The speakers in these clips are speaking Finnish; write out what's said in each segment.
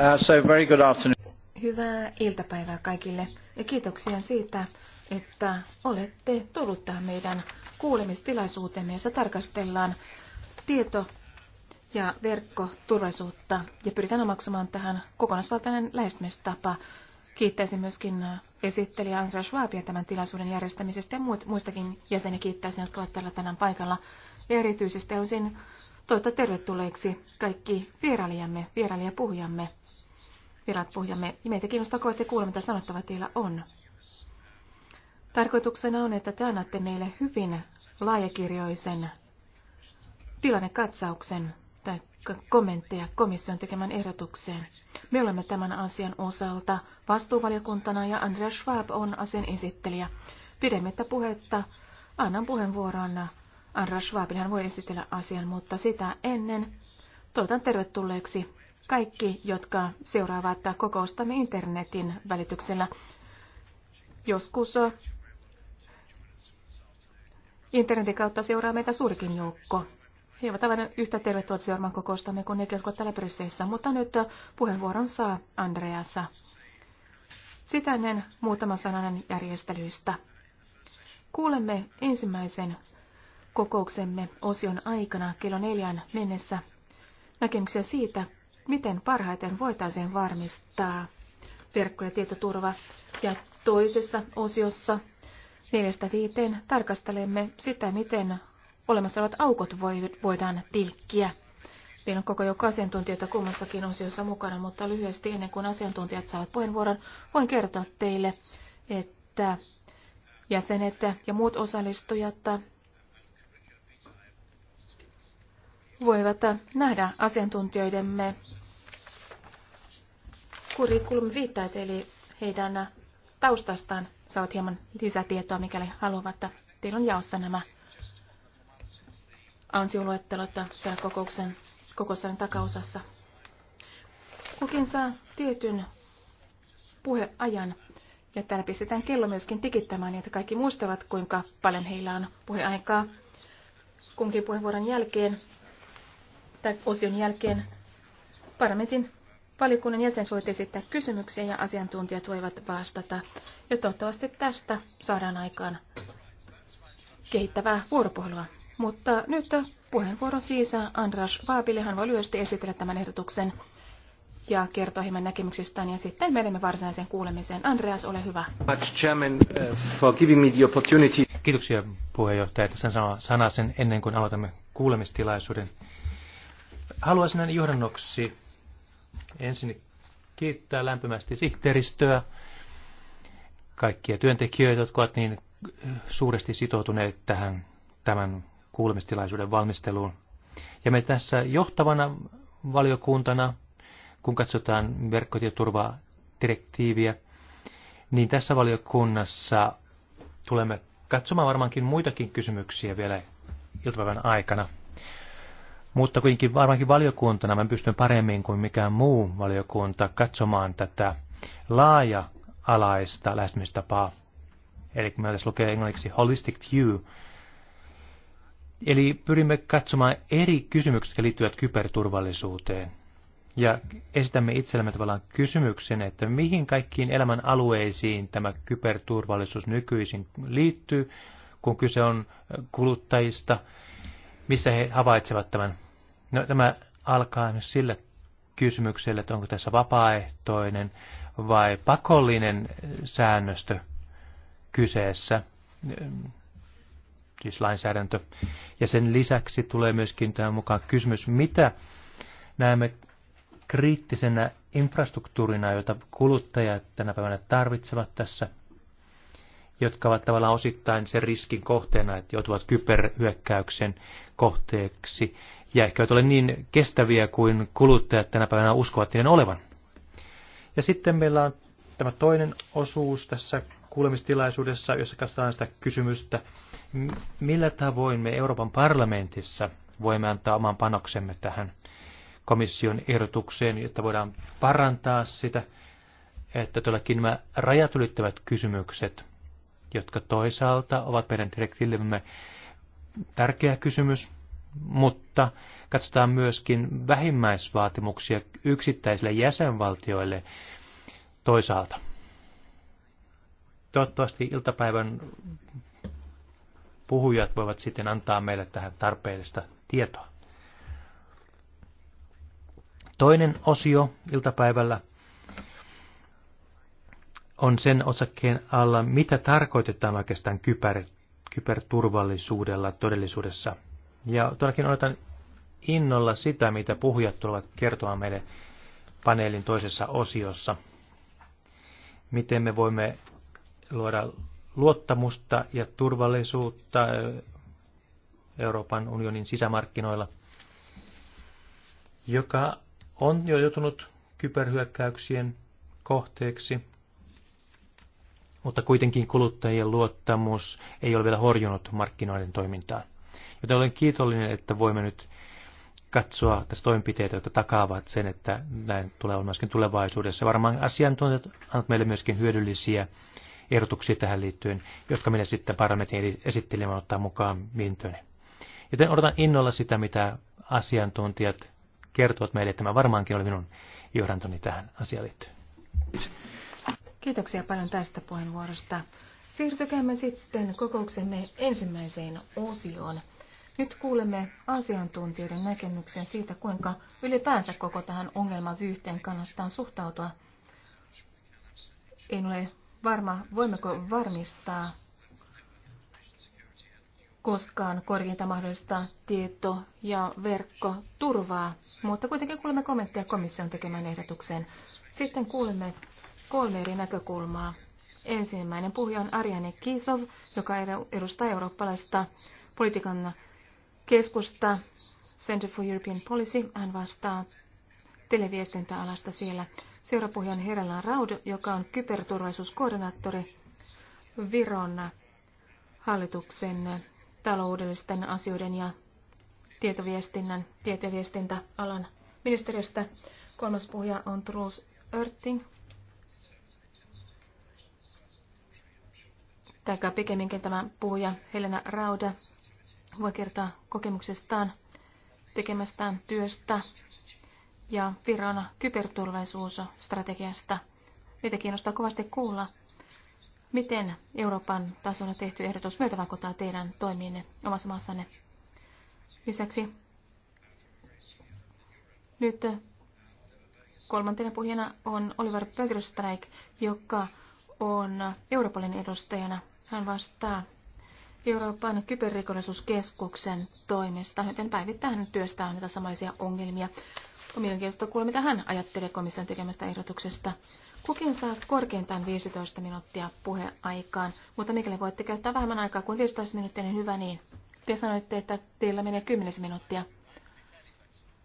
Uh, so very good afternoon. Hyvää iltapäivää kaikille ja kiitoksia siitä, että olette tullut tähän meidän kuulemistilaisuuteemme, jossa tarkastellaan tieto- ja verkkoturvallisuutta ja pyritään omaksumaan tähän kokonaisvaltainen lähestymistapa. Kiittäisin myöskin esittelijä Andrea Schwabia tämän tilaisuuden järjestämisestä ja muistakin jäseniä kiittäisin, jotka ovat täällä tänään paikalla. Ja erityisesti olisin toivottaa tervetulleeksi kaikki vierailijamme, vierailijapuhujamme vieraat puhujamme. Niin meitä kiinnostaa kovasti kuulla, mitä sanottava teillä on. Tarkoituksena on, että te annatte meille hyvin laajakirjoisen tilannekatsauksen tai kommentteja komission tekemän ehdotukseen. Me olemme tämän asian osalta vastuuvaliokuntana ja Andreas Schwab on asian esittelijä. Pidemmittä puhetta annan puheenvuoron Andreas Schwabin Hän voi esitellä asian, mutta sitä ennen toivotan tervetulleeksi kaikki, jotka seuraavat kokoustamme internetin välityksellä. Joskus internetin kautta seuraa meitä suurikin joukko. He ovat aivan yhtä tervetulleet seuraamaan kokoustamme kuin ne, jotka täällä Brysseissä. mutta nyt puheenvuoron saa Andreasa. Sitä ennen muutama sananen järjestelyistä. Kuulemme ensimmäisen kokouksemme osion aikana kello neljän mennessä näkemyksiä siitä, miten parhaiten voitaisiin varmistaa verkko- ja tietoturva. Ja toisessa osiossa neljästä viiteen tarkastelemme sitä, miten olemassa olevat aukot voidaan tilkkiä. Meillä on koko joukko asiantuntijoita kummassakin osiossa mukana, mutta lyhyesti ennen kuin asiantuntijat saavat puheenvuoron, voin kertoa teille, että jäsenet ja muut osallistujat voivat nähdä asiantuntijoidemme Kurikulm viittaat, eli heidän taustastaan saat hieman lisätietoa, mikäli haluavat. Teillä on jaossa nämä ansioluettelot täällä kokouksen kokoussalin takaosassa. Kukin saa tietyn puheajan ja täällä pistetään kello myöskin tikittämään, niin että kaikki muistavat, kuinka paljon heillä on puheaikaa. Kunkin puheenvuoron jälkeen tai osion jälkeen parlamentin Valiokunnan jäsen voivat esittää kysymyksiä ja asiantuntijat voivat vastata. Ja toivottavasti tästä saadaan aikaan kehittävää vuoropuhelua. Mutta nyt puheenvuoro siis Andras Vaapille. Hän voi lyhyesti esitellä tämän ehdotuksen ja kertoa hieman näkemyksistään ja sitten menemme varsinaiseen kuulemiseen. Andreas, ole hyvä. Uh, Kiitoksia puheenjohtaja, että sen sanoa sen ennen kuin aloitamme kuulemistilaisuuden. Haluaisin näin johdannoksi ensin kiittää lämpimästi sihteeristöä, kaikkia työntekijöitä, jotka ovat niin suuresti sitoutuneet tähän tämän kuulemistilaisuuden valmisteluun. Ja me tässä johtavana valiokuntana, kun katsotaan verkkotietoturvadirektiiviä, direktiiviä, niin tässä valiokunnassa tulemme katsomaan varmaankin muitakin kysymyksiä vielä iltapäivän aikana. Mutta kuitenkin varmaankin valiokuntana mä pystyn paremmin kuin mikään muu valiokunta katsomaan tätä laaja-alaista lähestymistapaa. Eli kun meillä tässä lukee englanniksi holistic view, Eli pyrimme katsomaan eri kysymykset, jotka liittyvät kyberturvallisuuteen. Ja esitämme itsellemme tavallaan kysymyksen, että mihin kaikkiin elämän alueisiin tämä kyberturvallisuus nykyisin liittyy, kun kyse on kuluttajista, missä he havaitsevat tämän. No, tämä alkaa nyt sillä kysymyksellä, että onko tässä vapaaehtoinen vai pakollinen säännöstö kyseessä, siis lainsäädäntö. Ja sen lisäksi tulee myöskin tämän mukaan kysymys, mitä näemme kriittisenä infrastruktuurina, jota kuluttajat tänä päivänä tarvitsevat tässä – jotka ovat tavallaan osittain sen riskin kohteena, että joutuvat kyberhyökkäyksen kohteeksi ja ehkä ole niin kestäviä kuin kuluttajat tänä päivänä uskovat niiden olevan. Ja sitten meillä on tämä toinen osuus tässä kuulemistilaisuudessa, jossa katsotaan sitä kysymystä, millä tavoin me Euroopan parlamentissa voimme antaa oman panoksemme tähän komission ehdotukseen, jotta voidaan parantaa sitä, että todellakin nämä rajat ylittävät kysymykset jotka toisaalta ovat meidän direktiivimme tärkeä kysymys, mutta katsotaan myöskin vähimmäisvaatimuksia yksittäisille jäsenvaltioille toisaalta. Toivottavasti iltapäivän puhujat voivat sitten antaa meille tähän tarpeellista tietoa. Toinen osio iltapäivällä on sen osakkeen alla, mitä tarkoitetaan oikeastaan kyber, kyberturvallisuudella todellisuudessa. Ja todellakin odotan innolla sitä, mitä puhujat tulevat kertoa meille paneelin toisessa osiossa. Miten me voimme luoda luottamusta ja turvallisuutta Euroopan unionin sisämarkkinoilla, joka on jo joutunut kyberhyökkäyksien kohteeksi mutta kuitenkin kuluttajien luottamus ei ole vielä horjunut markkinoiden toimintaan. Joten olen kiitollinen, että voimme nyt katsoa tässä toimenpiteitä, jotka takaavat sen, että näin tulee olla myöskin tulevaisuudessa. Varmaan asiantuntijat antavat meille myöskin hyödyllisiä ehdotuksia tähän liittyen, jotka minä sitten parametin esittelemään ottaa mukaan mietintöni. Joten odotan innolla sitä, mitä asiantuntijat kertovat meille. Tämä varmaankin oli minun johdantoni tähän asiaan liittyen. Kiitoksia paljon tästä puheenvuorosta. Siirtykäämme sitten kokouksemme ensimmäiseen osioon. Nyt kuulemme asiantuntijoiden näkemyksen siitä, kuinka ylipäänsä koko tähän ongelmavyyhteen kannattaa suhtautua. En ole varma, voimmeko varmistaa koskaan korjata mahdollista tieto- ja verkkoturvaa, mutta kuitenkin kuulemme kommentteja komission tekemään ehdotukseen. Sitten kuulemme kolme eri näkökulmaa. Ensimmäinen puhuja on Ariane Kisov, joka edustaa eurooppalaista politiikan keskusta Center for European Policy. Hän vastaa televiestintäalasta siellä. puhuja on Herella Raud, joka on kyberturvallisuuskoordinaattori Viron hallituksen taloudellisten asioiden ja tietoviestinnän, tietoviestintäalan ministeriöstä. Kolmas puhuja on Truls Örting, tai pikemminkin tämä puhuja Helena Rauda voi kertoa kokemuksestaan, tekemästään työstä ja Viron kyberturvallisuusstrategiasta. Meitä kiinnostaa kovasti kuulla, miten Euroopan tasolla tehty ehdotus myötävaikuttaa teidän toimiinne omassa maassanne. Lisäksi nyt kolmantena puhujana on Oliver Bögerstreik, joka on Europolin edustajana. Hän vastaa Euroopan kyberrikollisuuskeskuksen toimesta, joten päivittäin hän työstää näitä samaisia ongelmia. On mielenkiintoista kuulla, mitä hän ajattelee komission tekemästä ehdotuksesta. Kukin saa korkeintaan 15 minuuttia puheaikaan, mutta mikäli voitte käyttää vähemmän aikaa kuin 15 minuuttia, niin hyvä niin. Te sanoitte, että teillä menee 10 minuuttia.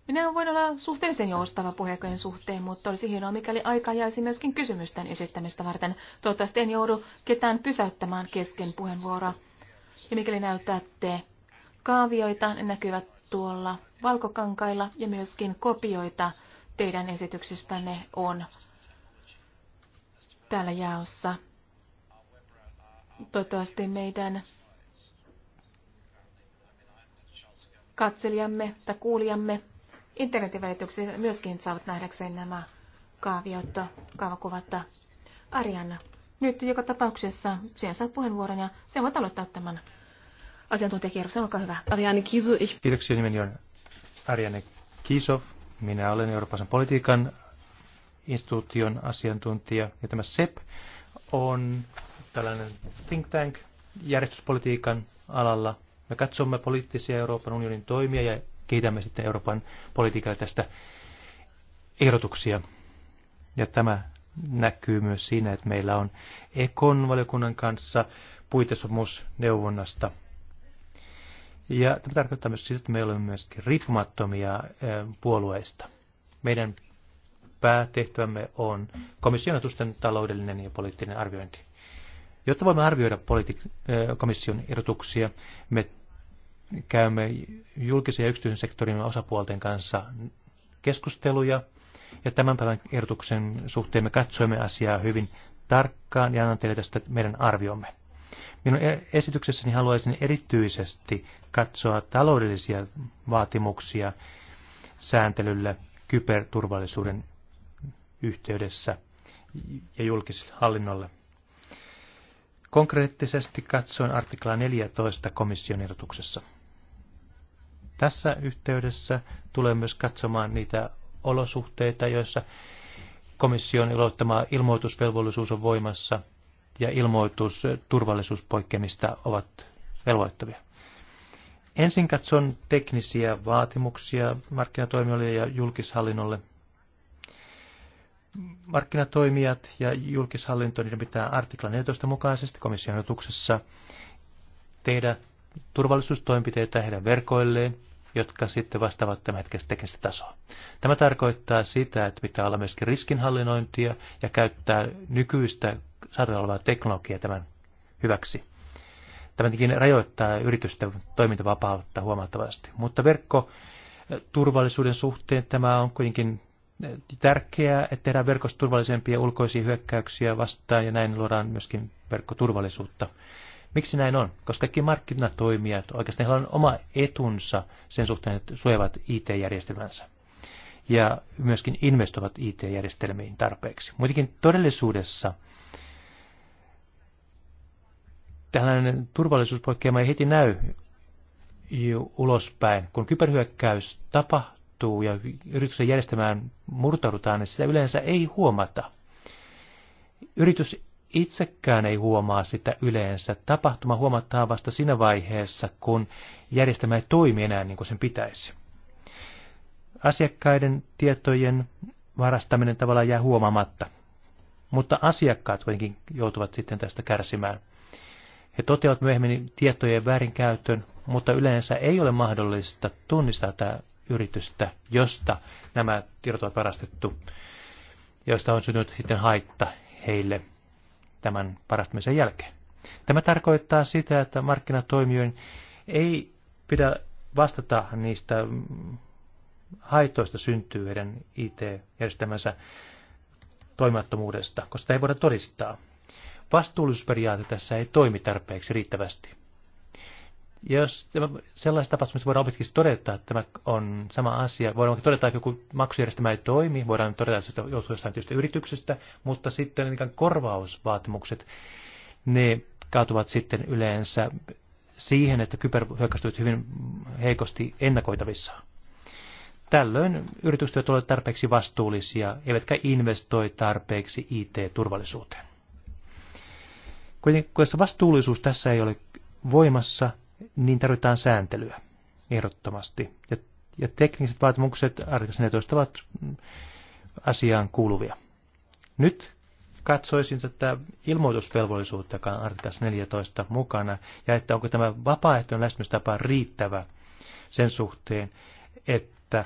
Minä voin olla suhteellisen joustava puheenjohtajan suhteen, mutta olisi hienoa, mikäli aika jäisi myöskin kysymysten esittämistä varten. Toivottavasti en joudu ketään pysäyttämään kesken puheenvuoroa. Ja mikäli näytätte kaavioita, ne näkyvät tuolla valkokankailla ja myöskin kopioita teidän esityksistänne on täällä jaossa. Toivottavasti meidän katselijamme tai kuulijamme Internetin välityksellä myöskin saavat nähdäkseen nämä kaaviot, kaavakuvat. Arianna, nyt joka tapauksessa sinä saat puheenvuoron ja sinä voit aloittaa tämän asiantuntijakierroksen. Olkaa hyvä. Arianne Kisu, ich... Kiitoksia. Nimeni on Arianne Kisov. Minä olen Euroopan politiikan instituution asiantuntija. Ja tämä SEP on tällainen think tank järjestyspolitiikan alalla. Me katsomme poliittisia Euroopan unionin toimia ja kiitämme sitten Euroopan politiikalle tästä ehdotuksia. Ja tämä näkyy myös siinä, että meillä on Ekon valiokunnan kanssa puitesomus neuvonnasta. Ja tämä tarkoittaa myös sitä, että me olemme myöskin riippumattomia eh, puolueista. Meidän päätehtävämme on komission taloudellinen ja poliittinen arviointi. Jotta voimme arvioida politi- eh, komission erotuksia. me käymme julkisen ja yksityisen sektorin osapuolten kanssa keskusteluja. Ja tämän päivän ehdotuksen suhteen me katsoimme asiaa hyvin tarkkaan ja annan teille tästä meidän arviomme. Minun e- esityksessäni haluaisin erityisesti katsoa taloudellisia vaatimuksia sääntelylle kyberturvallisuuden yhteydessä ja julkishallinnolle. Konkreettisesti katsoin artikla 14 komission ehdotuksessa. Tässä yhteydessä tulee myös katsomaan niitä olosuhteita, joissa komission iloittama ilmoitusvelvollisuus on voimassa ja ilmoitus turvallisuuspoikkeamista ovat velvoittavia. Ensin katson teknisiä vaatimuksia markkinatoimijoille ja julkishallinnolle. Markkinatoimijat ja julkishallinto, niiden pitää artikla 14 mukaisesti komission tehdä turvallisuustoimenpiteitä heidän verkoilleen, jotka sitten vastaavat tämän hetkessä tekemistä tasoa. Tämä tarkoittaa sitä, että pitää olla myöskin riskinhallinnointia ja käyttää nykyistä saatavilla olevaa teknologiaa tämän hyväksi. Tämä tietenkin rajoittaa yritysten toimintavapautta huomattavasti, mutta verkko eh, turvallisuuden suhteen tämä on kuitenkin eh, tärkeää, että tehdään verkosta turvallisempia ulkoisia hyökkäyksiä vastaan ja näin luodaan myöskin verkkoturvallisuutta. Miksi näin on? Koska kaikki markkinatoimijat, oikeastaan heillä on oma etunsa sen suhteen, että suojavat IT-järjestelmänsä ja myöskin investoivat IT-järjestelmiin tarpeeksi. Muutenkin todellisuudessa tällainen turvallisuuspoikkeama ei heti näy ulospäin. Kun kyberhyökkäys tapahtuu ja yrityksen järjestelmään murtaudutaan, niin sitä yleensä ei huomata. Yritys itsekään ei huomaa sitä yleensä. Tapahtuma huomataan vasta siinä vaiheessa, kun järjestelmä ei toimi enää niin kuin sen pitäisi. Asiakkaiden tietojen varastaminen tavallaan jää huomaamatta, mutta asiakkaat kuitenkin joutuvat sitten tästä kärsimään. He toteavat myöhemmin tietojen väärinkäytön, mutta yleensä ei ole mahdollista tunnistaa tätä yritystä, josta nämä tiedot on varastettu, joista on syntynyt sitten haitta heille – tämän parastamisen jälkeen. Tämä tarkoittaa sitä, että markkinatoimijoiden ei pidä vastata niistä haitoista syntyvien IT-järjestelmänsä toimattomuudesta, koska sitä ei voida todistaa. Vastuullisuusperiaate tässä ei toimi tarpeeksi riittävästi. Jos sellaisessa tapauksessa voidaan opetkin todeta, että tämä on sama asia, voidaan todeta, että joku maksujärjestelmä ei toimi, voidaan todeta, että joutuu jostain tietystä yrityksestä, mutta sitten korvausvaatimukset, ne kaatuvat sitten yleensä siihen, että kyberhyökkäykset hyvin heikosti ennakoitavissa. Tällöin yritykset eivät ole tarpeeksi vastuullisia, eivätkä investoi tarpeeksi IT-turvallisuuteen. Kuitenkin kun vastuullisuus tässä ei ole voimassa, niin tarvitaan sääntelyä ehdottomasti. Ja, ja tekniset vaatimukset artikassa 14 ovat mm, asiaan kuuluvia. Nyt katsoisin tätä ilmoitusvelvollisuutta, joka on artikassa 14 mukana, ja että onko tämä vapaaehtoinen lähestymistapa riittävä sen suhteen, että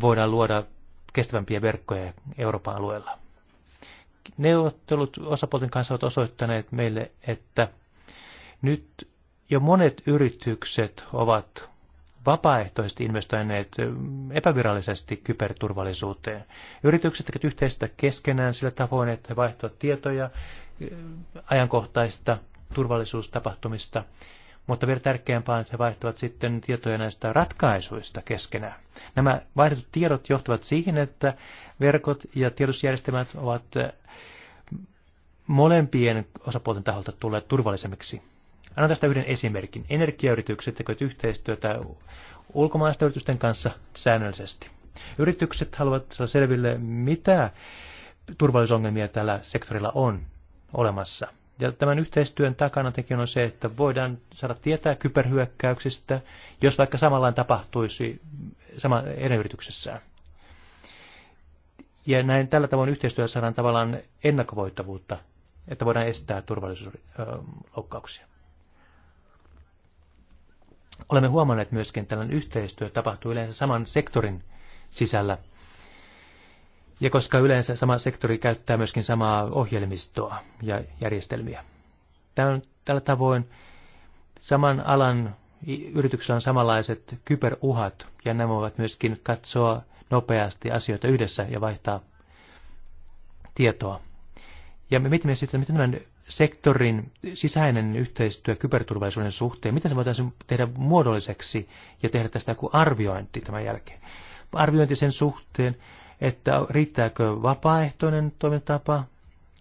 voidaan luoda kestävämpiä verkkoja Euroopan alueella. Neuvottelut osapuolten kanssa ovat osoittaneet meille, että nyt jo monet yritykset ovat vapaaehtoisesti investoineet epävirallisesti kyberturvallisuuteen. Yritykset tekevät yhteistyötä keskenään sillä tavoin, että he vaihtavat tietoja ajankohtaista turvallisuustapahtumista, mutta vielä tärkeämpää on, että he vaihtavat sitten tietoja näistä ratkaisuista keskenään. Nämä vaihdetut tiedot johtavat siihen, että verkot ja tiedotusjärjestelmät ovat molempien osapuolten taholta tulleet turvallisemmiksi. Annan tästä yhden esimerkin. Energiayritykset tekevät yhteistyötä ulkomaisten yritysten kanssa säännöllisesti. Yritykset haluavat saada selville, mitä turvallisuusongelmia tällä sektorilla on olemassa. Ja tämän yhteistyön takana tekin on se, että voidaan saada tietää kyberhyökkäyksistä, jos vaikka samallaan tapahtuisi sama eri yrityksessä. Ja näin tällä tavoin yhteistyössä saadaan tavallaan ennakkovoittavuutta, että voidaan estää turvallisuusloukkauksia. Olemme huomanneet myöskin, että tällainen yhteistyö tapahtuu yleensä saman sektorin sisällä. Ja koska yleensä sama sektori käyttää myöskin samaa ohjelmistoa ja järjestelmiä. Tämän, tällä tavoin saman alan yrityksellä on samanlaiset kyberuhat, ja nämä voivat myöskin katsoa nopeasti asioita yhdessä ja vaihtaa tietoa. Ja me mietimme sitten, miten tämän sektorin sisäinen yhteistyö kyberturvallisuuden suhteen, miten se voitaisiin tehdä muodolliseksi ja tehdä tästä joku arviointi tämän jälkeen? Arviointi sen suhteen, että riittääkö vapaaehtoinen toimintatapa,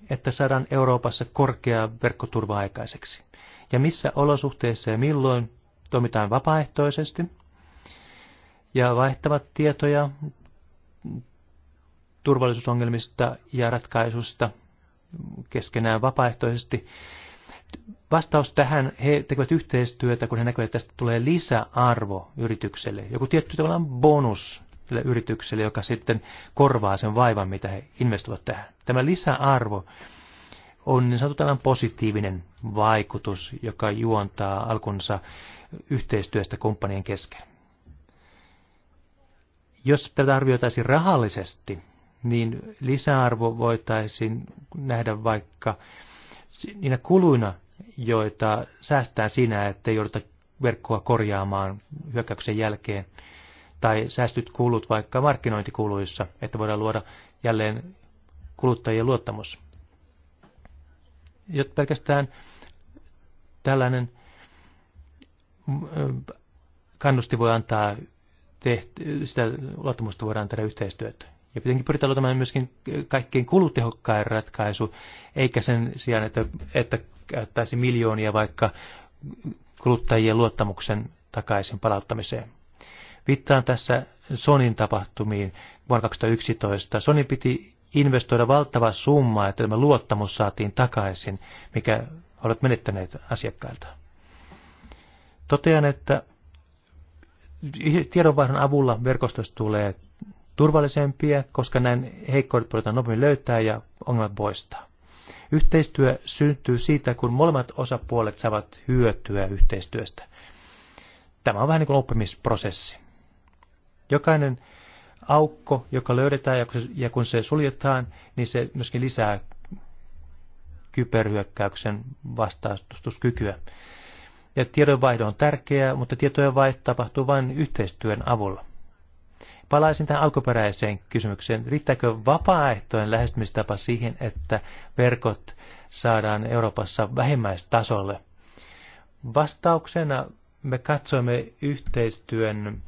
että saadaan Euroopassa korkea verkkoturva aikaiseksi. Ja missä olosuhteissa ja milloin toimitaan vapaaehtoisesti ja vaihtavat tietoja turvallisuusongelmista ja ratkaisusta – keskenään vapaaehtoisesti. Vastaus tähän, he tekevät yhteistyötä, kun he näkevät, että tästä tulee lisäarvo yritykselle. Joku tietty tavallaan bonus sille yritykselle, joka sitten korvaa sen vaivan, mitä he investoivat tähän. Tämä lisäarvo on niin sanottu tällainen positiivinen vaikutus, joka juontaa alkunsa yhteistyöstä kumppanien kesken. Jos tätä arvioitaisiin rahallisesti, niin lisäarvo voitaisiin nähdä vaikka niinä kuluina, joita säästään siinä, että jouduta verkkoa korjaamaan hyökkäyksen jälkeen, tai säästyt kulut vaikka markkinointikuluissa, että voidaan luoda jälleen kuluttajien luottamus. Jot pelkästään tällainen mm, kannusti voi antaa tehty, sitä luottamusta voidaan tehdä yhteistyötä. Ja tietenkin pyritään löytämään myöskin kaikkein kulutehokkain ratkaisu, eikä sen sijaan, että, että käyttäisi miljoonia vaikka kuluttajien luottamuksen takaisin palauttamiseen. Viittaan tässä Sonin tapahtumiin vuonna 2011. Sony piti investoida valtava summa, että tämä luottamus saatiin takaisin, mikä olet menettäneet asiakkailta. Totean, että tiedonvaihdon avulla verkostosta tulee turvallisempia, koska näin heikkoudet voidaan nopeammin löytää ja ongelmat poistaa. Yhteistyö syntyy siitä, kun molemmat osapuolet saavat hyötyä yhteistyöstä. Tämä on vähän niin kuin oppimisprosessi. Jokainen aukko, joka löydetään ja kun se suljetaan, niin se myöskin lisää kyberhyökkäyksen vastaustuskykyä. Ja tiedonvaihto on tärkeää, mutta tietojen vaihto tapahtuu vain yhteistyön avulla palaisin tähän alkuperäiseen kysymykseen. Riittääkö vapaaehtoinen lähestymistapa siihen, että verkot saadaan Euroopassa vähimmäistasolle? Vastauksena me katsoimme yhteistyön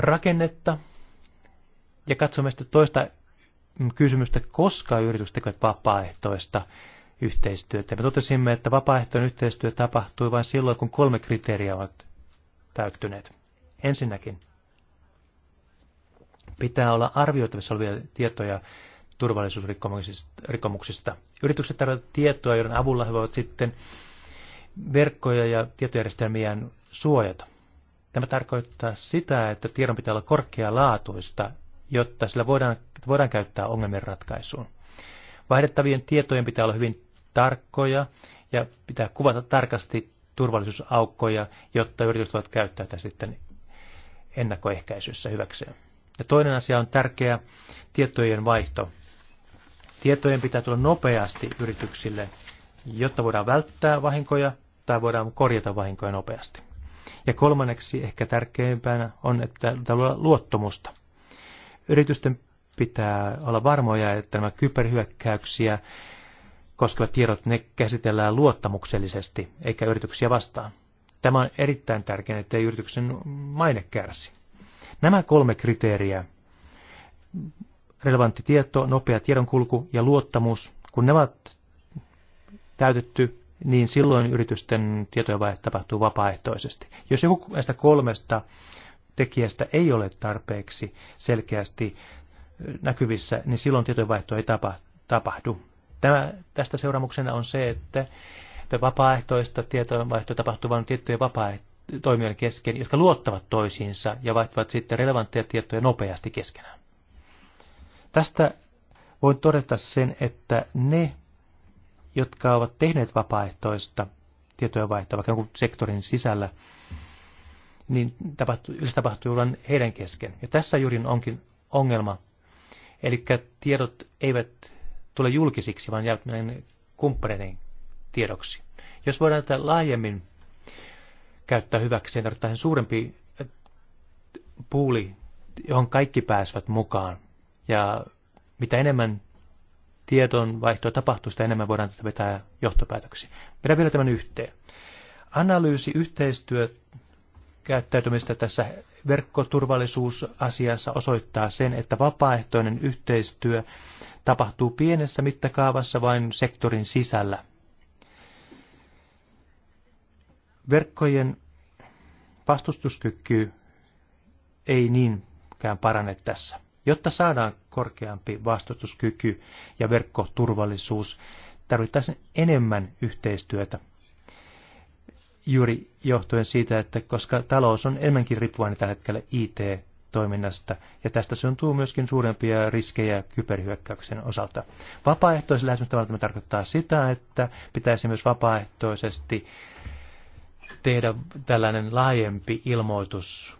rakennetta ja katsomme sitten toista kysymystä, koska yritykset tekevät vapaaehtoista yhteistyötä. Me totesimme, että vapaaehtoinen yhteistyö tapahtui vain silloin, kun kolme kriteeriä ovat täyttyneet. Ensinnäkin, Pitää olla arvioitavissa olevia tietoja turvallisuusrikkomuksista. Yritykset tarvitsevat tietoa, joiden avulla he voivat sitten verkkoja ja tietojärjestelmiään suojata. Tämä tarkoittaa sitä, että tiedon pitää olla korkealaatuista, jotta sillä voidaan, voidaan käyttää ongelmien ratkaisuun. Vaihdettavien tietojen pitää olla hyvin tarkkoja ja pitää kuvata tarkasti turvallisuusaukkoja, jotta yritykset voivat käyttää tätä sitten ennakkoehkäisyssä hyväkseen. Ja toinen asia on tärkeä tietojen vaihto. Tietojen pitää tulla nopeasti yrityksille, jotta voidaan välttää vahinkoja tai voidaan korjata vahinkoja nopeasti. Ja kolmanneksi ehkä tärkeimpänä on, että pitää luottamusta. Yritysten pitää olla varmoja, että nämä kyberhyökkäyksiä koskevat tiedot ne käsitellään luottamuksellisesti eikä yrityksiä vastaan. Tämä on erittäin tärkeää, ettei yrityksen maine kärsi. Nämä kolme kriteeriä, relevantti tieto, nopea tiedonkulku ja luottamus, kun ne ovat täytetty, niin silloin yritysten tietojenvaihto tapahtuu vapaaehtoisesti. Jos joku näistä kolmesta tekijästä ei ole tarpeeksi selkeästi näkyvissä, niin silloin tietojenvaihto ei tapa, tapahdu. Tämä, tästä seuraamuksena on se, että vapaaehtoista tietojenvaihtoa tapahtuu vain tiettyjen vapaa, toimijoiden kesken, jotka luottavat toisiinsa ja vaihtavat sitten relevantteja tietoja nopeasti keskenään. Tästä voin todeta sen, että ne, jotka ovat tehneet vapaaehtoista vaihtoa, vaikka jonkun sektorin sisällä, niin tapahtuu, yleensä tapahtuu heidän kesken. Ja tässä juuri onkin ongelma. Eli tiedot eivät tule julkisiksi, vaan jäävät kumppaneiden tiedoksi. Jos voidaan tätä laajemmin käyttää hyväkseen, tarvitaan suurempi äh, puuli, johon kaikki pääsevät mukaan. Ja mitä enemmän tiedonvaihtoa tapahtuu, sitä enemmän voidaan tätä vetää johtopäätöksiä. Vedän vielä tämän yhteen. Analyysi yhteistyö käyttäytymistä tässä verkkoturvallisuusasiassa osoittaa sen, että vapaaehtoinen yhteistyö tapahtuu pienessä mittakaavassa vain sektorin sisällä Verkkojen vastustuskyky ei niinkään parane tässä. Jotta saadaan korkeampi vastustuskyky ja verkkoturvallisuus, tarvittaisiin enemmän yhteistyötä juuri johtuen siitä, että koska talous on enemmänkin riippuvainen tällä hetkellä IT-toiminnasta, ja tästä syntyy myöskin suurempia riskejä kyberhyökkäyksen osalta. Vapaaehtoisella lähestymistavalla tämä tarkoittaa sitä, että pitäisi myös vapaaehtoisesti tehdä tällainen laajempi ilmoitus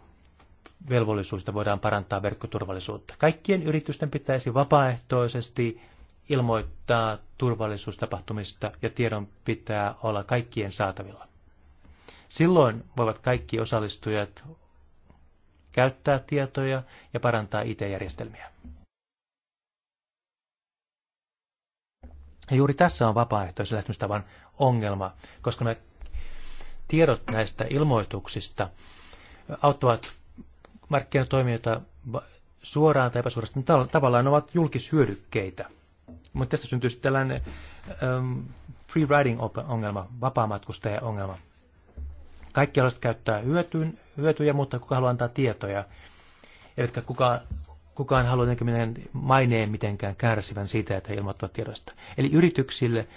velvollisuudesta voidaan parantaa verkkoturvallisuutta. Kaikkien yritysten pitäisi vapaaehtoisesti ilmoittaa turvallisuustapahtumista ja tiedon pitää olla kaikkien saatavilla. Silloin voivat kaikki osallistujat käyttää tietoja ja parantaa IT-järjestelmiä. Ja juuri tässä on vapaaehtoisen lähtemistavan ongelma, koska me tiedot näistä ilmoituksista auttavat markkinatoimijoita suoraan tai epäsuorasti, niin tavallaan ovat julkishyödykkeitä. Mutta tästä syntyy sitten tällainen um, free riding-ongelma, vapaamatkustaja-ongelma. Kaikki haluaisivat käyttää hyötyyn, hyötyjä, mutta kuka haluaa antaa tietoja. Eivätkä kukaan, kukaan halua maineen mitenkään kärsivän siitä, että he ilmoittavat tiedosta. Eli yrityksille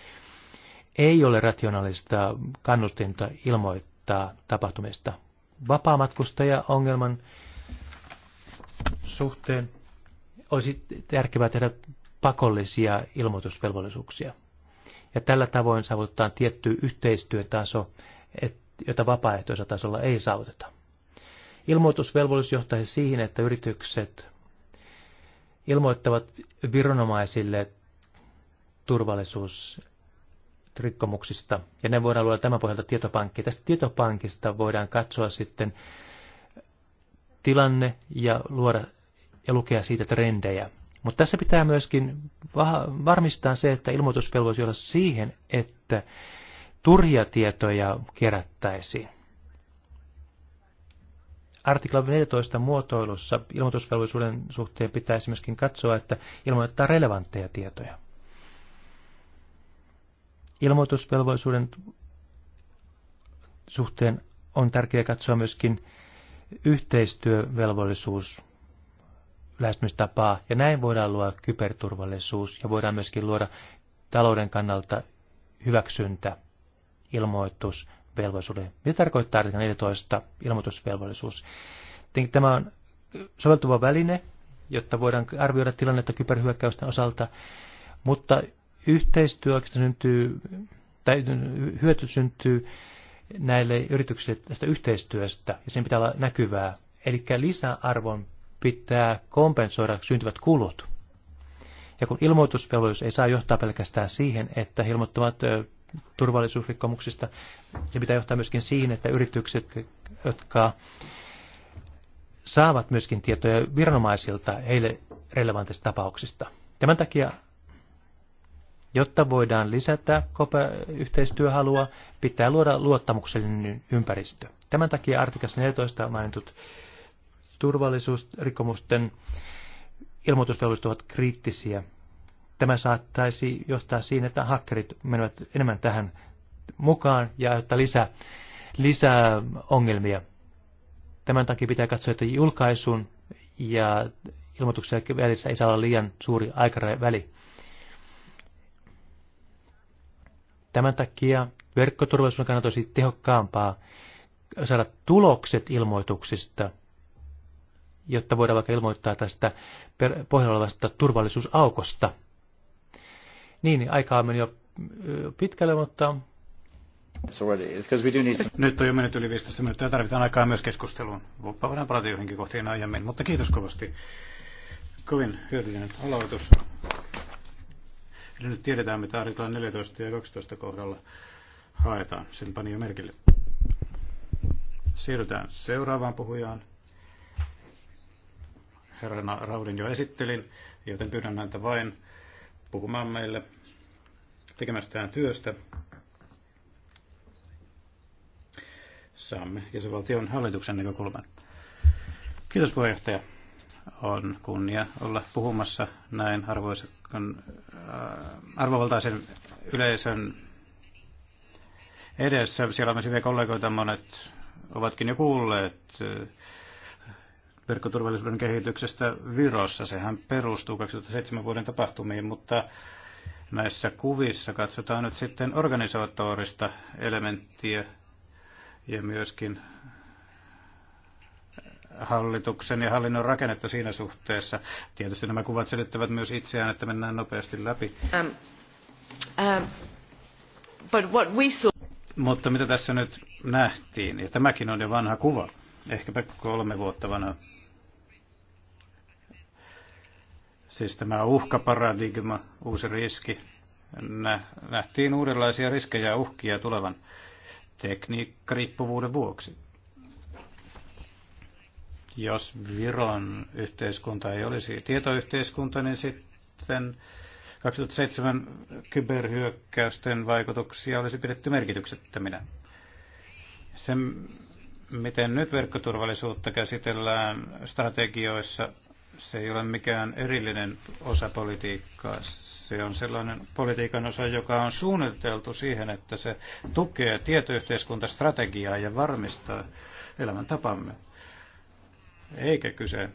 ei ole rationaalista kannustinta ilmoittaa tapahtumista. Vapaamatkustaja ongelman suhteen olisi järkevää tehdä pakollisia ilmoitusvelvollisuuksia. Ja tällä tavoin saavuttaa tietty yhteistyötaso, et, jota vapaaehtoisella tasolla ei saavuteta. Ilmoitusvelvollisuus johtaisi siihen, että yritykset ilmoittavat viranomaisille turvallisuus rikkomuksista. Ja ne voidaan luoda tämän pohjalta tietopankki. Tästä tietopankista voidaan katsoa sitten tilanne ja luoda ja lukea siitä trendejä. Mutta tässä pitää myöskin varmistaa se, että ilmoitusvelvollisuus olla siihen, että turhia tietoja kerättäisiin. Artikla 14 muotoilussa ilmoitusvelvollisuuden suhteen pitäisi myöskin katsoa, että ilmoittaa relevantteja tietoja ilmoitusvelvollisuuden suhteen on tärkeää katsoa myöskin yhteistyövelvollisuus lähestymistapaa, ja näin voidaan luoda kyberturvallisuus ja voidaan myöskin luoda talouden kannalta hyväksyntä, ilmoitus, Mitä tarkoittaa artikla 14 ilmoitusvelvollisuus? Tietenkin tämä on soveltuva väline, jotta voidaan arvioida tilannetta kyberhyökkäysten osalta, mutta yhteistyö oikeastaan syntyy, tai hyöty syntyy näille yrityksille tästä yhteistyöstä, ja sen pitää olla näkyvää. Eli lisäarvon pitää kompensoida syntyvät kulut. Ja kun ilmoitusvelvollisuus ei saa johtaa pelkästään siihen, että he ilmoittavat turvallisuusrikkomuksista, se pitää johtaa myöskin siihen, että yritykset, jotka saavat myöskin tietoja viranomaisilta heille relevantista tapauksista. Tämän takia Jotta voidaan lisätä yhteistyöhalua, pitää luoda luottamuksellinen ympäristö. Tämän takia artikassa 14 mainitut turvallisuusrikomusten ilmoitusvelvollisuudet ovat kriittisiä. Tämä saattaisi johtaa siihen, että hakkerit menevät enemmän tähän mukaan ja aiheuttaa lisää, lisää ongelmia. Tämän takia pitää katsoa, että julkaisun ja ilmoituksen välissä ei saa olla liian suuri aikaväli. Tämän takia verkkoturvallisuuden kannalta olisi tehokkaampaa saada tulokset ilmoituksista, jotta voidaan vaikka ilmoittaa tästä pohjalla olevasta turvallisuusaukosta. Niin, niin aikaa mennyt jo pitkälle, mutta... Nyt on jo mennyt yli 15 minuuttia, tarvitaan aikaa myös keskusteluun. Voidaan palata johonkin kohtiin aiemmin, mutta kiitos kovasti. Kovin hyödyllinen aloitus. Eli nyt tiedetään, mitä artiklan 14 ja 12 kohdalla haetaan. Sen pani jo merkille. Siirrytään seuraavaan puhujaan. Herrana Raudin jo esittelin, joten pyydän häntä vain puhumaan meille tekemästään työstä. Saamme jäsenvaltion hallituksen näkökulman. Kiitos puheenjohtaja. On kunnia olla puhumassa näin äh, arvovaltaisen yleisön edessä. Siellä on myös hyviä kollegoita, monet ovatkin jo kuulleet äh, verkkoturvallisuuden kehityksestä Virossa. Sehän perustuu 2007 vuoden tapahtumiin, mutta näissä kuvissa katsotaan nyt sitten organisatorista elementtiä ja myöskin hallituksen ja hallinnon rakennetta siinä suhteessa. Tietysti nämä kuvat selittävät myös itseään, että mennään nopeasti läpi. Um, um, but what we saw... Mutta mitä tässä nyt nähtiin, ja tämäkin on jo vanha kuva, ehkäpä kolme vuotta vanha, siis tämä uhkaparadigma, uusi riski, nähtiin uudenlaisia riskejä ja uhkia tulevan tekniikkariippuvuuden vuoksi. Jos Viron yhteiskunta ei olisi tietoyhteiskunta, niin sitten 2007 kyberhyökkäysten vaikutuksia olisi pidetty merkityksettöminä. Se, miten nyt verkkoturvallisuutta käsitellään strategioissa, se ei ole mikään erillinen osa politiikkaa. Se on sellainen politiikan osa, joka on suunniteltu siihen, että se tukee tietoyhteiskuntastrategiaa ja varmistaa elämäntapamme. Eikä kyse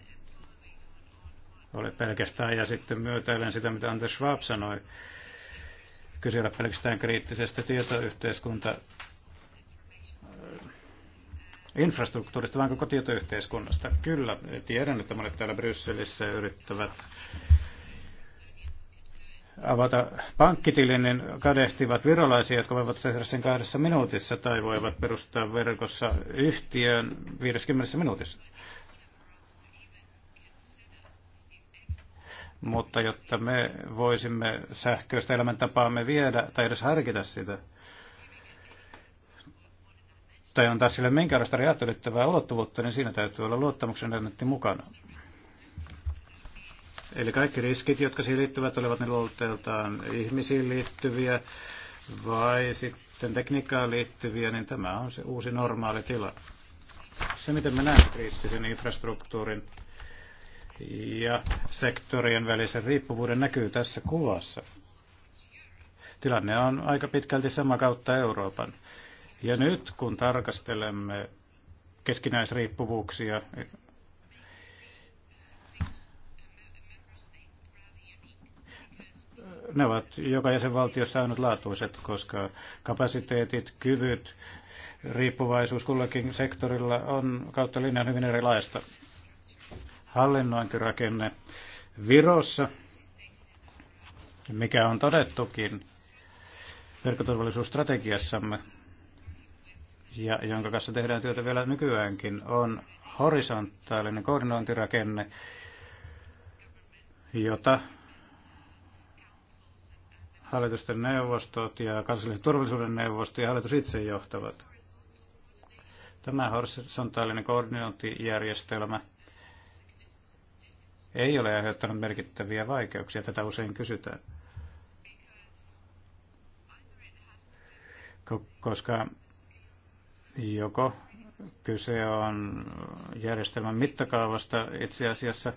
ole pelkästään, ja sitten myötäilen sitä, mitä Anders Schwab sanoi, kyse ole pelkästään kriittisestä tietoyhteiskunta äh, infrastruktuurista, vaan koko tietoyhteiskunnasta. Kyllä, tiedän, että monet täällä Brysselissä yrittävät avata pankkitilin, niin kadehtivat virolaisia, jotka voivat tehdä sen kahdessa minuutissa tai voivat perustaa verkossa yhtiön 50 minuutissa. mutta jotta me voisimme sähköistä elämäntapaamme viedä tai edes harkita sitä, tai antaa sille minkäänlaista rajat ulottuvuutta, niin siinä täytyy olla luottamuksen elementti mukana. Eli kaikki riskit, jotka siihen liittyvät, olivat ne luolteeltaan ihmisiin liittyviä vai sitten tekniikkaan liittyviä, niin tämä on se uusi normaali tila. Se, miten me näemme kriittisen infrastruktuurin ja sektorien välisen riippuvuuden näkyy tässä kuvassa. Tilanne on aika pitkälti sama kautta Euroopan. Ja nyt kun tarkastelemme keskinäisriippuvuuksia, ne ovat joka jäsenvaltiossa ainutlaatuiset, koska kapasiteetit, kyvyt, riippuvaisuus kullakin sektorilla on kautta linjan hyvin erilaista hallinnointirakenne Virossa, mikä on todettukin verkkoturvallisuusstrategiassamme ja jonka kanssa tehdään työtä vielä nykyäänkin, on horisontaalinen koordinointirakenne, jota hallitusten neuvostot ja kansallisen turvallisuuden neuvosto ja hallitus itse johtavat. Tämä horisontaalinen koordinointijärjestelmä – ei ole aiheuttanut merkittäviä vaikeuksia. Tätä usein kysytään. Koska joko kyse on järjestelmän mittakaavasta itse asiassa,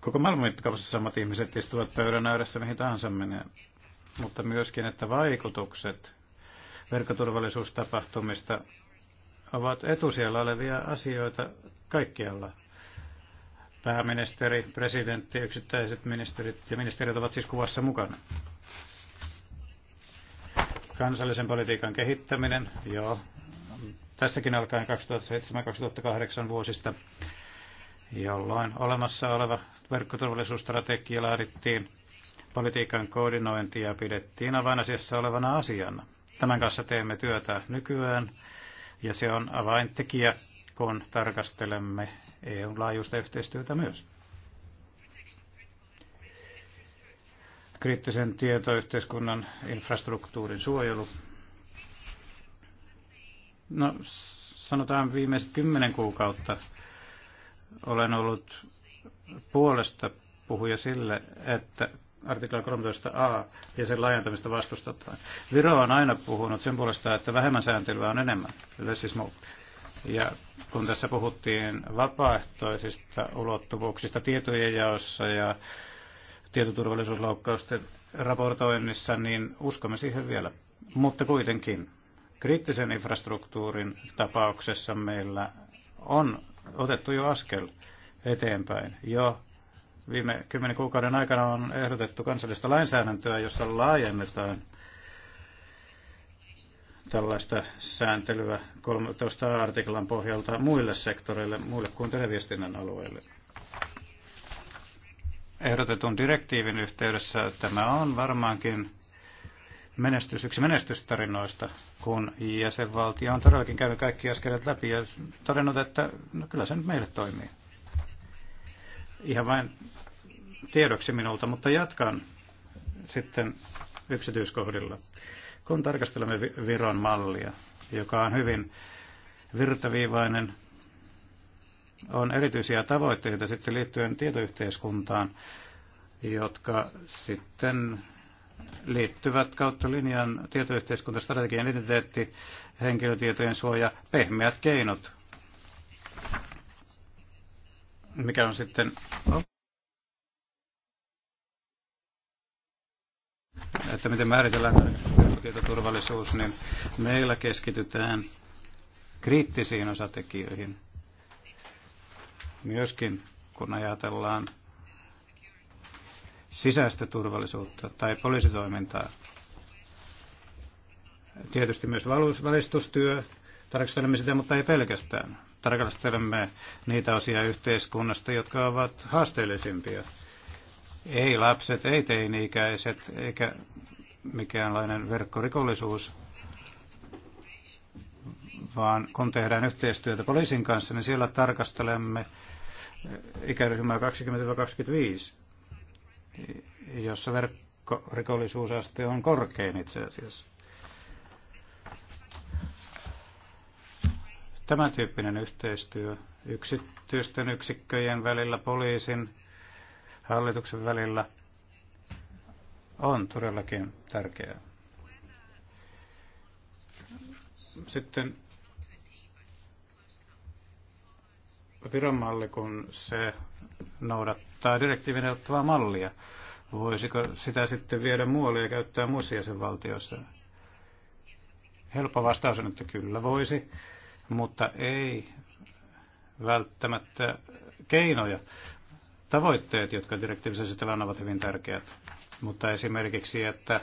koko maailman mittakaavassa samat ihmiset istuvat pöydän ääressä mihin tahansa menee. Mutta myöskin, että vaikutukset verkkoturvallisuustapahtumista ovat etusijalla olevia asioita kaikkialla Pääministeri, presidentti, yksittäiset ministerit ja ministerit ovat siis kuvassa mukana. Kansallisen politiikan kehittäminen, joo, tässäkin alkaen 2007-2008 vuosista, jolloin olemassa oleva verkkoturvallisuusstrategia laadittiin politiikan koordinointia pidettiin avainasiassa olevana asiana. Tämän kanssa teemme työtä nykyään ja se on avaintekijä, kun tarkastelemme EUn laajuista yhteistyötä myös. Kriittisen tietoyhteiskunnan infrastruktuurin suojelu. No, sanotaan viimeiset kymmenen kuukautta olen ollut puolesta puhuja sille, että artikla 13a ja sen laajentamista vastustetaan. Viro on aina puhunut sen puolesta, että vähemmän sääntelyä on enemmän. Less is more. Ja kun tässä puhuttiin vapaaehtoisista ulottuvuuksista tietojen jaossa ja tietoturvallisuusloukkausten raportoinnissa, niin uskomme siihen vielä. Mutta kuitenkin kriittisen infrastruktuurin tapauksessa meillä on otettu jo askel eteenpäin. Jo viime kymmenen kuukauden aikana on ehdotettu kansallista lainsäädäntöä, jossa laajennetaan tällaista sääntelyä 13 artiklan pohjalta muille sektoreille, muille kuin televiestinnän alueille. Ehdotetun direktiivin yhteydessä tämä on varmaankin menestys, yksi menestystarinoista, kun jäsenvaltio on todellakin käynyt kaikki askeleet läpi ja todennut, että no kyllä se nyt meille toimii. Ihan vain tiedoksi minulta, mutta jatkan sitten yksityiskohdilla kun tarkastelemme Viron mallia, joka on hyvin virtaviivainen, on erityisiä tavoitteita sitten liittyen tietoyhteiskuntaan, jotka sitten liittyvät kautta linjan tietoyhteiskuntastrategian identiteetti, henkilötietojen suoja, pehmeät keinot, mikä on sitten että miten määritellään tietoturvallisuus, niin meillä keskitytään kriittisiin osatekijöihin. Myöskin kun ajatellaan sisäistä turvallisuutta tai poliisitoimintaa. Tietysti myös valistustyö, tarkastelemme sitä, mutta ei pelkästään. Tarkastelemme niitä osia yhteiskunnasta, jotka ovat haasteellisimpia. Ei lapset, ei teini-ikäiset, eikä mikäänlainen verkkorikollisuus, vaan kun tehdään yhteistyötä poliisin kanssa, niin siellä tarkastelemme ikäryhmää 20-25, jossa verkkorikollisuusaste on korkein itse asiassa. Tämän tyyppinen yhteistyö yksityisten yksikköjen välillä, poliisin, hallituksen välillä – on todellakin tärkeää. Sitten viranmalli, kun se noudattaa direktiivin ottavaa mallia, voisiko sitä sitten viedä muualle ja käyttää muissa jäsenvaltioissa? Helppo vastaus on, että kyllä voisi, mutta ei välttämättä keinoja. Tavoitteet, jotka direktiivisessä sitten ovat hyvin tärkeät mutta esimerkiksi, että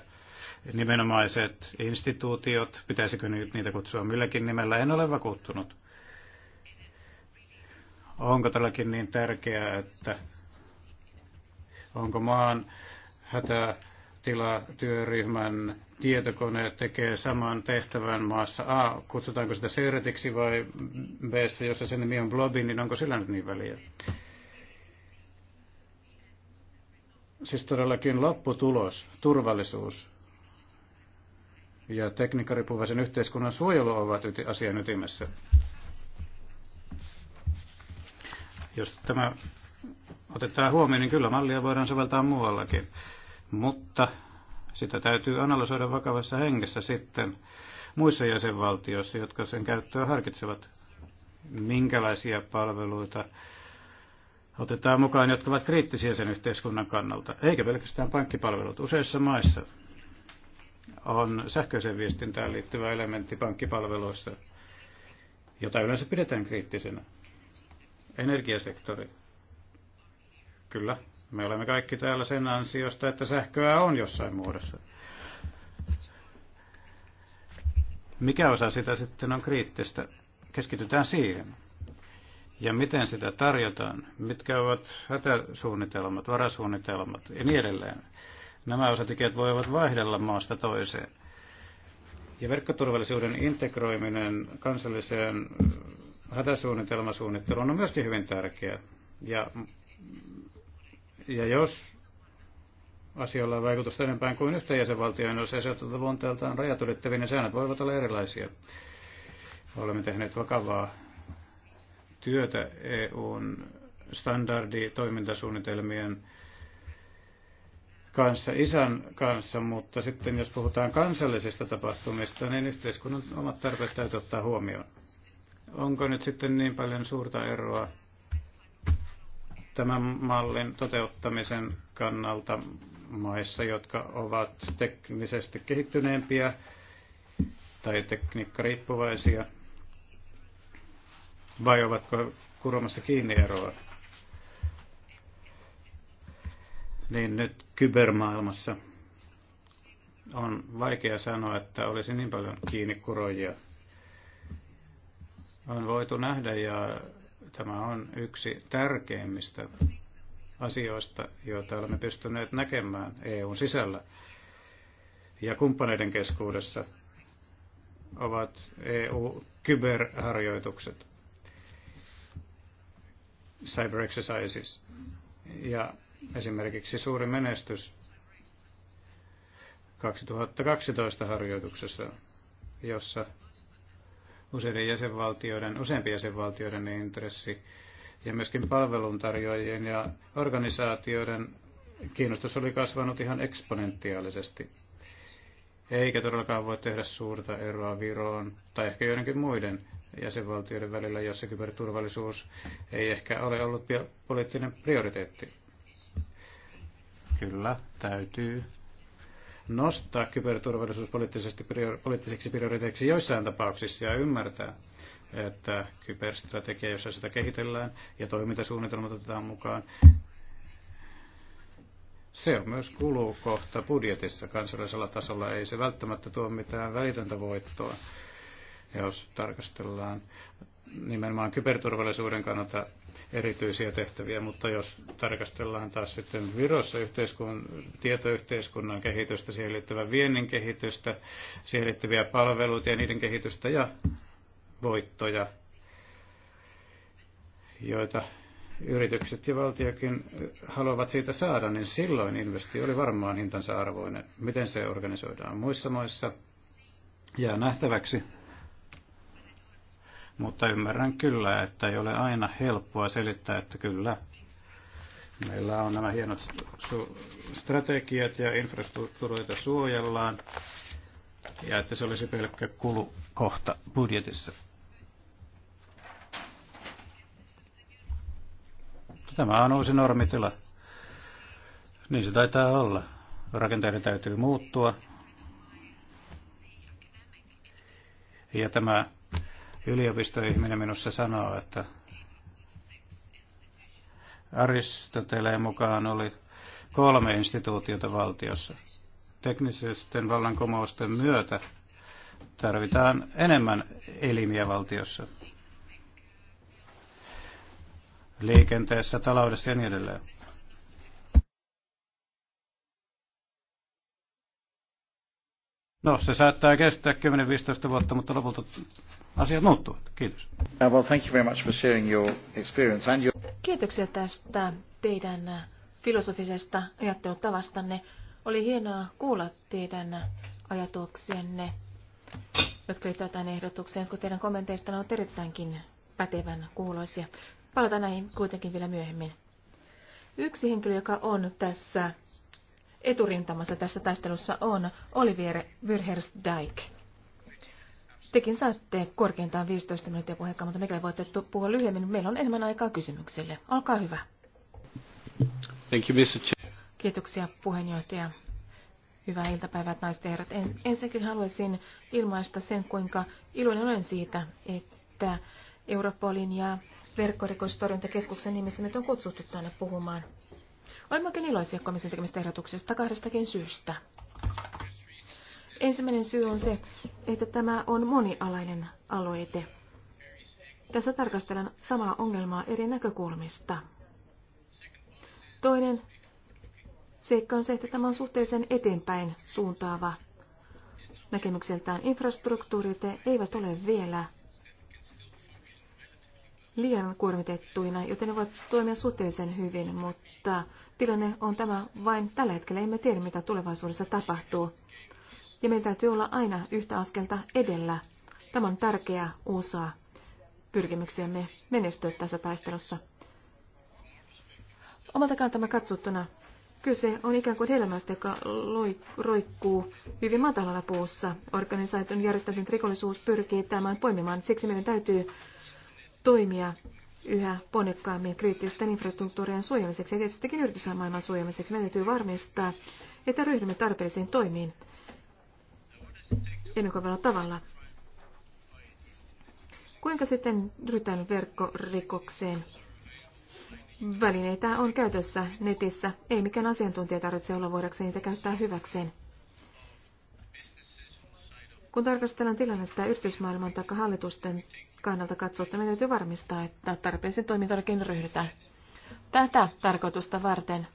nimenomaiset instituutiot, pitäisikö niitä kutsua milläkin nimellä, en ole vakuuttunut. Onko tälläkin niin tärkeää, että onko maan hätätilatyöryhmän tietokone tekee saman tehtävän maassa A, kutsutaanko sitä Seretiksi vai B, jossa sen nimi on Blobi, niin onko sillä nyt niin väliä? Siis todellakin lopputulos, turvallisuus ja tekniikkaripuvaisen yhteiskunnan suojelu ovat yti- asian ytimessä. Jos tämä otetaan huomioon, niin kyllä mallia voidaan soveltaa muuallakin. Mutta sitä täytyy analysoida vakavassa hengessä sitten muissa jäsenvaltioissa, jotka sen käyttöä harkitsevat, minkälaisia palveluita otetaan mukaan, jotka ovat kriittisiä sen yhteiskunnan kannalta, eikä pelkästään pankkipalvelut. Useissa maissa on sähköiseen viestintään liittyvä elementti pankkipalveluissa, jota yleensä pidetään kriittisenä. Energiasektori. Kyllä, me olemme kaikki täällä sen ansiosta, että sähköä on jossain muodossa. Mikä osa sitä sitten on kriittistä? Keskitytään siihen ja miten sitä tarjotaan, mitkä ovat hätäsuunnitelmat, varasuunnitelmat ja niin edelleen. Nämä osatekijät voivat vaihdella maasta toiseen. Ja verkkoturvallisuuden integroiminen kansalliseen hätäsuunnitelmasuunnitteluun on myöskin hyvin tärkeää. Ja, ja jos asioilla on vaikutusta enempään kuin yhteen jäsenvaltioon, jos esitetään luonteeltaan rajat ylittäviin, niin säännöt voivat olla erilaisia. Olemme tehneet vakavaa työtä EUn standarditoimintasuunnitelmien kanssa, isän kanssa, mutta sitten jos puhutaan kansallisista tapahtumista, niin yhteiskunnan omat tarpeet täytyy ottaa huomioon. Onko nyt sitten niin paljon suurta eroa tämän mallin toteuttamisen kannalta maissa, jotka ovat teknisesti kehittyneempiä tai tekniikkariippuvaisia riippuvaisia vai ovatko kuromassa kiinni eroa? Niin nyt kybermaailmassa on vaikea sanoa, että olisi niin paljon kiinni kurojia. On voitu nähdä ja tämä on yksi tärkeimmistä asioista, joita olemme pystyneet näkemään EUn sisällä ja kumppaneiden keskuudessa ovat EU-kyberharjoitukset cyber exercises. Ja esimerkiksi suuri menestys 2012 harjoituksessa, jossa useiden jäsenvaltioiden, useampien jäsenvaltioiden intressi ja myöskin palveluntarjoajien ja organisaatioiden kiinnostus oli kasvanut ihan eksponentiaalisesti eikä todellakaan voi tehdä suurta eroa Viroon tai ehkä joidenkin muiden jäsenvaltioiden välillä, jossa kyberturvallisuus ei ehkä ole ollut poliittinen prioriteetti. Kyllä, täytyy nostaa kyberturvallisuus poliittisesti, poliittiseksi prioriteetiksi joissain tapauksissa ja ymmärtää, että kyberstrategia, jossa sitä kehitellään ja toimintasuunnitelmat otetaan mukaan, se on myös kulukohta budjetissa kansallisella tasolla. Ei se välttämättä tuo mitään välitöntä voittoa, jos tarkastellaan nimenomaan kyberturvallisuuden kannalta erityisiä tehtäviä, mutta jos tarkastellaan taas sitten Virossa yhteiskun, tietoyhteiskunnan kehitystä, siihen liittyvän viennin kehitystä, siihen liittyviä palveluita ja niiden kehitystä ja voittoja, joita yritykset ja valtiokin haluavat siitä saada, niin silloin investi oli varmaan hintansa arvoinen. Miten se organisoidaan muissa maissa jää nähtäväksi. Mutta ymmärrän kyllä, että ei ole aina helppoa selittää, että kyllä, meillä on nämä hienot strategiat ja infrastruktuureita suojellaan, ja että se olisi pelkkä kulukohta budjetissa. Tämä on uusi normitila. Niin se taitaa olla. Rakenteiden täytyy muuttua. Ja tämä yliopistoihminen minussa sanoo, että Aristoteleen mukaan oli kolme instituutiota valtiossa. Teknisisten vallankumousten myötä tarvitaan enemmän elimiä valtiossa liikenteessä, taloudessa ja niin edelleen. No, se saattaa kestää 10-15 vuotta, mutta lopulta asiat muuttuvat. Kiitos. Uh, well, thank you very much for sharing your experience and your... Kiitoksia tästä teidän filosofisesta ajattelutavastanne. Oli hienoa kuulla teidän ajatuksenne, jotka liittyvät tähän ehdotukseen, kun teidän kommenteistanne on erittäinkin pätevän kuuloisia. Palata näihin kuitenkin vielä myöhemmin. Yksi henkilö, joka on tässä eturintamassa tässä taistelussa on Olivier Wirhersdijk. Tekin saatte korkeintaan 15 minuuttia puheenkaan, mutta mikäli voitte puhua lyhyemmin, meillä on enemmän aikaa kysymyksille. Olkaa hyvä. Thank you, Mr. Chair. Kiitoksia puheenjohtaja. Hyvää iltapäivää, naiset ja herrat. Ensinnäkin haluaisin ilmaista sen, kuinka iloinen olen siitä, että Europolin ja verkkorikostorjuntakeskuksen nimissä meitä on kutsuttu tänne puhumaan. Olemme oikein iloisia komission tekemistä ehdotuksesta kahdestakin syystä. Ensimmäinen syy on se, että tämä on monialainen aloite. Tässä tarkastellaan samaa ongelmaa eri näkökulmista. Toinen seikka on se, että tämä on suhteellisen eteenpäin suuntaava näkemykseltään. Infrastruktuurit eivät ole vielä liian kuormitettuina, joten ne voivat toimia suhteellisen hyvin, mutta tilanne on tämä vain tällä hetkellä. Emme tiedä, mitä tulevaisuudessa tapahtuu. Ja meidän täytyy olla aina yhtä askelta edellä. Tämä on tärkeä osa pyrkimyksiämme menestyä tässä taistelussa. Omalta kantamme katsottuna kyse on ikään kuin helmästä, joka roikkuu hyvin matalalla puussa. Organisaation järjestäytynyt rikollisuus pyrkii tämän poimimaan. Siksi meidän täytyy toimia yhä ponnekkaammin kriittisten infrastruktuurien suojamiseksi, ja tietystikin yritysmaailman suojelmiseksi. Meidän täytyy varmistaa, että ryhdymme tarpeellisiin toimiin ennakoivalla tavalla. Kuinka sitten ryhdytään verkkorikokseen? Välineitä on käytössä netissä. Ei mikään asiantuntija tarvitse olla voidakseen niitä käyttää hyväkseen. Kun tarkastellaan tilannetta yritysmaailman tai hallitusten kannalta katsottuna täytyy varmistaa, että tarpeeseen toimintarakin ryhdytään. Tätä tarkoitusta varten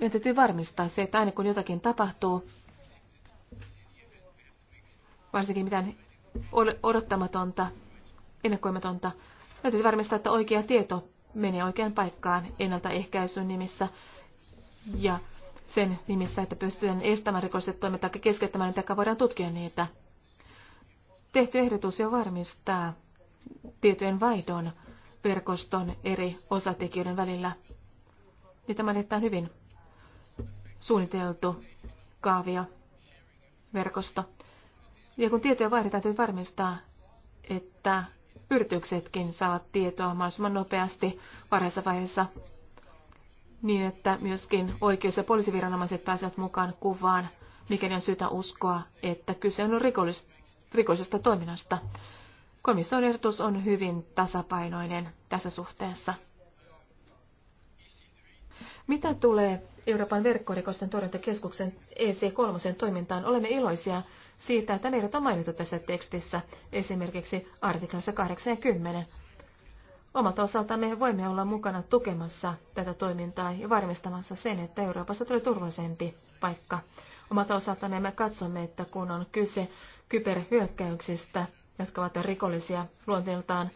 meidän täytyy varmistaa se, että aina kun jotakin tapahtuu, varsinkin mitään odottamatonta, ennakoimatonta, täytyy varmistaa, että oikea tieto menee oikeaan paikkaan ennaltaehkäisyn nimissä ja sen nimissä, että pystytään estämään rikolliset toimet tai keskeyttämään niitä, voidaan tutkia niitä. Tehty ehdotus jo varmistaa tietojen vaihdon verkoston eri osatekijöiden välillä. Ja tämä on erittäin hyvin suunniteltu kaavio verkosto. Ja kun tietoja vaihdetaan, täytyy varmistaa, että yrityksetkin saavat tietoa mahdollisimman nopeasti varhaisessa vaiheessa niin, että myöskin oikeus- ja poliisiviranomaiset pääsevät mukaan kuvaan, mikäli on syytä uskoa, että kyse on rikollis- rikoisesta toiminnasta. Komission ehdotus on hyvin tasapainoinen tässä suhteessa. Mitä tulee Euroopan verkkorikosten torjuntakeskuksen EC3 toimintaan, olemme iloisia siitä, että meidät on mainittu tässä tekstissä, esimerkiksi artiklassa 80. Omalta osaltamme voimme olla mukana tukemassa tätä toimintaa ja varmistamassa sen, että Euroopassa tulee turvallisempi paikka omalta osaltani me katsomme, että kun on kyse kyberhyökkäyksistä, jotka ovat rikollisia luonteeltaan,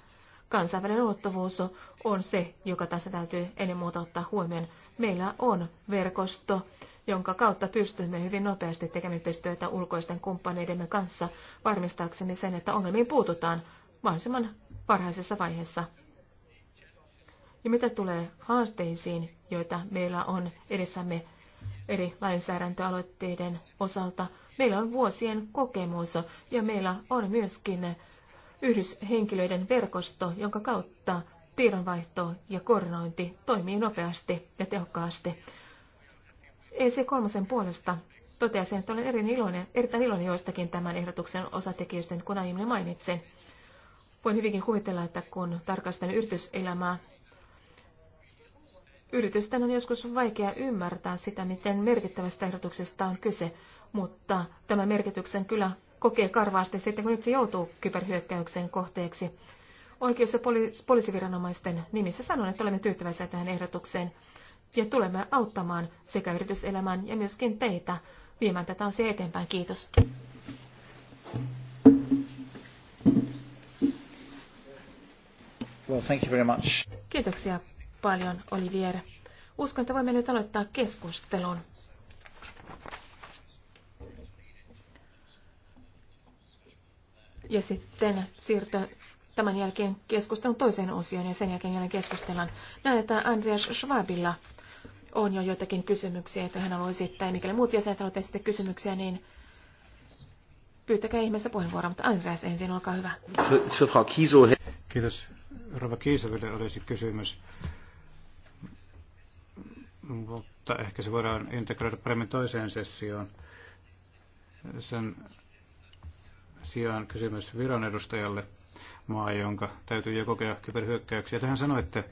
kansainvälinen luottavuus on se, joka tässä täytyy ennen muuta ottaa huomioon. Meillä on verkosto, jonka kautta pystymme hyvin nopeasti tekemään yhteistyötä ulkoisten kumppaneidemme kanssa varmistaaksemme sen, että ongelmiin puututaan mahdollisimman varhaisessa vaiheessa. Ja mitä tulee haasteisiin, joita meillä on edessämme, eri lainsäädäntöaloitteiden osalta. Meillä on vuosien kokemus ja meillä on myöskin yhdyshenkilöiden verkosto, jonka kautta tiedonvaihto ja koordinointi toimii nopeasti ja tehokkaasti. EC3 puolesta toteaisin, että olen eri iloinen, erittäin iloinen joistakin tämän ehdotuksen osatekijöistä, kun aiemmin mainitsin. Voin hyvinkin kuvitella, että kun tarkastan yrityselämää Yritysten on joskus vaikea ymmärtää sitä, miten merkittävästä ehdotuksesta on kyse, mutta tämä merkityksen kyllä kokee karvaasti sitten, kun itse joutuu kyberhyökkäyksen kohteeksi. Oikeus- ja poliisiviranomaisten nimissä sanon, että olemme tyytyväisiä tähän ehdotukseen ja tulemme auttamaan sekä yrityselämän ja myöskin teitä viemään tätä asiaa eteenpäin. Kiitos. Well, thank you very much. Kiitoksia paljon, Olivier. Uskon, että voimme nyt aloittaa keskustelun. Ja sitten siirtyä tämän jälkeen keskustelun toiseen osioon ja sen jälkeen jälleen keskustellaan. Näen, että Andreas Schwabilla on jo joitakin kysymyksiä, että hän haluaa esittää. Ja mikäli muut jäsenet haluavat esittää kysymyksiä, niin pyytäkää ihmeessä puheenvuoroa, mutta Andreas ensin, olkaa hyvä. Kiitos. Rova Kiisoville olisi kysymys mutta ehkä se voidaan integroida paremmin toiseen sessioon. Sen sijaan kysymys viran edustajalle, maa, jonka täytyy jo kokea kyberhyökkäyksiä. Tähän sanoitte,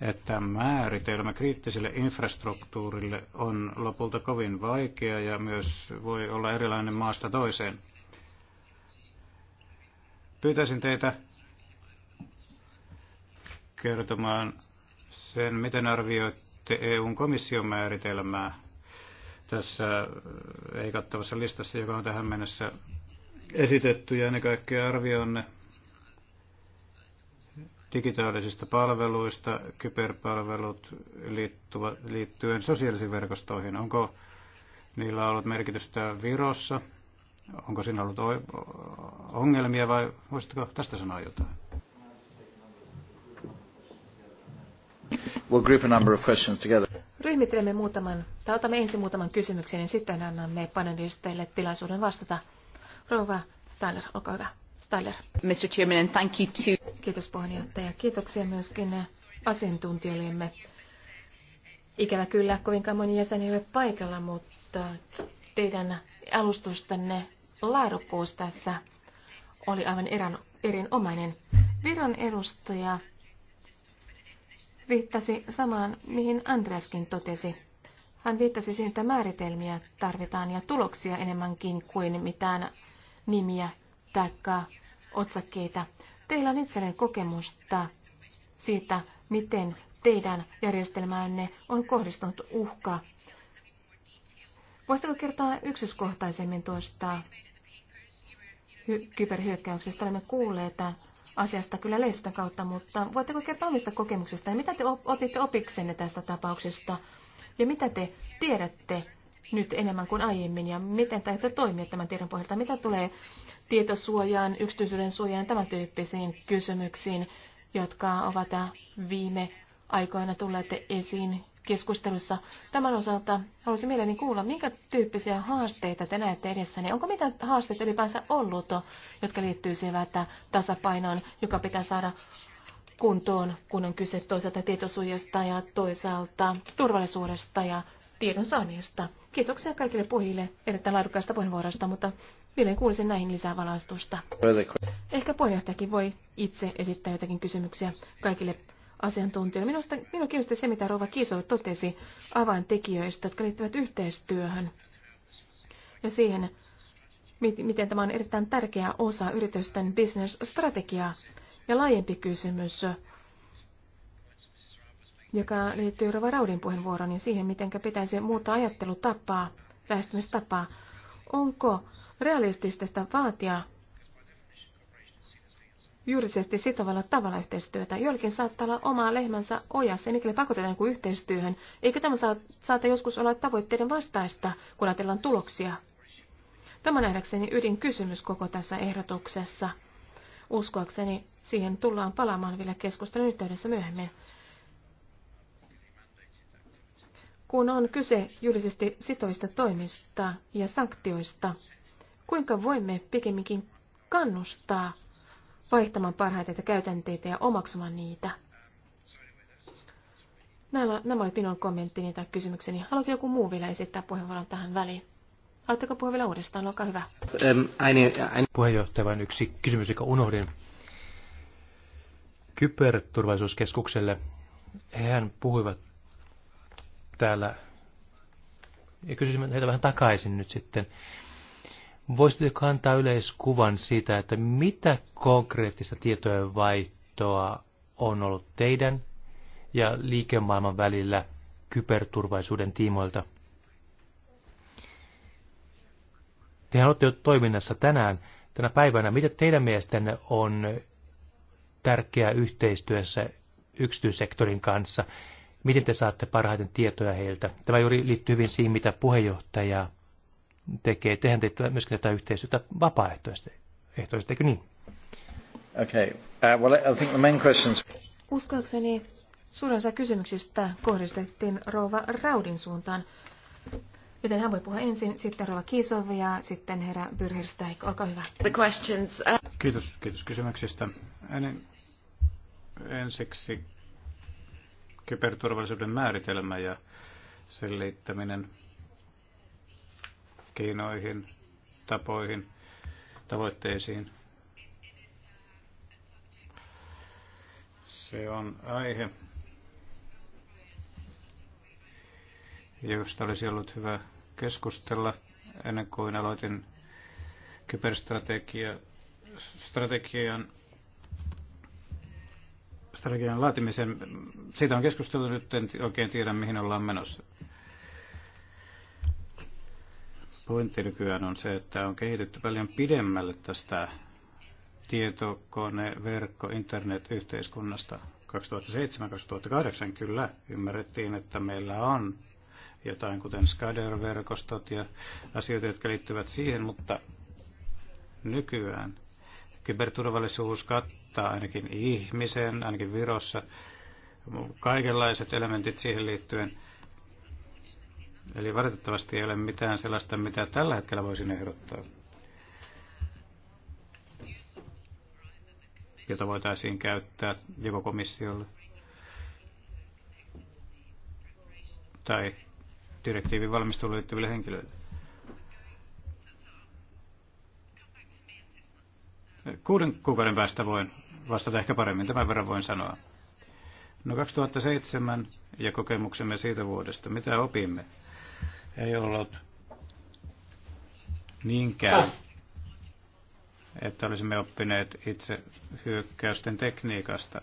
että määritelmä kriittiselle infrastruktuurille on lopulta kovin vaikea ja myös voi olla erilainen maasta toiseen. Pyytäisin teitä kertomaan sen, miten arvioitte sitten EUn komission määritelmää tässä äh, ei-kattavassa listassa, joka on tähän mennessä esitetty ja ennen kaikkea arvioinne digitaalisista palveluista, kyberpalvelut liittyen sosiaalisiin verkostoihin. Onko niillä ollut merkitystä Virossa? Onko siinä ollut ongelmia vai voisitko tästä sanoa jotain? We'll group a number of questions together. Ryhmitelemme muutaman, tai otamme ensin muutaman kysymyksen, niin sitten annamme panelisteille tilaisuuden vastata. Rouva Steiner, olkaa hyvä. Steiner. Mr. Chairman, and thank you to... Kiitos puheenjohtaja. Kiitoksia myöskin asiantuntijoillemme. Ikävä kyllä, kovinkaan moni jäsen ei ole paikalla, mutta teidän alustustanne laadukkuus tässä oli aivan erän, erinomainen. Viron edustaja viittasi samaan, mihin Andreaskin totesi. Hän viittasi siihen, että määritelmiä tarvitaan ja tuloksia enemmänkin kuin mitään nimiä tai otsakkeita. Teillä on itselleen kokemusta siitä, miten teidän järjestelmäänne on kohdistunut uhka. Voisitko kertoa yksityiskohtaisemmin tuosta kyberhyökkäyksestä? Olemme kuulleet asiasta kyllä lehdistön kautta, mutta voitteko kertoa omista kokemuksista ja mitä te otitte opiksenne tästä tapauksesta ja mitä te tiedätte nyt enemmän kuin aiemmin ja miten täytyy toimia tämän tiedon pohjalta, mitä tulee tietosuojaan, yksityisyyden suojaan ja tämän tyyppisiin kysymyksiin, jotka ovat viime aikoina tulleet esiin keskustelussa. Tämän osalta haluaisin mielelläni kuulla, minkä tyyppisiä haasteita te näette edessäni. Onko mitä haasteita ylipäänsä ollut, jotka liittyy liittyisivät tasapainoon, joka pitää saada kuntoon, kun on kyse toisaalta tietosuojasta ja toisaalta turvallisuudesta ja tiedon saannista. Kiitoksia kaikille puhille erittäin laadukkaasta puheenvuorosta, mutta vielä kuulisin näihin lisää valaistusta. Ehkä puheenjohtajakin voi itse esittää jotakin kysymyksiä kaikille asiantuntijoille. Minusta, minun kiinnosti se, mitä Rova Kiso totesi avaintekijöistä, jotka liittyvät yhteistyöhön ja siihen, miten tämä on erittäin tärkeä osa yritysten bisnesstrategiaa. Ja laajempi kysymys, joka liittyy Rova Raudin puheenvuoroon, niin siihen, miten pitäisi muuta ajattelutapaa, lähestymistapaa. Onko realistista vaatia juridisesti sitovalla tavalla yhteistyötä. Jollekin saattaa olla oma lehmänsä ojassa, mikäli pakotetaan kuin yhteistyöhön. Eikö tämä saata joskus olla tavoitteiden vastaista, kun ajatellaan tuloksia? Tämä on nähdäkseni kysymys koko tässä ehdotuksessa. Uskoakseni siihen tullaan palaamaan vielä keskustelun yhteydessä myöhemmin. Kun on kyse juridisesti sitovista toimista ja sanktioista, kuinka voimme pikemminkin kannustaa vaihtamaan parhaita käytänteitä ja omaksumaan niitä. Näillä, nämä olivat minun kommenttini tai kysymykseni. Haluatko joku muu vielä esittää puheenvuoron tähän väliin? Haluatteko puhua vielä uudestaan? Olkaa hyvä. Ähm, Puheenjohtaja, vain yksi kysymys, joka unohdin. Kyberturvallisuuskeskukselle, hehän puhuivat täällä, ja kysyisin heitä vähän takaisin nyt sitten, Voisitteko antaa yleiskuvan siitä, että mitä konkreettista tietojen vaihtoa on ollut teidän ja liikemaailman välillä kyberturvallisuuden tiimoilta? Tehän olette jo toiminnassa tänään, tänä päivänä. Mitä teidän mielestänne on tärkeää yhteistyössä yksityissektorin kanssa? Miten te saatte parhaiten tietoja heiltä? Tämä juuri liittyy hyvin siihen, mitä puheenjohtaja tekee. Tehän teette myöskin tätä yhteistyötä vapaaehtoisesti, eikö niin? Okay. Uh, well, I think the main questions... Uskoakseni suurin osa kysymyksistä kohdistettiin rouva Raudin suuntaan. Joten hän voi puhua ensin, sitten Rova Kiisov ja sitten herra Byrhirstäik. Olkaa hyvä. The questions, uh... Kiitos, kiitos kysymyksistä. Ennen, ensiksi kyberturvallisuuden määritelmä ja sen liittäminen markkinoihin, tapoihin, tavoitteisiin. Se on aihe, josta olisi ollut hyvä keskustella ennen kuin aloitin kyberstrategia, strategian, strategian laatimisen. Siitä on keskusteltu nyt, en oikein tiedä mihin ollaan menossa. Pointti nykyään on se, että on kehitetty paljon pidemmälle tästä tietokone, verkko, internet yhteiskunnasta. 2007-2008 kyllä ymmärrettiin, että meillä on jotain kuten SCADER-verkostot ja asioita, jotka liittyvät siihen, mutta nykyään kyberturvallisuus kattaa ainakin ihmisen, ainakin virossa, kaikenlaiset elementit siihen liittyen – Eli valitettavasti ei ole mitään sellaista, mitä tällä hetkellä voisin ehdottaa, jota voitaisiin käyttää joko komissiolle tai direktiivin valmisteluun liittyville henkilöille. Kuuden kuukauden päästä voin vastata ehkä paremmin, tämän verran voin sanoa. No 2007 ja kokemuksemme siitä vuodesta, mitä opimme? ei ollut niinkään, että olisimme oppineet itse hyökkäysten tekniikasta.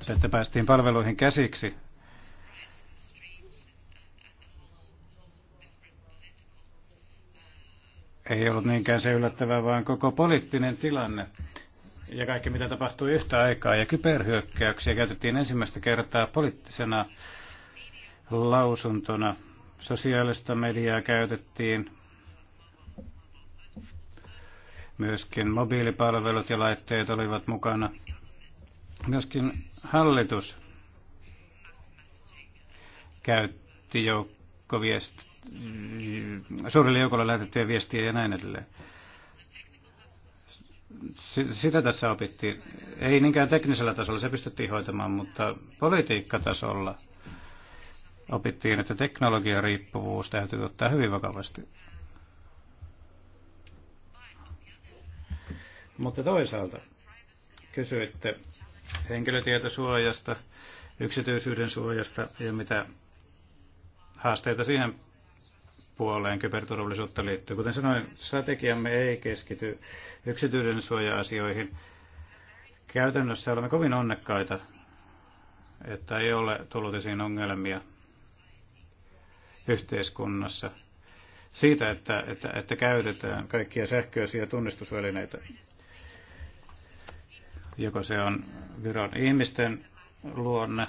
Se, että päästiin palveluihin käsiksi, ei ollut niinkään se yllättävää, vaan koko poliittinen tilanne ja kaikki mitä tapahtui yhtä aikaa. Ja kyberhyökkäyksiä käytettiin ensimmäistä kertaa poliittisena lausuntona. Sosiaalista mediaa käytettiin, myöskin mobiilipalvelut ja laitteet olivat mukana. Myöskin hallitus käytti joukkoviestit Mm, suurelle joukolle lähetettyjä viestiä ja näin edelleen. Sitä tässä opittiin. Ei niinkään teknisellä tasolla, se pystyttiin hoitamaan, mutta politiikkatasolla opittiin, että teknologian riippuvuus täytyy ottaa hyvin vakavasti. Mutta toisaalta kysyitte henkilötietosuojasta, yksityisyyden suojasta ja mitä haasteita siihen puoleen kyberturvallisuutta liittyy. Kuten sanoin, strategiamme ei keskity yksityisen suoja-asioihin. Käytännössä olemme kovin onnekkaita, että ei ole tullut esiin ongelmia yhteiskunnassa siitä, että, että, että käytetään kaikkia sähköisiä tunnistusvälineitä, joko se on Viron ihmisten luonne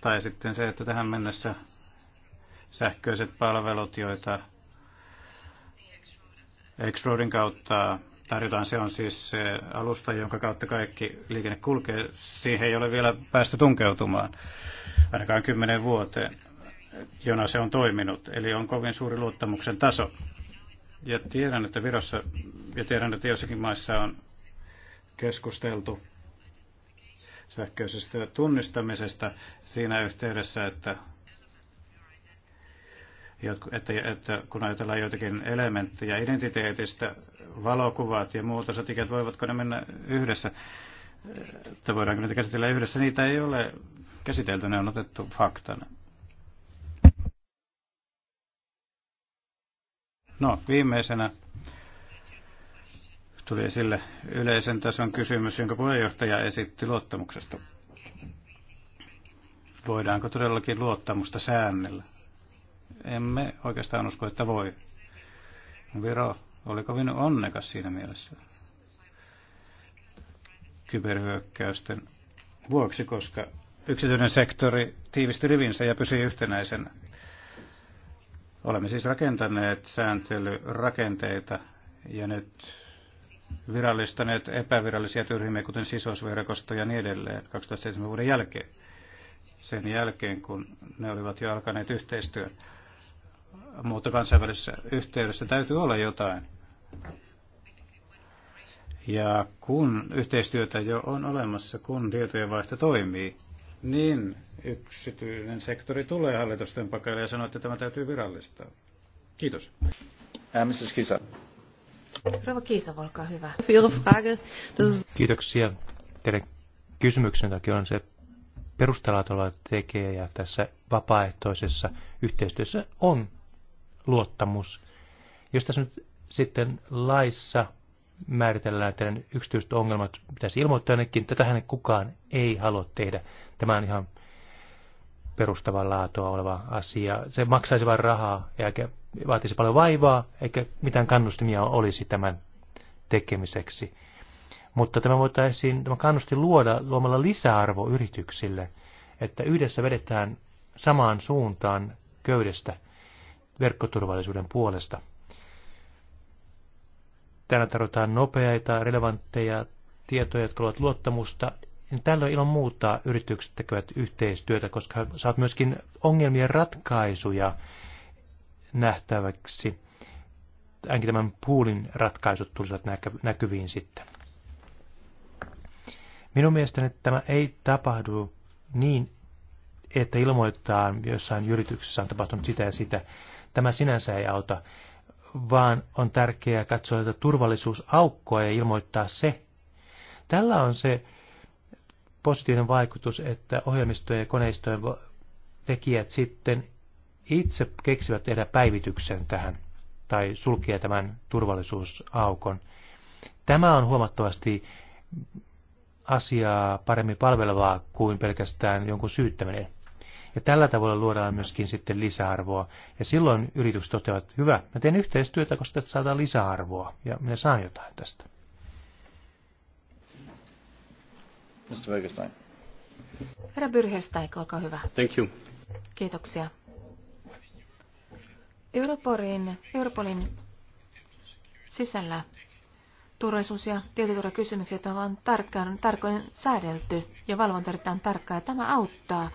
tai sitten se, että tähän mennessä sähköiset palvelut, joita Extrudin kautta tarjotaan. Se on siis se alusta, jonka kautta kaikki liikenne kulkee. Siihen ei ole vielä päästy tunkeutumaan, ainakaan kymmenen vuoteen, jona se on toiminut. Eli on kovin suuri luottamuksen taso. Ja tiedän, että Virossa ja tiedän, että jossakin maissa on keskusteltu sähköisestä tunnistamisesta siinä yhteydessä, että että, että kun ajatellaan joitakin elementtejä identiteetistä, valokuvat ja muuta sotiket, voivatko ne mennä yhdessä, että voidaanko niitä käsitellä yhdessä, niitä ei ole käsitelty, ne on otettu faktana. No, viimeisenä tuli esille yleisen tason kysymys, jonka puheenjohtaja esitti luottamuksesta. Voidaanko todellakin luottamusta säännellä? emme oikeastaan usko, että voi. Viro oli kovin onnekas siinä mielessä kyberhyökkäysten vuoksi, koska yksityinen sektori tiivisti rivinsä ja pysyi yhtenäisenä. Olemme siis rakentaneet sääntelyrakenteita ja nyt virallistaneet epävirallisia tyrhimiä, kuten sisosverkosto ja niin edelleen 2007 vuoden jälkeen. Sen jälkeen, kun ne olivat jo alkaneet yhteistyön mutta kansainvälisessä yhteydessä täytyy olla jotain. Ja kun yhteistyötä jo on olemassa, kun tietojenvaihto toimii, niin yksityinen sektori tulee hallitusten pakalle ja sanoo, että tämä täytyy virallistaa. Kiitos. Äh, Mrs. Kisa. Rova Kiisa, olkaa hyvä. Kiitoksia. Teidän kysymyksen takia on se perustelatolla tekee ja tässä vapaaehtoisessa yhteistyössä on luottamus. Jos tässä nyt sitten laissa määritellään teidän yksityiset ongelmat, pitäisi ilmoittaa ainakin, tätähän kukaan ei halua tehdä. Tämä on ihan perustavaa laatua oleva asia. Se maksaisi vain rahaa, eikä vaatisi paljon vaivaa, eikä mitään kannustimia olisi tämän tekemiseksi. Mutta tämä voitaisiin, tämä kannusti luoda luomalla lisäarvo yrityksille, että yhdessä vedetään samaan suuntaan köydestä – verkkoturvallisuuden puolesta. Täällä tarvitaan nopeita, relevantteja tietoja, jotka luovat luottamusta. Tällöin ilon muuttaa yritykset tekevät yhteistyötä, koska saat myöskin ongelmien ratkaisuja nähtäväksi. Ainakin tämän puulin ratkaisut tulisivat näkyviin sitten. Minun mielestäni tämä ei tapahdu niin, että ilmoitetaan jossain yrityksessä on tapahtunut sitä ja sitä, Tämä sinänsä ei auta, vaan on tärkeää katsoa tätä turvallisuusaukkoa ja ilmoittaa se. Tällä on se positiivinen vaikutus, että ohjelmistojen ja koneistojen tekijät sitten itse keksivät tehdä päivityksen tähän tai sulkee tämän turvallisuusaukon. Tämä on huomattavasti asiaa paremmin palvelevaa kuin pelkästään jonkun syyttäminen. Ja tällä tavalla luodaan myöskin sitten lisäarvoa. Ja silloin yritys toteavat, että hyvä, mä teen yhteistyötä, koska tästä saadaan lisäarvoa ja minä saan jotain tästä. Mr. Wegerstein. Herra Byrhestaik, olkaa hyvä. Thank you. Kiitoksia. Europolin, Europolin sisällä turvallisuus- ja tietoturvakysymykset on tarkkaan, tarkoin säädelty ja valvonta on tarkkaa. Tämä auttaa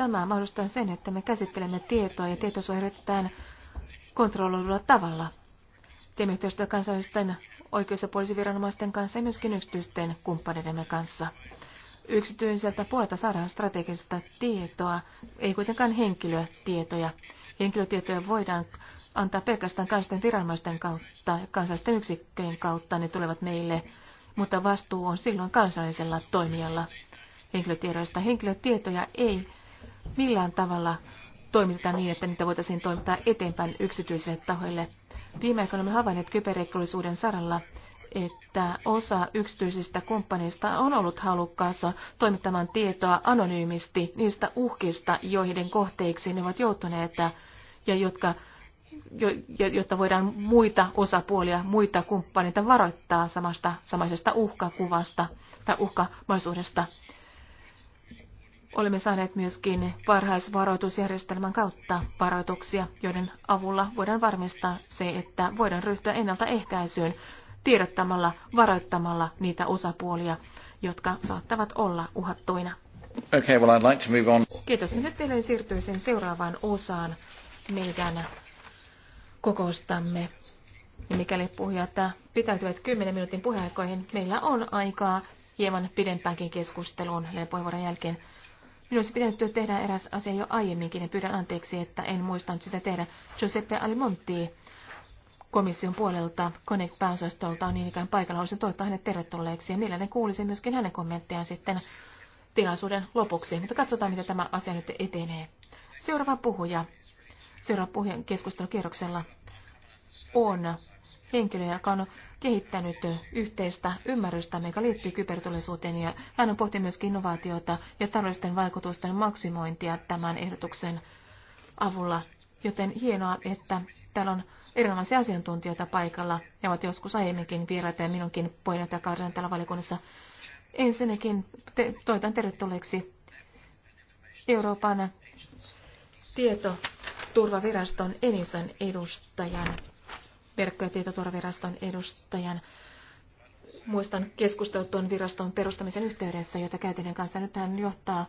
Tämä mahdollistaa sen, että me käsittelemme tietoa ja tietosuoja erittäin kontrolloidulla tavalla. Teemme yhteistyötä kansallisten oikeus- ja poliisiviranomaisten kanssa ja myöskin yksityisten kumppaneidemme kanssa. Yksityiseltä puolelta saadaan strategista tietoa, ei kuitenkaan henkilötietoja. Henkilötietoja voidaan antaa pelkästään kansallisten viranomaisten kautta ja kansallisten yksikköjen kautta, ne tulevat meille, mutta vastuu on silloin kansallisella toimijalla henkilötiedoista. Henkilötietoja ei millään tavalla toimitetaan niin, että niitä voitaisiin toimittaa eteenpäin yksityisille tahoille. Viime aikoina olemme havainneet kyberrikollisuuden saralla, että osa yksityisistä kumppaneista on ollut halukkaassa toimittamaan tietoa anonyymisti niistä uhkista, joiden kohteiksi ne ovat joutuneet ja jotka, jo, jotta voidaan muita osapuolia, muita kumppaneita varoittaa samasta, samaisesta uhkakuvasta tai uhkamaisuudesta. Olemme saaneet myöskin varhaisvaroitusjärjestelmän kautta varoituksia, joiden avulla voidaan varmistaa se, että voidaan ryhtyä ennaltaehkäisyyn tiedottamalla, varoittamalla niitä osapuolia, jotka saattavat olla uhattuina. Okay, well, I'd like to move on. Kiitos. Nyt vielä siirtyisin seuraavaan osaan meidän kokoustamme. Ja mikäli puhujat pitäytyvät 10 minuutin puheaikoihin, meillä on aikaa hieman pidempäänkin keskusteluun näiden puheenvuoron jälkeen. Minun olisi pitänyt tehdä eräs asia jo aiemminkin ja pyydän anteeksi, että en muistanut sitä tehdä. Giuseppe Alimonti komission puolelta Connect-pääosastolta on niin ikään paikalla. Olisin toivottaa hänet tervetulleeksi ja mielelläni kuulisin myöskin hänen kommenttiaan sitten tilaisuuden lopuksi. Mutta katsotaan, miten tämä asia nyt etenee. Seuraava puhuja, seuraava puhujan keskustelukierroksella on henkilö, joka on kehittänyt yhteistä ymmärrystä, mikä liittyy kyberturvallisuuteen, ja hän on pohtinut myös innovaatiota ja taloudellisten vaikutusten maksimointia tämän ehdotuksen avulla. Joten hienoa, että täällä on erilaisia asiantuntijoita paikalla. ja ovat joskus aiemminkin vieraita ja minunkin puheenjohtajakaudella täällä valiokunnassa. Ensinnäkin te, toitan tervetulleeksi Euroopan tietoturvaviraston Enisan edustajan verkko- ja tietoturvaviraston edustajan. Muistan keskustelua tuon viraston perustamisen yhteydessä, jota käytännön kanssa nyt hän johtaa.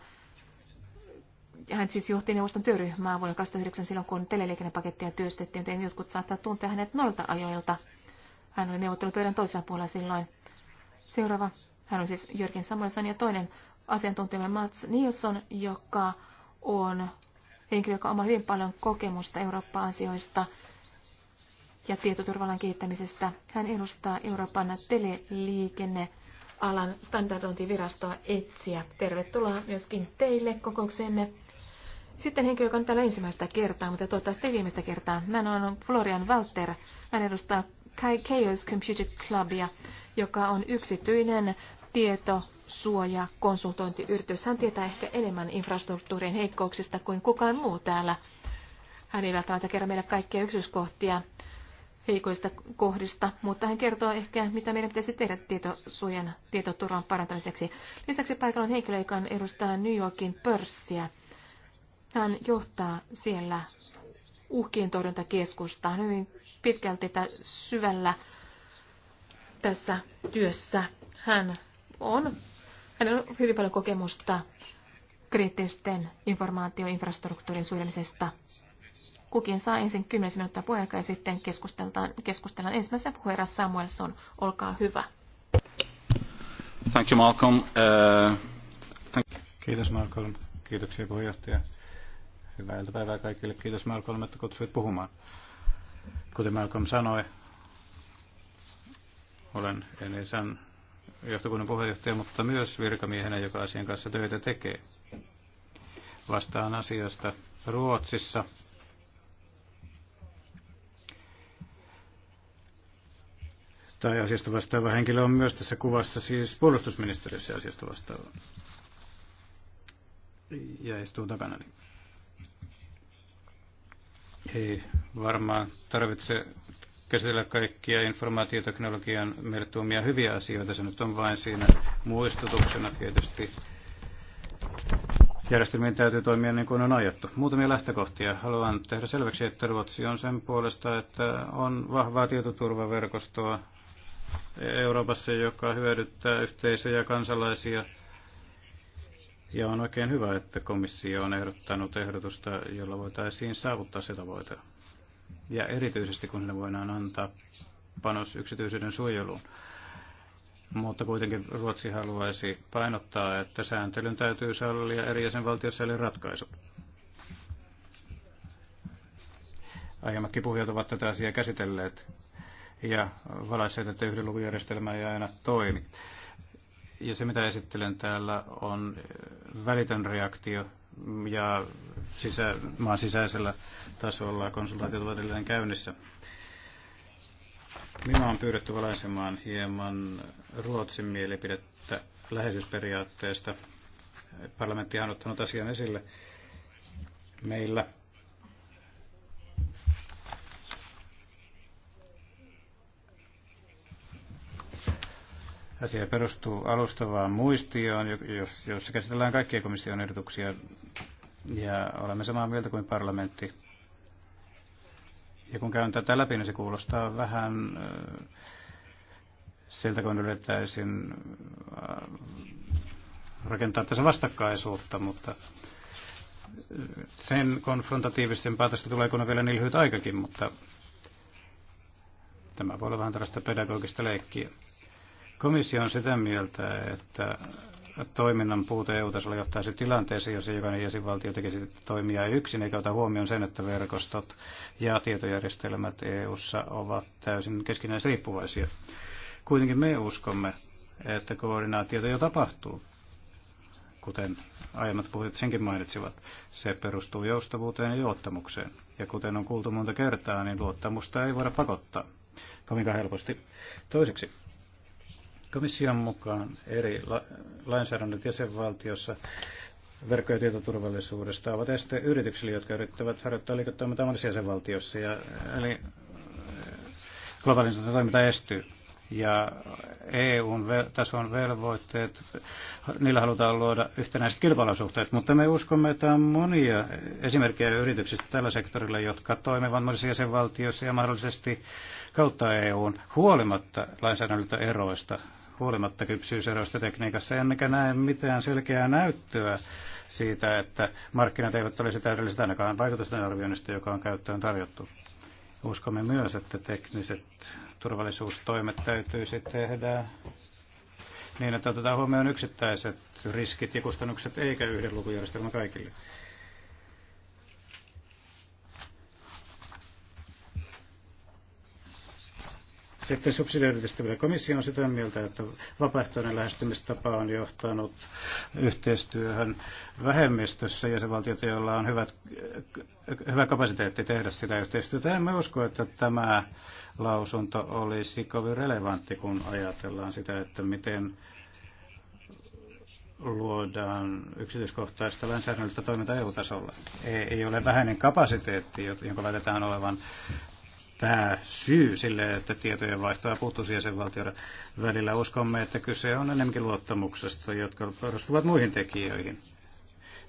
Hän siis johti neuvoston työryhmää vuonna 2009 silloin, kun teleliikennepakettia työstettiin, joten jotkut saattaa tuntea hänet noilta ajoilta. Hän oli neuvottelupöydän toisella puolella silloin. Seuraava. Hän on siis Jörgen Samuelson ja toinen asiantuntijamme Mats Nilsson, joka on henkilö, joka on hyvin paljon kokemusta Eurooppa-asioista ja tietoturvallan kehittämisestä. Hän edustaa Euroopan teleliikennealan standardointivirastoa ETSIä. Tervetuloa myöskin teille kokoukseemme. Sitten henkilö, joka on täällä ensimmäistä kertaa, mutta toivottavasti ei viimeistä kertaa. Hän on Florian Walter. Hän edustaa Chaos Computer Clubia, joka on yksityinen tieto suoja konsultointiyritys. Hän tietää ehkä enemmän infrastruktuurin heikkouksista kuin kukaan muu täällä. Hän ei välttämättä kerro meille kaikkia yksityiskohtia heikoista kohdista, mutta hän kertoo ehkä, mitä meidän pitäisi tehdä tietosuojan tietoturvan parantamiseksi. Lisäksi paikalla on henkilö, joka edustaa New Yorkin pörssiä. Hän johtaa siellä uhkien torjuntakeskusta hyvin pitkälti syvällä tässä työssä. Hän on, hänellä on hyvin paljon kokemusta kriittisten informaatioinfrastruktuurin suojelmisesta. Kukin saa ensin 10 minuuttia puheenjohtaja ja sitten keskustellaan, keskustellaan ensimmäisen puheenjohtaja Samuelson. Olkaa hyvä. Thank you, Malcolm. Uh, thank... Kiitos Malcolm. Kiitoksia puheenjohtaja. Hyvää iltapäivää kaikille. Kiitos Malcolm, että kutsuit puhumaan. Kuten Malcolm sanoi, olen Enisan johtokunnan puheenjohtaja, mutta myös virkamiehenä, joka asian kanssa töitä tekee. Vastaan asiasta Ruotsissa tai asiasta vastaava henkilö on myös tässä kuvassa siis puolustusministeriössä asiasta vastaava. Ja istuu takana. Niin ei varmaan tarvitse käsitellä kaikkia informaatioteknologian meille tuomia hyviä asioita. Se nyt on vain siinä muistutuksena tietysti. Järjestelmien täytyy toimia niin kuin on aiottu. Muutamia lähtökohtia. Haluan tehdä selväksi, että Ruotsi on sen puolesta, että on vahvaa tietoturvaverkostoa Euroopassa, joka hyödyttää yhteisöjä ja kansalaisia. Ja on oikein hyvä, että komissio on ehdottanut ehdotusta, jolla voitaisiin saavuttaa se tavoite. Ja erityisesti kun ne voidaan antaa panos yksityisyyden suojeluun. Mutta kuitenkin Ruotsi haluaisi painottaa, että sääntelyn täytyy sallia eri jäsenvaltiossa eli ratkaisu. Aiemmatkin puhujat ovat tätä asiaa käsitelleet ja valaisseetöntä yhden luvun järjestelmä ei aina toimi. Ja se, mitä esittelen täällä, on välitön reaktio ja sisä, maan sisäisellä tasolla konsultaatiot ovat edelleen käynnissä. Minua on pyydetty valaisemaan hieman Ruotsin mielipidettä läheisyysperiaatteesta. Parlamentti on ottanut asian esille meillä Asia perustuu alustavaan muistioon, jos, jossa käsitellään kaikkia komission ehdotuksia, ja olemme samaa mieltä kuin parlamentti. Ja kun käyn tätä läpi, niin se kuulostaa vähän äh, siltä, kun yritettäisiin äh, rakentaa tässä vastakkaisuutta, mutta sen konfrontatiivisten päätöstä tulee, kun on vielä niin lyhyt aikakin, mutta tämä voi olla vähän tällaista pedagogista leikkiä. Komissio on sitä mieltä, että toiminnan puute EU-tasolla johtaisi tilanteeseen, jossa jokainen jäsenvaltio tekisi toimia yksin, eikä ota huomioon sen, että verkostot ja tietojärjestelmät EU-ssa ovat täysin keskinäisriippuvaisia. Kuitenkin me uskomme, että koordinaatiota jo tapahtuu, kuten aiemmat puhujat senkin mainitsivat. Se perustuu joustavuuteen ja luottamukseen. Ja kuten on kuultu monta kertaa, niin luottamusta ei voida pakottaa kovinkaan helposti. Toiseksi, Komission mukaan eri la- lainsäädännöt jäsenvaltiossa verkko- ja tietoturvallisuudesta ovat este yrityksille, jotka yrittävät harjoittaa liiketoimintaa monissa jäsenvaltiossa. Ja, eli eh, globaalinen toiminta estyy. Ja EUn tason velvoitteet, niillä halutaan luoda yhtenäiset kilpailusuhteet, mutta me uskomme, että on monia esimerkkejä yrityksistä tällä sektorilla, jotka toimivat monissa jäsenvaltioissa ja mahdollisesti kautta EUn huolimatta lainsäädännöltä eroista huolimatta kypsyyseroista tekniikassa, enkä näe mitään selkeää näyttöä siitä, että markkinat eivät olisi täydelliset ainakaan vaikutusten arvioinnista, joka on käyttöön tarjottu. Uskomme myös, että tekniset turvallisuustoimet täytyisi tehdä niin, että otetaan huomioon yksittäiset riskit ja kustannukset eikä yhden lukujärjestelmä kaikille. Sitten subsidiariteettistäminen. Komissio on sitä mieltä, että vapaaehtoinen lähestymistapa on johtanut yhteistyöhön vähemmistössä ja se valtiot, joilla on hyvät, hyvä kapasiteetti tehdä sitä yhteistyötä. mä usko, että tämä lausunto olisi kovin relevantti, kun ajatellaan sitä, että miten luodaan yksityiskohtaista lainsäädännöllistä toimintaa EU-tasolla. Ei, ei ole vähäinen kapasiteetti, jonka laitetaan olevan pääsyy sille, että tietojen vaihtoa puuttuisi jäsenvaltioiden välillä. Uskomme, että kyse on enemmänkin luottamuksesta, jotka perustuvat muihin tekijöihin.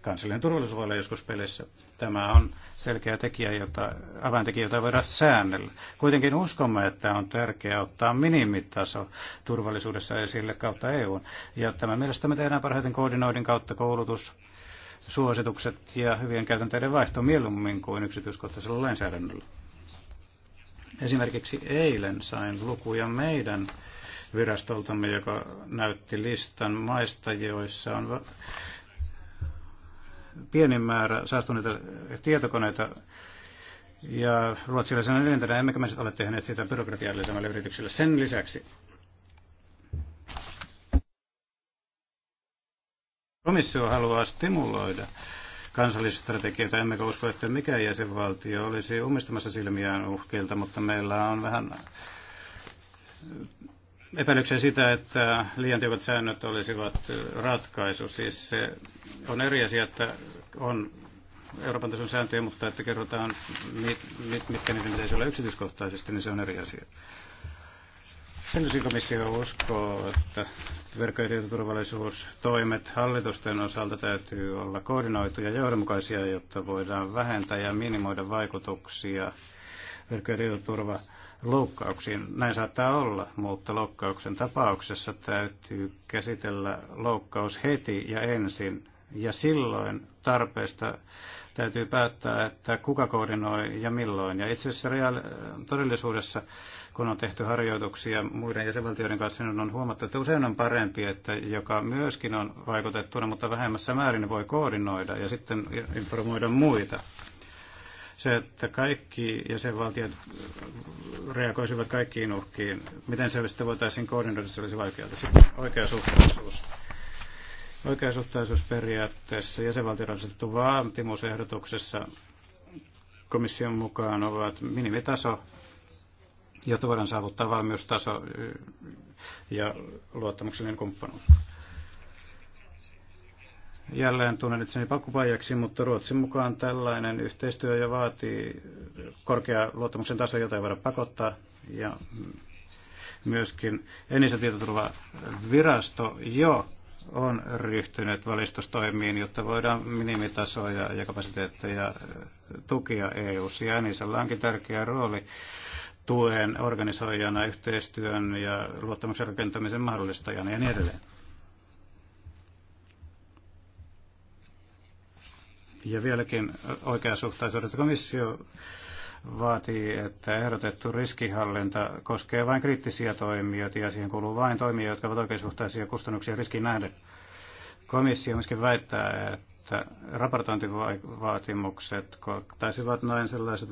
Kansallinen turvallisuus voi olla joskus pelissä. Tämä on selkeä tekijä, jota, avaintekijä, jota voidaan säännellä. Kuitenkin uskomme, että on tärkeää ottaa minimitaso turvallisuudessa esille kautta EUn. Ja tämä mielestämme tehdään parhaiten koordinoidin kautta koulutus, suositukset ja hyvien käytänteiden vaihto mieluummin kuin yksityiskohtaisella lainsäädännöllä. Esimerkiksi eilen sain lukuja meidän virastoltamme, joka näytti listan maista, joissa on pieni määrä saastuneita tietokoneita ja ruotsilaisena ylintänä emmekä me ole tehneet sitä byrokratiaa lisäämällä yrityksille. Sen lisäksi komissio haluaa stimuloida kansallisstrategioita, emmekä usko, että mikä jäsenvaltio olisi umistamassa silmiään uhkilta, mutta meillä on vähän epäilyksiä sitä, että liian tiukat säännöt olisivat ratkaisu. Siis se on eri asia, että on Euroopan tason sääntöjä, mutta että kerrotaan, mit, mit, mitkä niitä pitäisi olla yksityiskohtaisesti, niin se on eri asia. Sen komissio uskoo, että turvallisuustoimet hallitusten osalta täytyy olla koordinoituja ja johdonmukaisia, jotta voidaan vähentää ja minimoida vaikutuksia verkkotietoturva loukkauksiin. Näin saattaa olla, mutta loukkauksen tapauksessa täytyy käsitellä loukkaus heti ja ensin. Ja silloin tarpeesta täytyy päättää, että kuka koordinoi ja milloin. Ja itse asiassa reaali- todellisuudessa kun on tehty harjoituksia muiden jäsenvaltioiden kanssa, niin on huomattu, että usein on parempi, että joka myöskin on vaikutettuna, mutta vähemmässä määrin voi koordinoida ja sitten informoida muita. Se, että kaikki jäsenvaltiot reagoisivat kaikkiin uhkiin, miten se sitten voitaisiin koordinoida, se olisi vaikeaa. Sitten oikeasuhtaisuus oikeasuhtaisuusperiaatteessa jäsenvaltioiden asetettu vaatimusehdotuksessa komission mukaan ovat minimitaso jotta voidaan saavuttaa valmiustaso ja luottamuksellinen kumppanuus. Jälleen tunnen itseni pakkupaijaksi, mutta Ruotsin mukaan tällainen yhteistyö jo vaatii korkea luottamuksen taso, jota ei voida pakottaa. Ja myöskin Enisen tietoturvavirasto jo on ryhtynyt valistustoimiin, jotta voidaan minimitasoja ja kapasiteetteja tukia EU-ssa. Ja Enisellä onkin tärkeä rooli tuen organisoijana, yhteistyön ja luottamuksen rakentamisen mahdollistajana ja niin edelleen. Ja vieläkin oikeasuhtaisuudet komissio vaatii, että ehdotettu riskihallinta koskee vain kriittisiä toimijoita ja siihen kuuluu vain toimia, jotka ovat oikeasuhtaisia kustannuksia riskin nähden. Komissio myöskin väittää, että että raportointivaatimukset taisivat noin sellaiset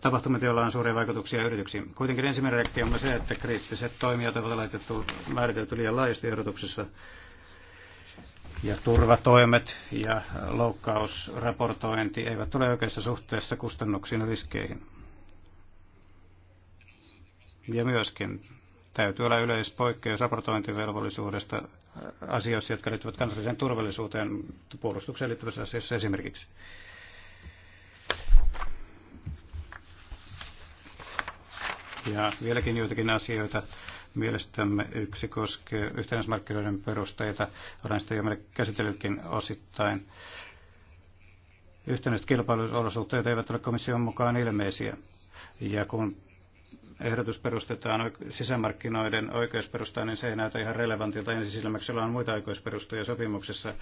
tapahtumat, joilla on suuria vaikutuksia yrityksiin. Kuitenkin ensimmäinen reaktio on se, että kriittiset toimijat ovat laitettu, määritelty liian laajasti ehdotuksessa ja turvatoimet ja loukkausraportointi eivät ole oikeassa suhteessa kustannuksiin ja riskeihin. Ja myöskin Täytyy olla yleispoikkeus raportointivelvollisuudesta asioissa, jotka liittyvät kansalliseen turvallisuuteen, puolustukseen liittyvissä asioissa esimerkiksi. Ja vieläkin joitakin asioita mielestämme yksi koskee yhtenäismarkkinoiden perusteita. Olen sitä jo käsitellytkin osittain. Yhtenäiset kilpailuolosuhteet eivät ole komission mukaan ilmeisiä. Ja kun ehdotus perustetaan sisämarkkinoiden oikeusperustaan, niin se ei näytä ihan relevantilta ensisilmäksellä on muita oikeusperustoja sopimuksessa,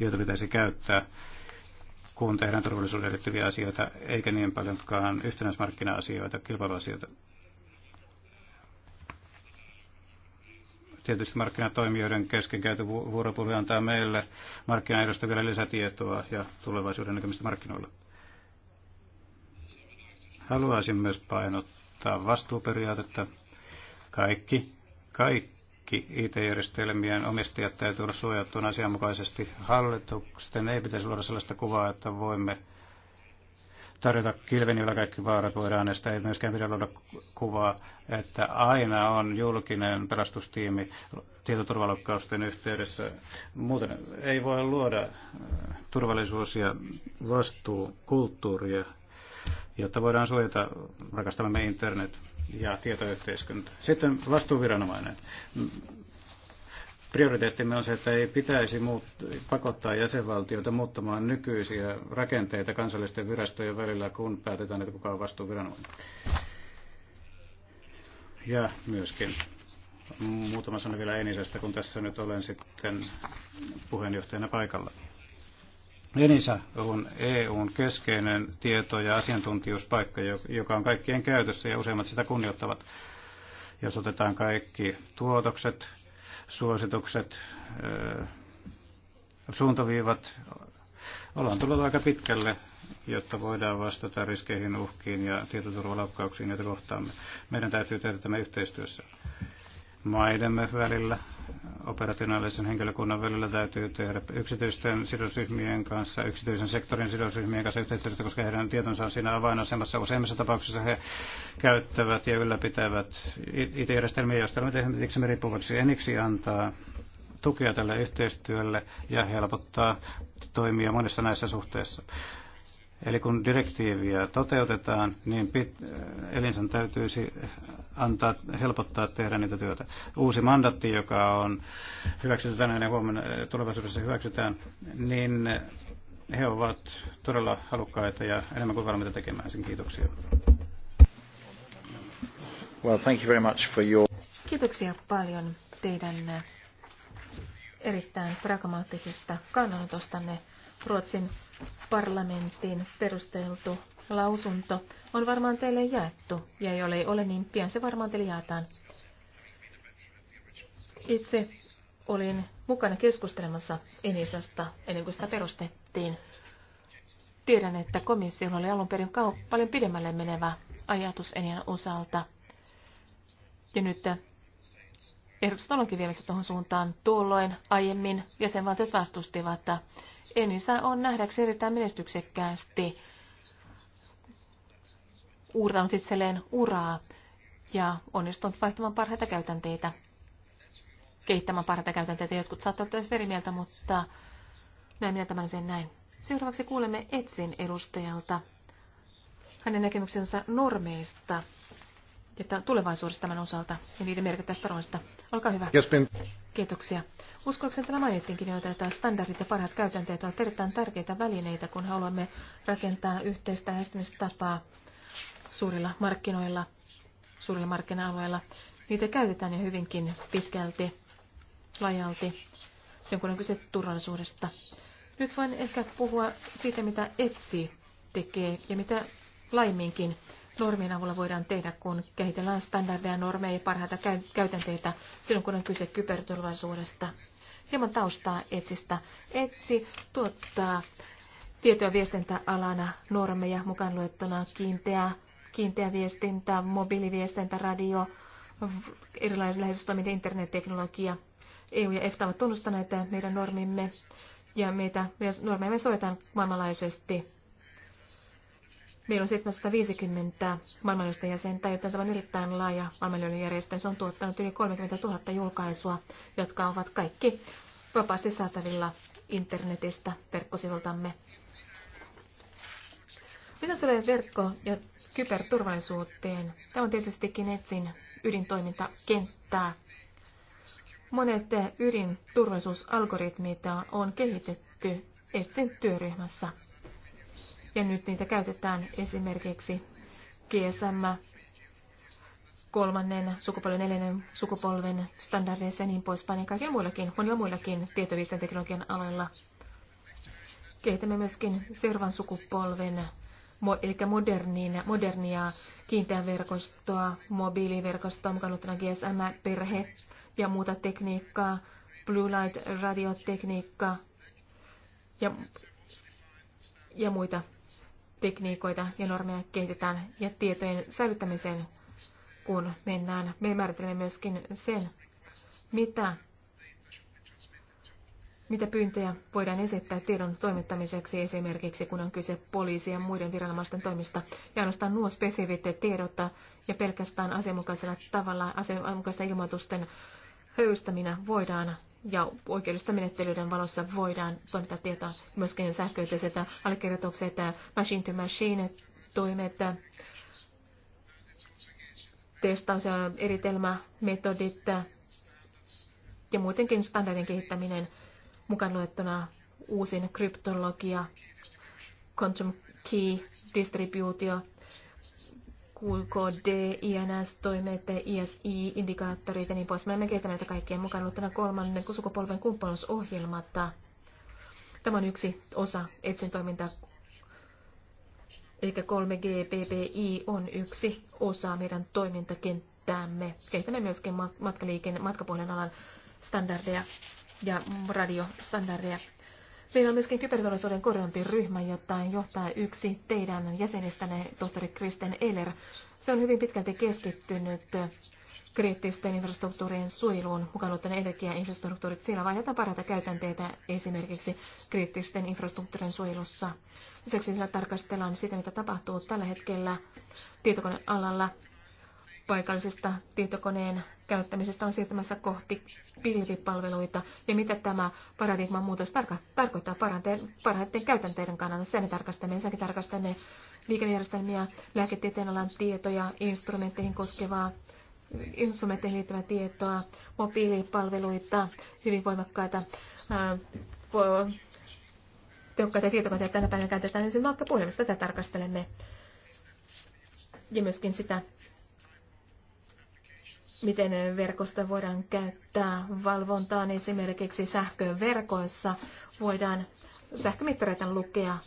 joita pitäisi käyttää kun tehdään turvallisuuden liittyviä asioita, eikä niin paljonkaan yhtenäismarkkina-asioita, kilpailuasioita. Tietysti markkinatoimijoiden kesken käyty vuoropuhelu antaa meille markkinaehdosta vielä lisätietoa ja tulevaisuuden näkemistä markkinoilla. Haluaisin myös painottaa, noudattaa vastuuperiaatetta. Kaikki, kaikki IT-järjestelmien omistajat täytyy olla suojattuna asianmukaisesti. Hallituksen ei pitäisi luoda sellaista kuvaa, että voimme tarjota kilven, jolla kaikki vaarat voidaan estää. Ei myöskään pidä luoda kuvaa, että aina on julkinen pelastustiimi tietoturvalokkausten yhteydessä. Muuten ei voi luoda turvallisuus- ja vastuukulttuuria jotta voidaan suojata rakastamamme internet ja tietoyhteiskunta. Sitten vastuuviranomainen. Prioriteettimme on se, että ei pitäisi muut, pakottaa jäsenvaltioita muuttamaan nykyisiä rakenteita kansallisten virastojen välillä, kun päätetään, että kuka on vastuuviranomainen. Ja myöskin muutama sana vielä Enisestä, kun tässä nyt olen sitten puheenjohtajana paikalla. Enisa on EUn keskeinen tieto- ja asiantuntijuuspaikka, joka on kaikkien käytössä ja useimmat sitä kunnioittavat. Jos otetaan kaikki tuotokset, suositukset, suuntaviivat, ollaan tullut aika pitkälle, jotta voidaan vastata riskeihin, uhkiin ja tietoturvalaukkauksiin, joita kohtaamme. Meidän täytyy tehdä tämä yhteistyössä maidemme välillä, operationaalisen henkilökunnan välillä täytyy tehdä yksityisten sidosryhmien kanssa, yksityisen sektorin sidosryhmien kanssa yhteistyötä, koska heidän tietonsa on siinä avainasemassa. Useimmissa tapauksissa he käyttävät ja ylläpitävät IT-järjestelmiä, joista olemme tehneet riippuvaksi. Eniksi antaa tukea tälle yhteistyölle ja helpottaa toimia monissa näissä suhteissa. Eli kun direktiiviä toteutetaan, niin pit- äh, elinsen täytyisi antaa, helpottaa tehdä niitä työtä. Uusi mandatti, joka on hyväksytty tänään ja huomenna äh, tulevaisuudessa hyväksytään, niin äh, he ovat todella halukkaita ja enemmän kuin valmiita tekemään sen. Kiitoksia. Well, thank you very much for your... Kiitoksia paljon teidän erittäin pragmaattisesta kannanotostanne Ruotsin parlamentin perusteltu lausunto on varmaan teille jaettu, ja jollei ole, niin pian se varmaan teille jaetaan. Itse olin mukana keskustelemassa Enisasta ennen kuin sitä perustettiin. Tiedän, että komissiolla oli alun perin paljon pidemmälle menevä ajatus Enian osalta. Ja nyt ehdotus onkin viemässä tuohon suuntaan. Tuolloin aiemmin jäsenvaltiot vastustivat Enisa on nähdäksi erittäin menestyksekkäästi uurtanut itselleen uraa ja onnistunut vaihtamaan parhaita käytänteitä, kehittämään parhaita käytänteitä. Jotkut saattavat olla eri mieltä, mutta näin minä tämän sen näin. Seuraavaksi kuulemme Etsin edustajalta hänen näkemyksensä normeista että tulevaisuudessa tämän osalta ja niiden merkittävästä roolista. Olkaa hyvä. Kiitoksia. Uskoakseni täällä mainittiinkin joita tämä standardit ja parhaat käytänteet ovat erittäin tärkeitä välineitä, kun haluamme rakentaa yhteistä lähestymistapaa suurilla markkinoilla, suurilla markkina-alueilla. Niitä käytetään jo hyvinkin pitkälti, laajalti, sen kun on kyse turvallisuudesta. Nyt voin ehkä puhua siitä, mitä Etsi tekee ja mitä laiminkin normien avulla voidaan tehdä, kun kehitellään standardeja, normeja ja parhaita käytänteitä silloin, kun on kyse kyberturvallisuudesta. Hieman taustaa etsistä. Etsi tuottaa tieto- ja viestintäalana normeja mukaan luettuna kiinteä, kiinteä viestintä, mobiiliviestintä, radio, erilaiset lähetystoiminta, internetteknologia. EU ja EFTA ovat tunnustaneet meidän normimme ja meitä normeja me soitetaan maailmanlaajuisesti Meillä on 750 maailmanlaajuista jäsentä, joten tämä on erittäin laaja maailmanlaajuinen järjestö. Se on tuottanut yli 30 000 julkaisua, jotka ovat kaikki vapaasti saatavilla internetistä verkkosivultamme. Mitä tulee verkko- ja kyberturvallisuuteen? Tämä on tietystikin Etsin ydintoimintakenttää. Monet ydinturvallisuusalgoritmit on kehitetty Etsin työryhmässä ja nyt niitä käytetään esimerkiksi GSM kolmannen sukupolven, neljännen sukupolven standardeissa ja niin poispäin, ja niin kaikilla muillakin, jo muillakin tietoviestin teknologian aloilla. Kehitämme myöskin seuraavan sukupolven, eli modernin, modernia kiinteän verkostoa, mobiiliverkostoa, mukaan ottana GSM, perhe ja muuta tekniikkaa, Blue Light radiotekniikkaa ja, ja muita tekniikoita ja normeja kehitetään ja tietojen säilyttämiseen, kun mennään. Me määrittelemme myöskin sen, mitä, mitä pyyntöjä voidaan esittää tiedon toimittamiseksi esimerkiksi, kun on kyse poliisi- ja muiden viranomaisten toimista. Ja ainoastaan nuo spesifit tiedot ja pelkästään asianmukaisella tavalla asianmukaisten ilmoitusten höystäminä voidaan ja oikeudellisten menettelyiden valossa voidaan toimittaa tietoa myöskin sähköiset allekirjoitukset, machine to machine toimet, testaus- ja eritelmämetodit ja muutenkin standardin kehittäminen mukaan luettuna uusin kryptologia, quantum key distributio QKD, INS-toimet, ISI-indikaattorit ja niin pois. Me olemme kehittäneet näitä kaikkia mukaan tänä kolmannen sukupolven kumppanuusohjelmatta. Tämä on yksi osa etsin toimintaa. Eli 3 PPI on yksi osa meidän toimintakenttäämme. Kehitämme myöskin matkaliikenne, matkapuolen alan standardeja ja radiostandardeja. Meillä on myöskin kyberturvallisuuden koordinointiryhmä, jota johtaa yksi teidän jäsenistänne, tohtori Kristen Eller. Se on hyvin pitkälti keskittynyt kriittisten infrastruktuurien suojeluun, mukaan ottaen energiainfrastruktuurit. Siellä vaihdetaan parhaita käytänteitä esimerkiksi kriittisten infrastruktuurien suojelussa. Lisäksi siellä tarkastellaan sitä, mitä tapahtuu tällä hetkellä tietokonealalla paikallisista tietokoneen käyttämisestä on siirtymässä kohti pilvipalveluita ja mitä tämä paradigman muutos tarko- tarkoittaa parhaiten käytänteiden kannalta. Sen tarkastaminen, sen tarkastamme liikennejärjestelmiä, lääketieteen alan tietoja, instrumentteihin koskevaa instrumentteihin liittyvää tietoa, mobiilipalveluita, hyvin voimakkaita ää, po- tehokkaita tietokoneita tänä päivänä käytetään ensin matkapuhelimesta. Tätä tarkastelemme ja myöskin sitä, miten verkosta voidaan käyttää valvontaan esimerkiksi sähköverkoissa. Voidaan sähkömittareita lukea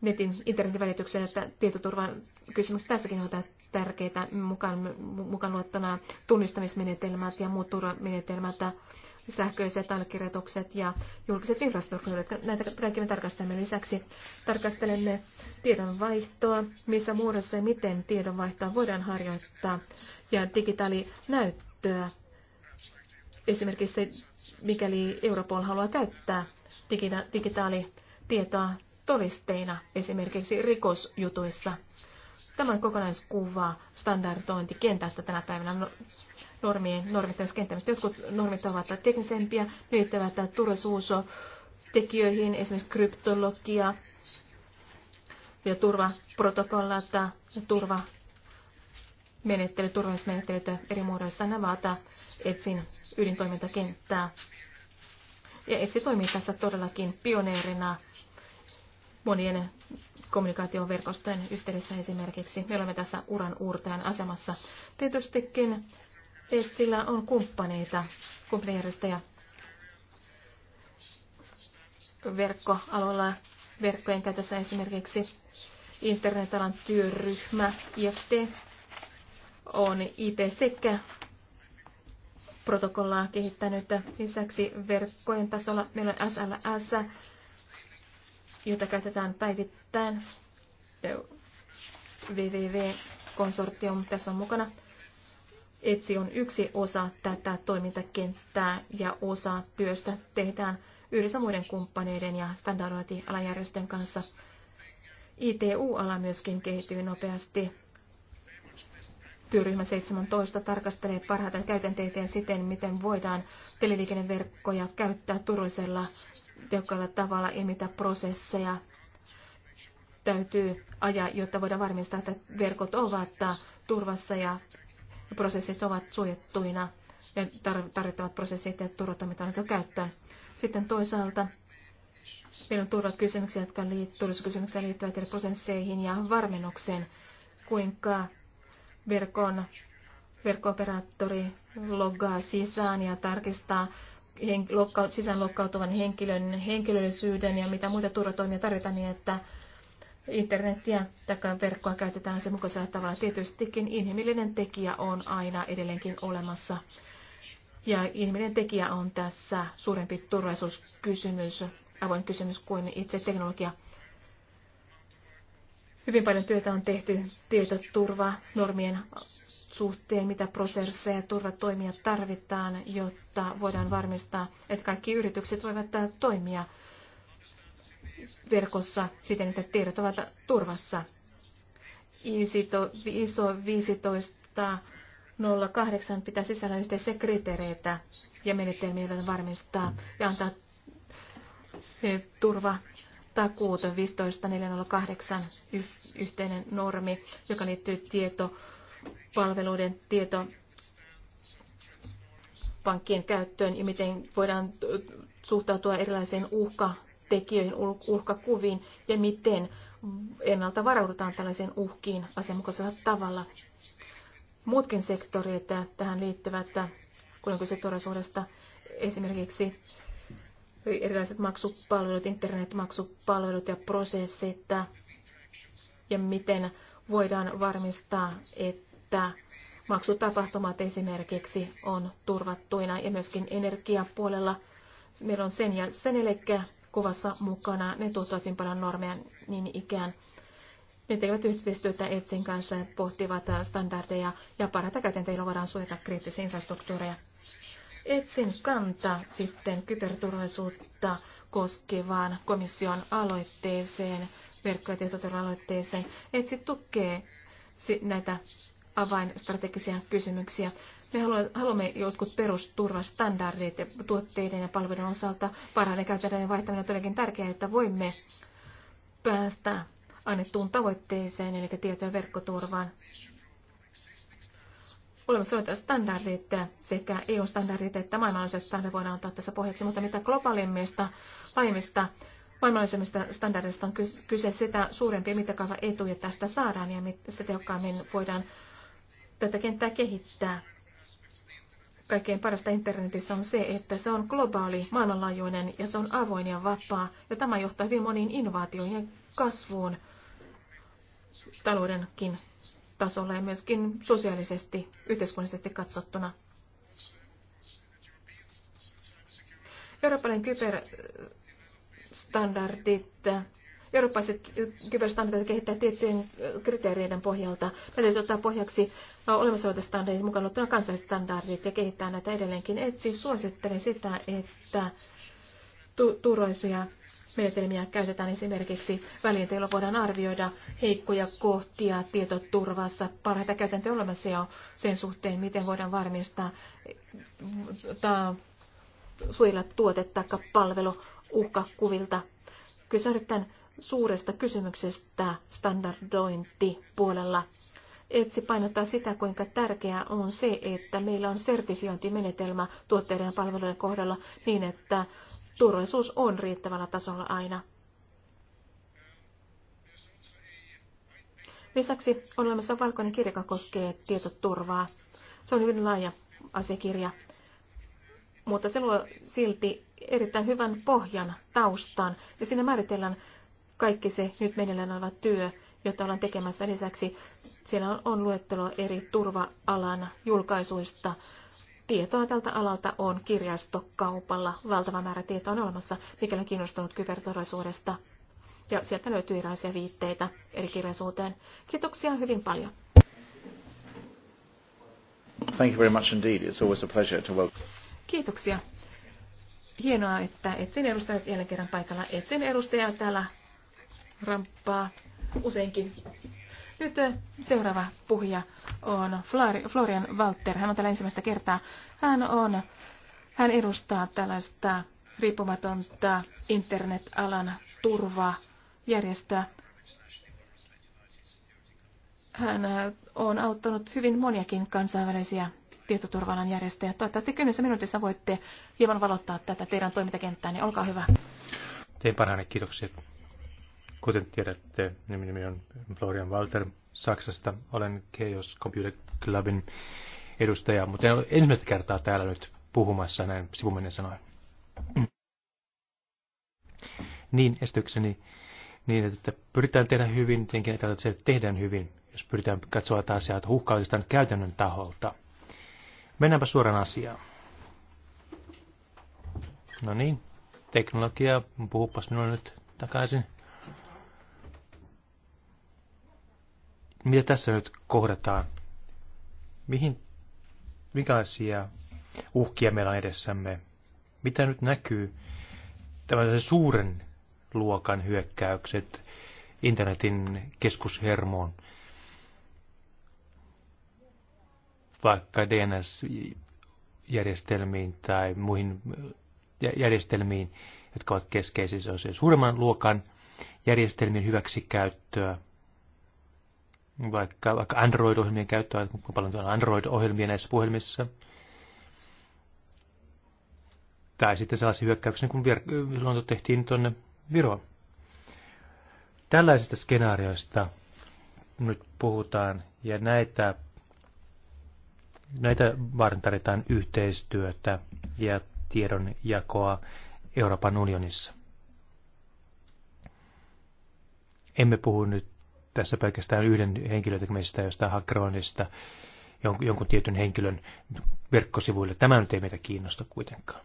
netin internetin välityksellä, että tietoturvan kysymykset tässäkin ovat tärkeitä mukaan, mukaan luettuna tunnistamismenetelmät ja muut turvamenetelmät sähköiset allekirjoitukset ja julkiset infrastruktuurit. Näitä kaikki me tarkastamme lisäksi. Tarkastelemme tiedonvaihtoa, missä muodossa ja miten tiedonvaihtoa voidaan harjoittaa ja digitaalinäyttöä. Esimerkiksi mikäli Europol haluaa käyttää digitaalitietoa todisteina esimerkiksi rikosjutuissa. Tämän kokonaiskuva standardointikentästä tänä päivänä no, normien, normittamis kenttämistä. Jotkut normit ovat teknisempiä, ne liittyvät turvallisuustekijöihin, esimerkiksi kryptologia ja turvaprotokollat ja turva menettely, turvallisuusmenettelyt eri muodoissa. Nämä ovat etsin ydintoimintakenttää. Ja etsi toimii tässä todellakin pioneerina monien kommunikaatioverkostojen yhteydessä esimerkiksi. Me olemme tässä uran uurtajan asemassa. Tietystikin että sillä on kumppaneita, kumppanijärjestäjä verkkoalueella, verkkojen käytössä esimerkiksi internetalan työryhmä IFT on IP sekä protokollaa kehittänyt. Lisäksi verkkojen tasolla meillä on SLS, jota käytetään päivittäin. www on tässä on mukana. ETSI on yksi osa tätä toimintakenttää ja osa työstä tehdään yhdessä muiden kumppaneiden ja standardointialajärjestön kanssa. ITU-ala myöskin kehittyy nopeasti. Työryhmä 17 tarkastelee parhaiten käytänteitä ja siten, miten voidaan teleliikenneverkkoja käyttää turvallisella tehokkaalla tavalla ja mitä prosesseja täytyy ajaa, jotta voidaan varmistaa, että verkot ovat turvassa ja prosessit ovat suljettuina ja tarvittavat prosessit ja turvatoimet on käyttää. Sitten toisaalta meillä on turvat kysymyksiä, jotka liittyvät, liittyvät eri prosesseihin ja varmennukseen, kuinka verkon, verkkooperaattori loggaa sisään ja tarkistaa hen, sisään lokkautuvan henkilön henkilöllisyyden ja mitä muita turvatoimia tarvitaan niin, että internetiä tai verkkoa käytetään sen mukaisella tavalla. Tietystikin inhimillinen tekijä on aina edelleenkin olemassa. Ja inhimillinen tekijä on tässä suurempi turvallisuuskysymys, avoin kysymys kuin itse teknologia. Hyvin paljon työtä on tehty tietoturva normien suhteen, mitä prosesseja ja turvatoimia tarvitaan, jotta voidaan varmistaa, että kaikki yritykset voivat toimia verkossa siten, että tiedot ovat turvassa. ISO 15.08 pitää sisällä yhteisiä kriteereitä ja menetelmiä, joilla varmistaa ja antaa turva takuuta 15.408 yhteinen normi, joka liittyy tietopalveluiden tieto pankkien käyttöön ja miten voidaan suhtautua erilaisiin uhka tekijöihin, uhkakuviin ja miten ennalta varaudutaan tällaisiin uhkiin asianmukaisella tavalla. Muutkin sektorit tähän liittyvät kuitenkin todellisuudesta esimerkiksi erilaiset maksupalvelut, internetmaksupalvelut ja prosessit ja miten voidaan varmistaa, että maksutapahtumat esimerkiksi on turvattuina ja myöskin energiapuolella meillä on sen ja sen, eli kuvassa mukana. Ne tuottavatkin niin paljon normeja niin ikään. Ne tekevät yhteistyötä Etsin kanssa ja pohtivat standardeja ja parhaita käytänteillä voidaan suojata kriittisiä infrastruktuureja. Etsin kanta sitten kyberturvallisuutta koskevaan komission aloitteeseen, verkko- ja tietoturva-aloitteeseen. Etsi tukee näitä avainstrategisia kysymyksiä. Me haluamme jotkut perusturvastandardit tuotteiden ja palveluiden osalta. Parhaiden käytännöiden vaihtaminen on todellakin tärkeää, että voimme päästä annettuun tavoitteeseen, eli tieto- ja verkkoturvaan. Olemassa olevat standardit sekä EU-standardit että maailmanlaajuiset standardit voidaan antaa tässä pohjaksi, mutta mitä globaalimmista, laajemmista maailmanlaajuisemmista standardeista on kyse sitä suurempia mittakaava etuja tästä saadaan ja sitä tehokkaammin voidaan tätä kenttää kehittää kaikkein parasta internetissä on se, että se on globaali, maailmanlaajuinen ja se on avoin ja vapaa. Ja tämä johtaa hyvin moniin innovaatioihin ja kasvuun taloudenkin tasolla ja myöskin sosiaalisesti, yhteiskunnallisesti katsottuna. Eurooppalainen kyberstandardit eurooppalaiset kyberstandardit kehittää tiettyjen kriteereiden pohjalta. Meidän ottaa pohjaksi olemassa olevat standardit mukaan ottuna kansalliset standardit ja kehittää näitä edelleenkin. Et siis suosittelen sitä, että tu- turvallisia menetelmiä käytetään esimerkiksi välineitä, joilla voidaan arvioida heikkoja kohtia tietoturvassa. Parhaita käytäntöjä olemassa jo sen suhteen, miten voidaan varmistaa ta, suojella tuotetta tai palvelu uhkakuvilta. Kyse on suuresta kysymyksestä standardointipuolella. Etsi painottaa sitä, kuinka tärkeää on se, että meillä on sertifiointimenetelmä tuotteiden ja palveluiden kohdalla niin, että turvallisuus on riittävällä tasolla aina. Lisäksi on olemassa valkoinen kirja, joka koskee tietoturvaa. Se on hyvin laaja asiakirja, mutta se luo silti erittäin hyvän pohjan taustaan ja siinä määritellään kaikki se nyt meneillään oleva työ, jota ollaan tekemässä lisäksi. Siellä on, on luettelo eri turva-alan julkaisuista. Tietoa tältä alalta on kirjastokaupalla. Valtava määrä tietoa on olemassa, mikä on kiinnostunut kyberturvallisuudesta. Ja sieltä löytyy erilaisia viitteitä eri kirjallisuuteen. Kiitoksia hyvin paljon. Thank you very much indeed. It's always a pleasure to welcome. Kiitoksia. Hienoa, että Etsin edustajat jälleen kerran paikalla. Etsin edustajat täällä ramppaa useinkin. Nyt eh, seuraava puhuja on Florian Walter. Hän on täällä ensimmäistä kertaa. Hän, on, hän edustaa tällaista riippumatonta internetalan turvajärjestöä. Hän eh, on auttanut hyvin moniakin kansainvälisiä tietoturvalan järjestöjä. Toivottavasti kymmenessä minuutissa voitte hieman valottaa tätä teidän toimintakenttää, niin olkaa hyvä. Tein parhaani, kiitoksia Kuten tiedätte, nimi on Florian Walter Saksasta. Olen Chaos Computer Clubin edustaja, mutta en ole ensimmäistä kertaa täällä nyt puhumassa, näin sivumennen sanoen. niin, estykseni, niin, että pyritään tehdä hyvin, tietenkin että se tehdään hyvin, jos pyritään katsoa tätä asiaa uhkaillistaan käytännön taholta. Mennäänpä suoraan asiaan. No niin, teknologia, puhupas minulle nyt takaisin. mitä tässä nyt kohdataan? Mihin, minkälaisia uhkia meillä on edessämme? Mitä nyt näkyy? Tämmöisen suuren luokan hyökkäykset internetin keskushermoon. Vaikka DNS-järjestelmiin tai muihin järjestelmiin, jotka ovat keskeisiä, se on suuremman luokan järjestelmien hyväksikäyttöä – vaikka, vaikka Android-ohjelmien käyttöä, kuinka paljon on Android-ohjelmia näissä puhelimissa. Tai sitten sellaisia hyökkäyksiä, kun vir- tehtiin tuonne Viroon. Tällaisista skenaarioista nyt puhutaan, ja näitä, näitä varten tarvitaan yhteistyötä ja tiedonjakoa Euroopan unionissa. Emme puhu nyt tässä pelkästään yhden henkilön tekemisestä jostain hakkeroinnista jonkun tietyn henkilön verkkosivuille. Tämä nyt ei meitä kiinnosta kuitenkaan.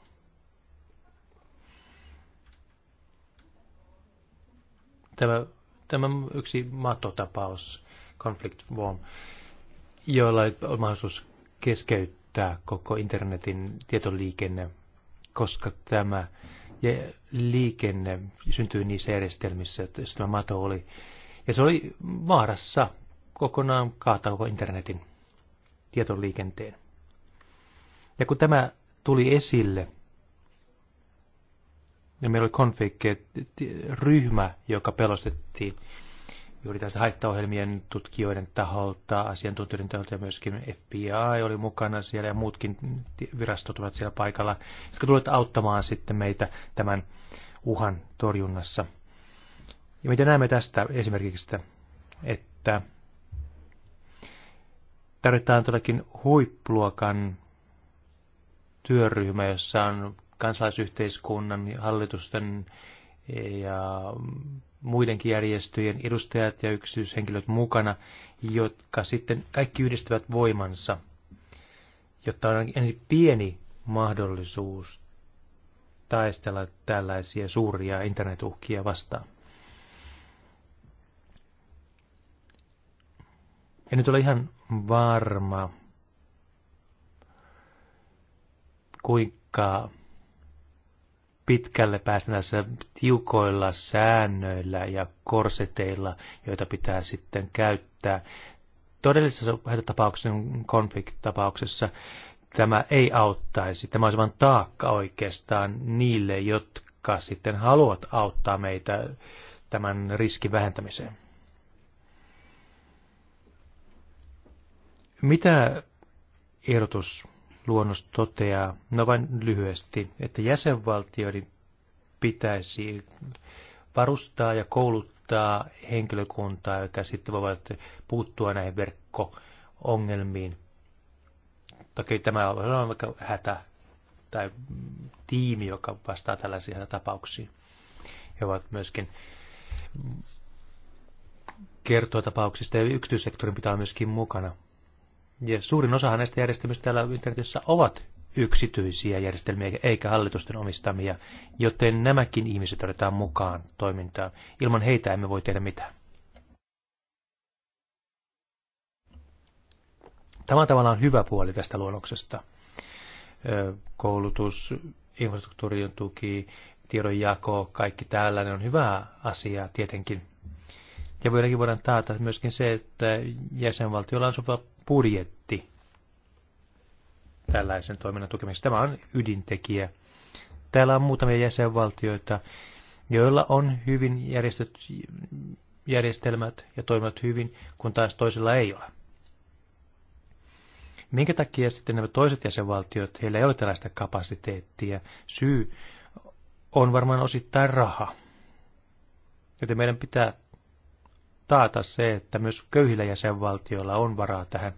Tämä, tämä yksi matotapaus, conflict Warm, joilla on mahdollisuus keskeyttää koko internetin tietoliikenne, koska tämä liikenne syntyy niissä järjestelmissä, että tämä mato oli ja se oli vaarassa kokonaan kaataa internetin tietoliikenteen. Ja kun tämä tuli esille, ja meillä oli konfliktiryhmä, joka pelostettiin juuri tässä haittaohjelmien tutkijoiden taholta, asiantuntijoiden taholta ja myöskin FBI oli mukana siellä ja muutkin virastot ovat siellä paikalla, jotka tulivat auttamaan sitten meitä tämän uhan torjunnassa – ja mitä näemme tästä esimerkiksi, että tarvitaan todellakin huippuluokan työryhmä, jossa on kansalaisyhteiskunnan, hallitusten ja muidenkin järjestöjen edustajat ja yksityishenkilöt mukana, jotka sitten kaikki yhdistävät voimansa, jotta on ensin pieni mahdollisuus taistella tällaisia suuria internetuhkia vastaan. En nyt ole ihan varma, kuinka pitkälle päästään tässä tiukoilla säännöillä ja korseteilla, joita pitää sitten käyttää. Todellisessa tapauksessa, konfliktitapauksessa, tämä ei auttaisi. Tämä olisi vain taakka oikeastaan niille, jotka sitten haluavat auttaa meitä tämän riskin vähentämiseen. Mitä ehdotus luonnos toteaa? No vain lyhyesti, että jäsenvaltioiden pitäisi varustaa ja kouluttaa henkilökuntaa, joka sitten voivat puuttua näihin verkko-ongelmiin. Toki tämä on vaikka hätä tai tiimi, joka vastaa tällaisiin tapauksiin. He ovat myöskin kertoa tapauksista ja yksityissektorin pitää olla myöskin mukana. Ja suurin osahan näistä järjestelmistä täällä internetissä ovat yksityisiä järjestelmiä eikä hallitusten omistamia, joten nämäkin ihmiset otetaan mukaan toimintaan. Ilman heitä emme voi tehdä mitään. Tämä on tavallaan hyvä puoli tästä luonnoksesta. Koulutus, infrastruktuurien tuki, tiedonjako, kaikki tällainen on hyvä asia tietenkin. Ja vieläkin voidaan taata myöskin se, että jäsenvaltiolla on sopiva budjetti tällaisen toiminnan tukemiseksi. Tämä on ydintekijä. Täällä on muutamia jäsenvaltioita, joilla on hyvin järjestöt, järjestelmät ja toimivat hyvin, kun taas toisilla ei ole. Minkä takia sitten nämä toiset jäsenvaltiot, heillä ei ole tällaista kapasiteettia? Syy on varmaan osittain raha. Joten meidän pitää taata se, että myös köyhillä jäsenvaltioilla on varaa tähän,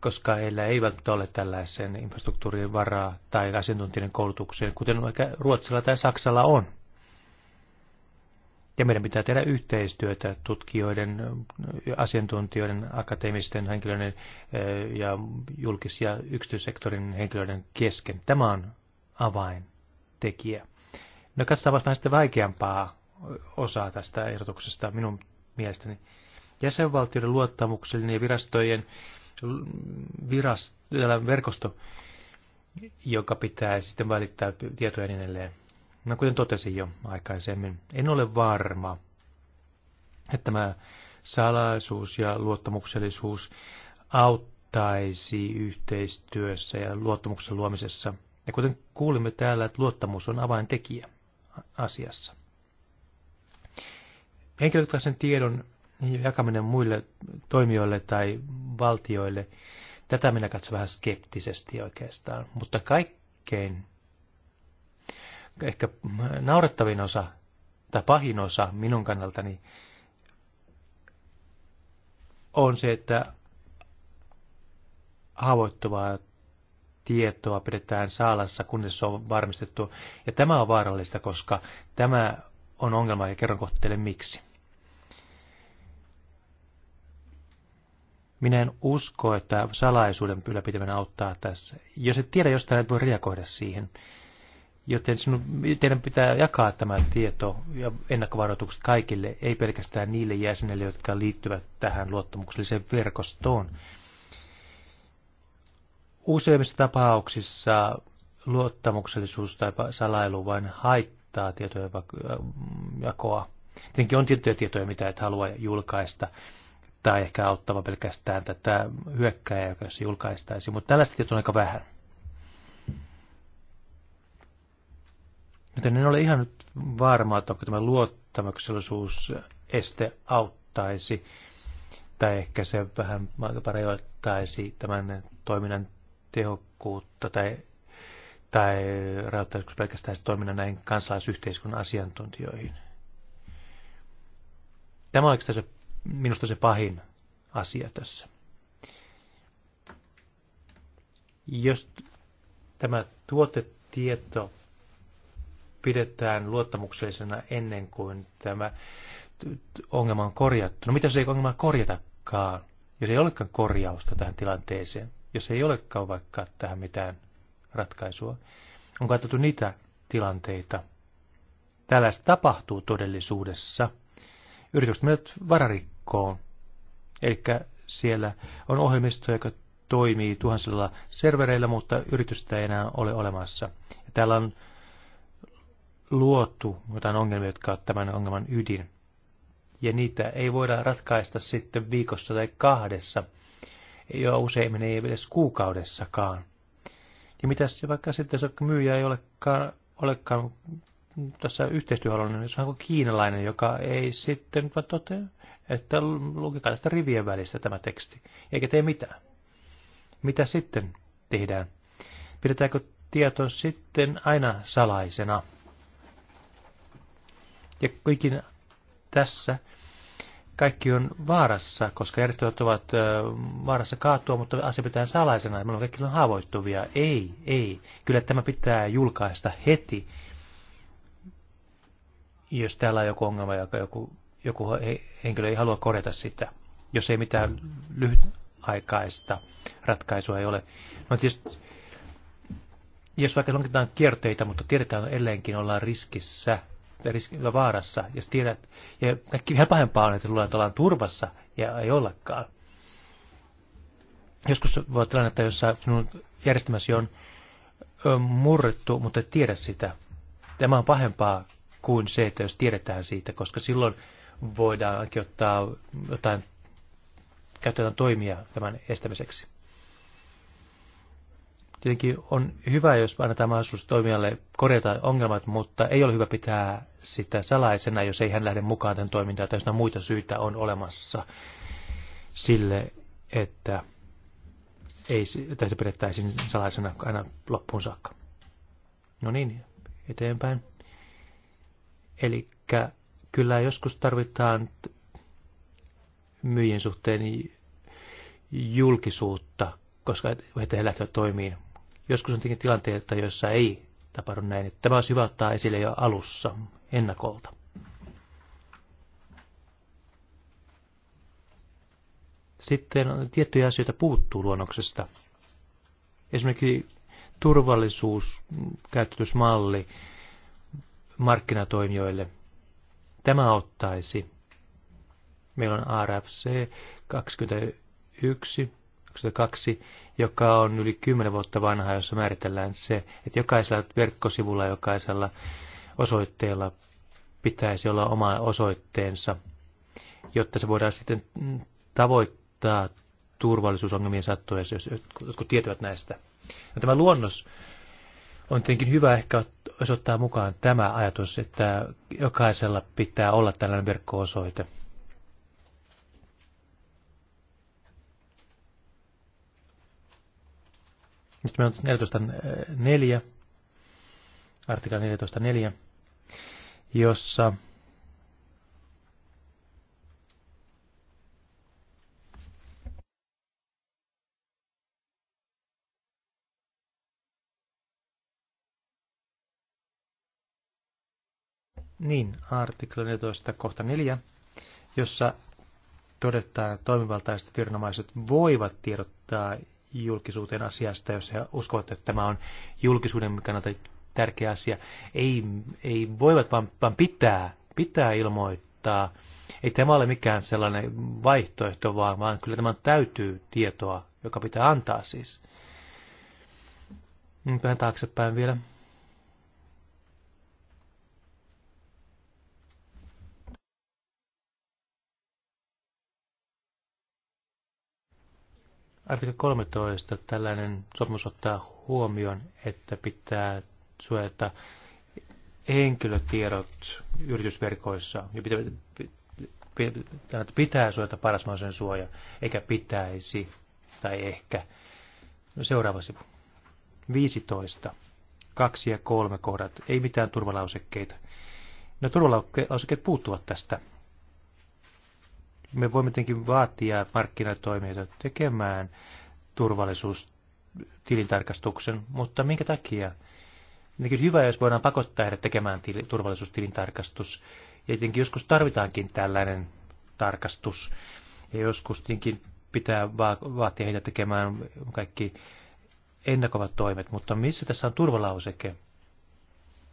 koska heillä ei välttämättä ole tällaisen infrastruktuurin varaa tai asiantuntijan koulutukseen, kuten ehkä Ruotsilla tai Saksalla on. Ja meidän pitää tehdä yhteistyötä tutkijoiden, asiantuntijoiden, akateemisten henkilöiden ja julkis- ja yksityissektorin henkilöiden kesken. Tämä on avaintekijä. No katsotaan vähän sitten vaikeampaa osaa tästä ehdotuksesta minun mielestäni. Jäsenvaltioiden luottamuksellinen ja virastojen virast, verkosto, joka pitää sitten välittää tietoja niin edelleen. No kuten totesin jo aikaisemmin, en ole varma, että tämä salaisuus ja luottamuksellisuus auttaisi yhteistyössä ja luottamuksen luomisessa. Ja kuten kuulimme täällä, että luottamus on avaintekijä asiassa henkilökohtaisen tiedon jakaminen muille toimijoille tai valtioille, tätä minä katson vähän skeptisesti oikeastaan. Mutta kaikkein ehkä naurettavin osa tai pahin osa minun kannaltani on se, että haavoittuvaa tietoa pidetään saalassa, kunnes se on varmistettu. Ja tämä on vaarallista, koska tämä on ongelma ja kerron kohta teille miksi. Minä en usko, että salaisuuden ylläpitäminen auttaa tässä. Jos et tiedä jostain, et voi reagoida siihen. Joten sinun, teidän pitää jakaa tämä tieto ja ennakkovaroitukset kaikille, ei pelkästään niille jäsenille, jotka liittyvät tähän luottamukselliseen verkostoon. Useimmissa tapauksissa luottamuksellisuus tai salailu vain haittaa vaihtaa tietojen jakoa. Tietenkin on tiettyjä tietoja, mitä et halua julkaista, tai ehkä auttava pelkästään tätä hyökkäjää, joka se julkaistaisi, mutta tällaista tietoa on aika vähän. Joten en ole ihan nyt varma, että onko tämä luottamuksellisuuseste auttaisi, tai ehkä se vähän rajoittaisi tämän toiminnan tehokkuutta tai tai rajoittaisiko pelkästään toiminnan näihin kansalaisyhteiskunnan asiantuntijoihin. Tämä on se, minusta se pahin asia tässä. Jos tämä tuotetieto pidetään luottamuksellisena ennen kuin tämä ongelma on korjattu. No mitä se ei ongelmaa korjatakaan, jos ei olekaan korjausta tähän tilanteeseen, jos ei olekaan vaikka tähän mitään ratkaisua. On katsottu niitä tilanteita. Tällaista tapahtuu todellisuudessa. Yritykset menevät vararikkoon. Eli siellä on ohjelmisto, joka toimii tuhansilla servereillä, mutta yritystä ei enää ole olemassa. Ja täällä on luotu jotain ongelmia, jotka ovat tämän ongelman ydin. Ja niitä ei voida ratkaista sitten viikossa tai kahdessa, jo useimmin ei edes kuukaudessakaan. Ja mitä vaikka sitten, jos myyjä ei olekaan, olekaan tässä niin se on kiinalainen, joka ei sitten totea, että lukikaa tästä rivien välistä tämä teksti, eikä tee mitään. Mitä sitten tehdään? Pidetäänkö tieto sitten aina salaisena? Ja kuitenkin tässä kaikki on vaarassa, koska järjestöt ovat vaarassa kaatua, mutta asia pitää salaisena. Meillä on kaikki on haavoittuvia. Ei, ei. Kyllä tämä pitää julkaista heti, jos täällä on joku ongelma, joka joku, joku henkilö ei halua korjata sitä. Jos ei mitään lyhytaikaista ratkaisua ei ole. No tietysti, jos vaikka lonkitaan kierteitä, mutta tiedetään että edelleenkin ollaan riskissä, riskillä vaarassa, jos tiedät, ja vielä pahempaa on, että luulen, että ollaan turvassa, ja ei ollakaan. Joskus voi olla tilannetta, jossa sinun järjestelmäsi on murrettu, mutta et tiedä sitä. Tämä on pahempaa kuin se, että jos tiedetään siitä, koska silloin voidaan ottaa jotain, käytetään toimia tämän estämiseksi. Tietenkin on hyvä, jos annetaan mahdollisuus toimijalle korjata ongelmat, mutta ei ole hyvä pitää sitä salaisena, jos ei hän lähde mukaan tämän toimintaan, tai jos muita syitä on olemassa sille, että ei, että se pidettäisiin salaisena aina loppuun saakka. No niin, eteenpäin. Eli kyllä joskus tarvitaan myyjien suhteen julkisuutta, koska he lähtevät toimiin. Joskus on tietenkin tilanteita, joissa ei tapahdu näin. Tämä olisi hyvä ottaa esille jo alussa ennakolta. Sitten tiettyjä asioita puuttuu luonnoksesta. Esimerkiksi turvallisuuskäyttötysmalli markkinatoimijoille. Tämä auttaisi. Meillä on RFC 21 2002, joka on yli 10 vuotta vanha, jossa määritellään se, että jokaisella verkkosivulla, jokaisella osoitteella pitäisi olla oma osoitteensa, jotta se voidaan sitten tavoittaa turvallisuusongelmien sattuessa, jos jotkut tietävät näistä. No, tämä luonnos on tietenkin hyvä ehkä osoittaa mukaan tämä ajatus, että jokaisella pitää olla tällainen verkko-osoite. Mistä me on 14.4, artikla 14.4, jossa niin, artikla 14, kohta 4, jossa todetaan, että toimivaltaiset viranomaiset voivat tiedottaa julkisuuteen asiasta, jos he uskovat, että tämä on julkisuuden kannalta tärkeä asia. Ei, ei voivat, vaan, vaan pitää, pitää ilmoittaa. Ei tämä ole mikään sellainen vaihtoehto, vaan, vaan kyllä tämä täytyy tietoa, joka pitää antaa siis. Vähän taaksepäin vielä. Artikla 13. Tällainen sopimus ottaa huomioon, että pitää suojata henkilötiedot yritysverkoissa ja pitää, pitää, pitää suojata paras mahdollisen suoja, eikä pitäisi tai ehkä. No, seuraava sivu. 15. Kaksi ja kolme kohdat. Ei mitään turvalausekkeita. No turvalausekkeet puuttuvat tästä me voimme tietenkin vaatia markkinatoimijoita tekemään turvallisuustilintarkastuksen, mutta minkä takia? Niin hyvä, jos voidaan pakottaa heidät tekemään tili, turvallisuustilintarkastus. Ja tietenkin joskus tarvitaankin tällainen tarkastus. Ja joskus tietenkin pitää vaatia heitä tekemään kaikki ennakovat toimet, mutta missä tässä on turvalauseke?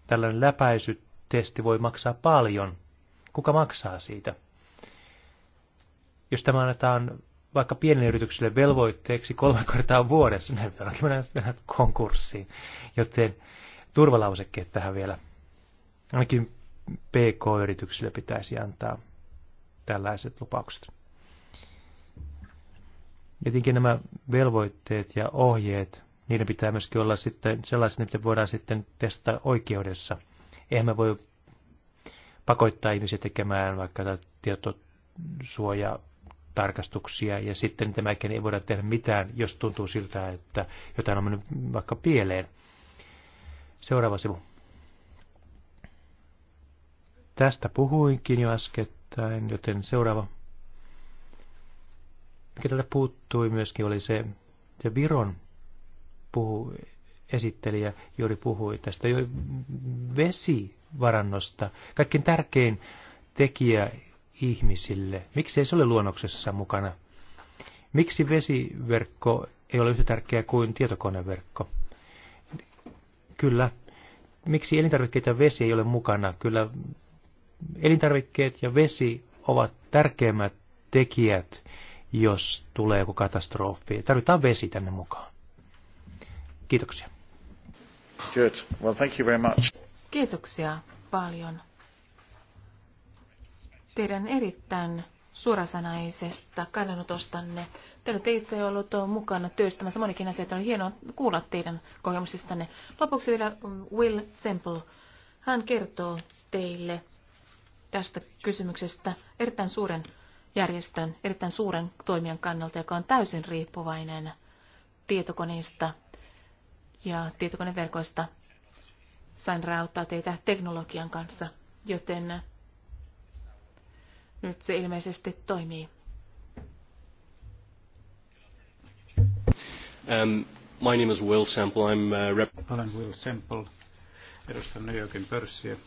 Tällainen läpäisytesti voi maksaa paljon. Kuka maksaa siitä? jos tämä annetaan vaikka pienille yrityksille velvoitteeksi kolme kertaa vuodessa, ne niin todellakin mennään konkurssiin. Joten turvalausekkeet tähän vielä. Ainakin PK-yrityksille pitäisi antaa tällaiset lupaukset. Jotenkin nämä velvoitteet ja ohjeet, niiden pitää myöskin olla sitten sellaisia, mitä voidaan sitten testata oikeudessa. Eihän me voi pakottaa ihmisiä tekemään vaikka tietosuoja tarkastuksia ja sitten tämän ei voida tehdä mitään, jos tuntuu siltä, että jotain on mennyt vaikka pieleen. Seuraava sivu. Tästä puhuinkin jo äskettäin, joten seuraava. Mikä tältä puuttui myöskin oli se, se Viron puhu, esittelijä juuri puhui tästä jo vesivarannosta. Kaikkein tärkein tekijä ihmisille? Miksi ei se ole luonnoksessa mukana? Miksi vesiverkko ei ole yhtä tärkeä kuin tietokoneverkko? Kyllä. Miksi elintarvikkeet ja vesi ei ole mukana? Kyllä elintarvikkeet ja vesi ovat tärkeimmät tekijät, jos tulee joku katastrofi. Tarvitaan vesi tänne mukaan. Kiitoksia. Good. Well, thank you very much. Kiitoksia paljon teidän erittäin suorasanaisesta kannanotostanne. Te olette itse ollut mukana työstämässä monikin asioita. Oli hienoa kuulla teidän kokemuksistanne. Lopuksi vielä um, Will Semple. Hän kertoo teille tästä kysymyksestä erittäin suuren järjestön, erittäin suuren toimijan kannalta, joka on täysin riippuvainen tietokoneista ja tietokoneverkoista. Sain rauttaa teitä teknologian kanssa, joten nyt se ilmeisesti toimii. Um, my name is Will Semple. I'm, uh, rep- Olen Will Semple. Edustan New Yorkin pörssiä.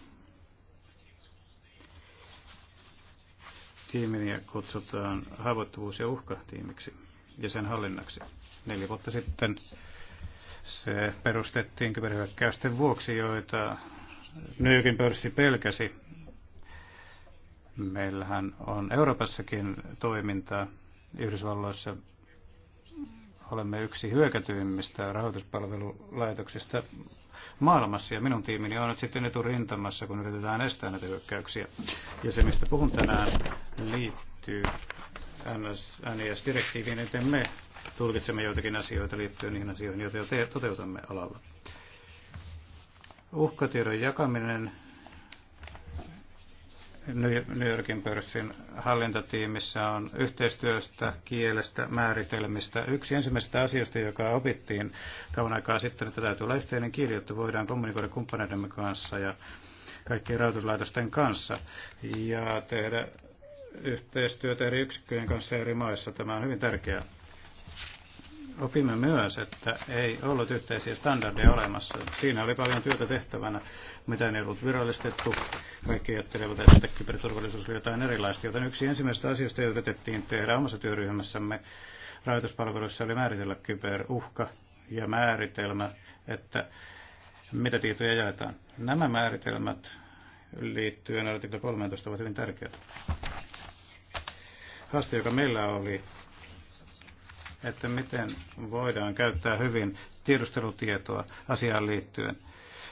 Tiiminiä kutsutaan haavoittuvuus- ja uhkatiimiksi ja sen hallinnaksi. Neljä vuotta sitten se perustettiin kyberhyökkäysten vuoksi, joita New Yorkin pörssi pelkäsi Meillähän on Euroopassakin toimintaa. Yhdysvalloissa olemme yksi hyökätyimmistä rahoituspalvelulaitoksista maailmassa ja minun tiimini on nyt sitten eturintamassa, kun yritetään estää näitä hyökkäyksiä. Ja se, mistä puhun tänään, liittyy NIS-direktiiviin, e joten me tulkitsemme joitakin asioita liittyen niihin asioihin, joita jo toteutamme alalla. Uhkatiedon jakaminen New Yorkin pörssin hallintotiimissä on yhteistyöstä, kielestä, määritelmistä. Yksi ensimmäisistä asioista, joka opittiin kauan aikaa sitten, että täytyy olla yhteinen kieli, jotta voidaan kommunikoida kumppaneidemme kanssa ja kaikkien rahoituslaitosten kanssa ja tehdä yhteistyötä eri yksikköjen kanssa eri maissa. Tämä on hyvin tärkeää. Opimme myös, että ei ollut yhteisiä standardeja olemassa. Siinä oli paljon työtä tehtävänä, mitä ei ollut virallistettu kaikki ajattelevat, että kyberturvallisuus oli jotain erilaista, joten yksi ensimmäistä asioista, jota yritettiin tehdä omassa työryhmässämme rahoituspalveluissa, oli määritellä kyberuhka ja määritelmä, että mitä tietoja jaetaan. Nämä määritelmät liittyen artikla 13 ovat hyvin tärkeitä. Haaste, joka meillä oli, että miten voidaan käyttää hyvin tiedustelutietoa asiaan liittyen –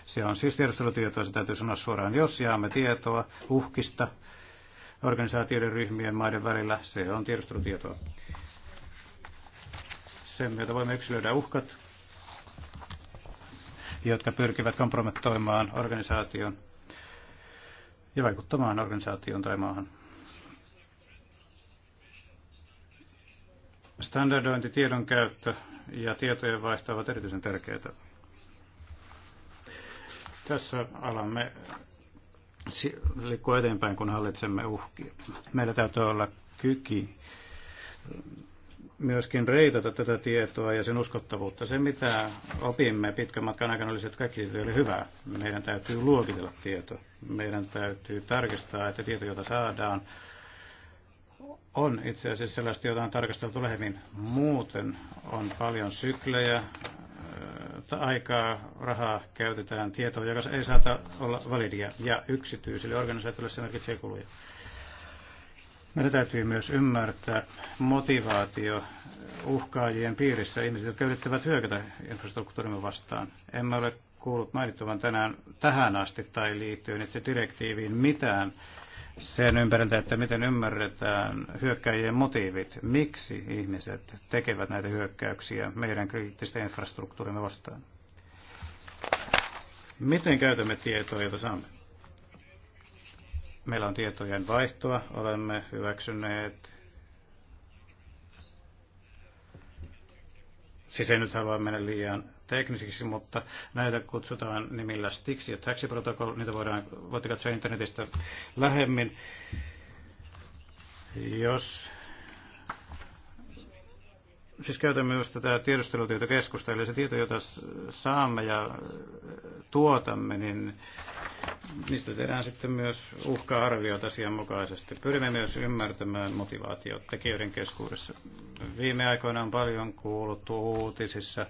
se on siis tiedustelutietoa, se täytyy sanoa suoraan. Jos jaamme tietoa uhkista organisaatioiden, ryhmien, maiden välillä, se on tiedustelutietoa. Sen myötä voimme yksilöidä uhkat, jotka pyrkivät kompromettoimaan organisaation ja vaikuttamaan organisaation tai maahan. Standardointi, tiedon käyttö ja tietojen vaihto ovat erityisen tärkeitä. Tässä alamme liikkua eteenpäin, kun hallitsemme uhkia. Meillä täytyy olla kyki myöskin reitata tätä tietoa ja sen uskottavuutta. Se, mitä opimme pitkän matkan aikana, oli se, että kaikki tieto oli hyvää. Meidän täytyy luokitella tieto. Meidän täytyy tarkistaa, että tieto, jota saadaan, on itse asiassa sellaista, jota on tarkasteltu lähemmin. Muuten on paljon syklejä, aikaa, rahaa käytetään tietoon, joka ei saata olla validia, ja yksityisille organisaatioille se merkitsee kuluja. Meidän täytyy myös ymmärtää motivaatio uhkaajien piirissä ihmiset, jotka yrittävät hyökätä infrastruktuurimme vastaan. Emme ole kuullut mainittavan tänään tähän asti tai liittyen itse direktiiviin mitään sen ympäriltä, että miten ymmärretään hyökkäjien motiivit, miksi ihmiset tekevät näitä hyökkäyksiä meidän kriittistä infrastruktuurimme vastaan. Miten käytämme tietoja joita saamme? Meillä on tietojen vaihtoa, olemme hyväksyneet. Siis ei nyt halua mennä liian teknisiksi, mutta näitä kutsutaan nimillä Stix ja Taxi Protocol. Niitä voidaan, voitte katsoa internetistä lähemmin. Jos siis käytämme myös tätä tiedustelutietokeskusta, eli se tieto, jota saamme ja äh, tuotamme, niin niistä tehdään sitten myös uhka-arviot asianmukaisesti. Pyrimme myös ymmärtämään motivaatiot tekijöiden keskuudessa. Viime aikoina on paljon kuuluttu uutisissa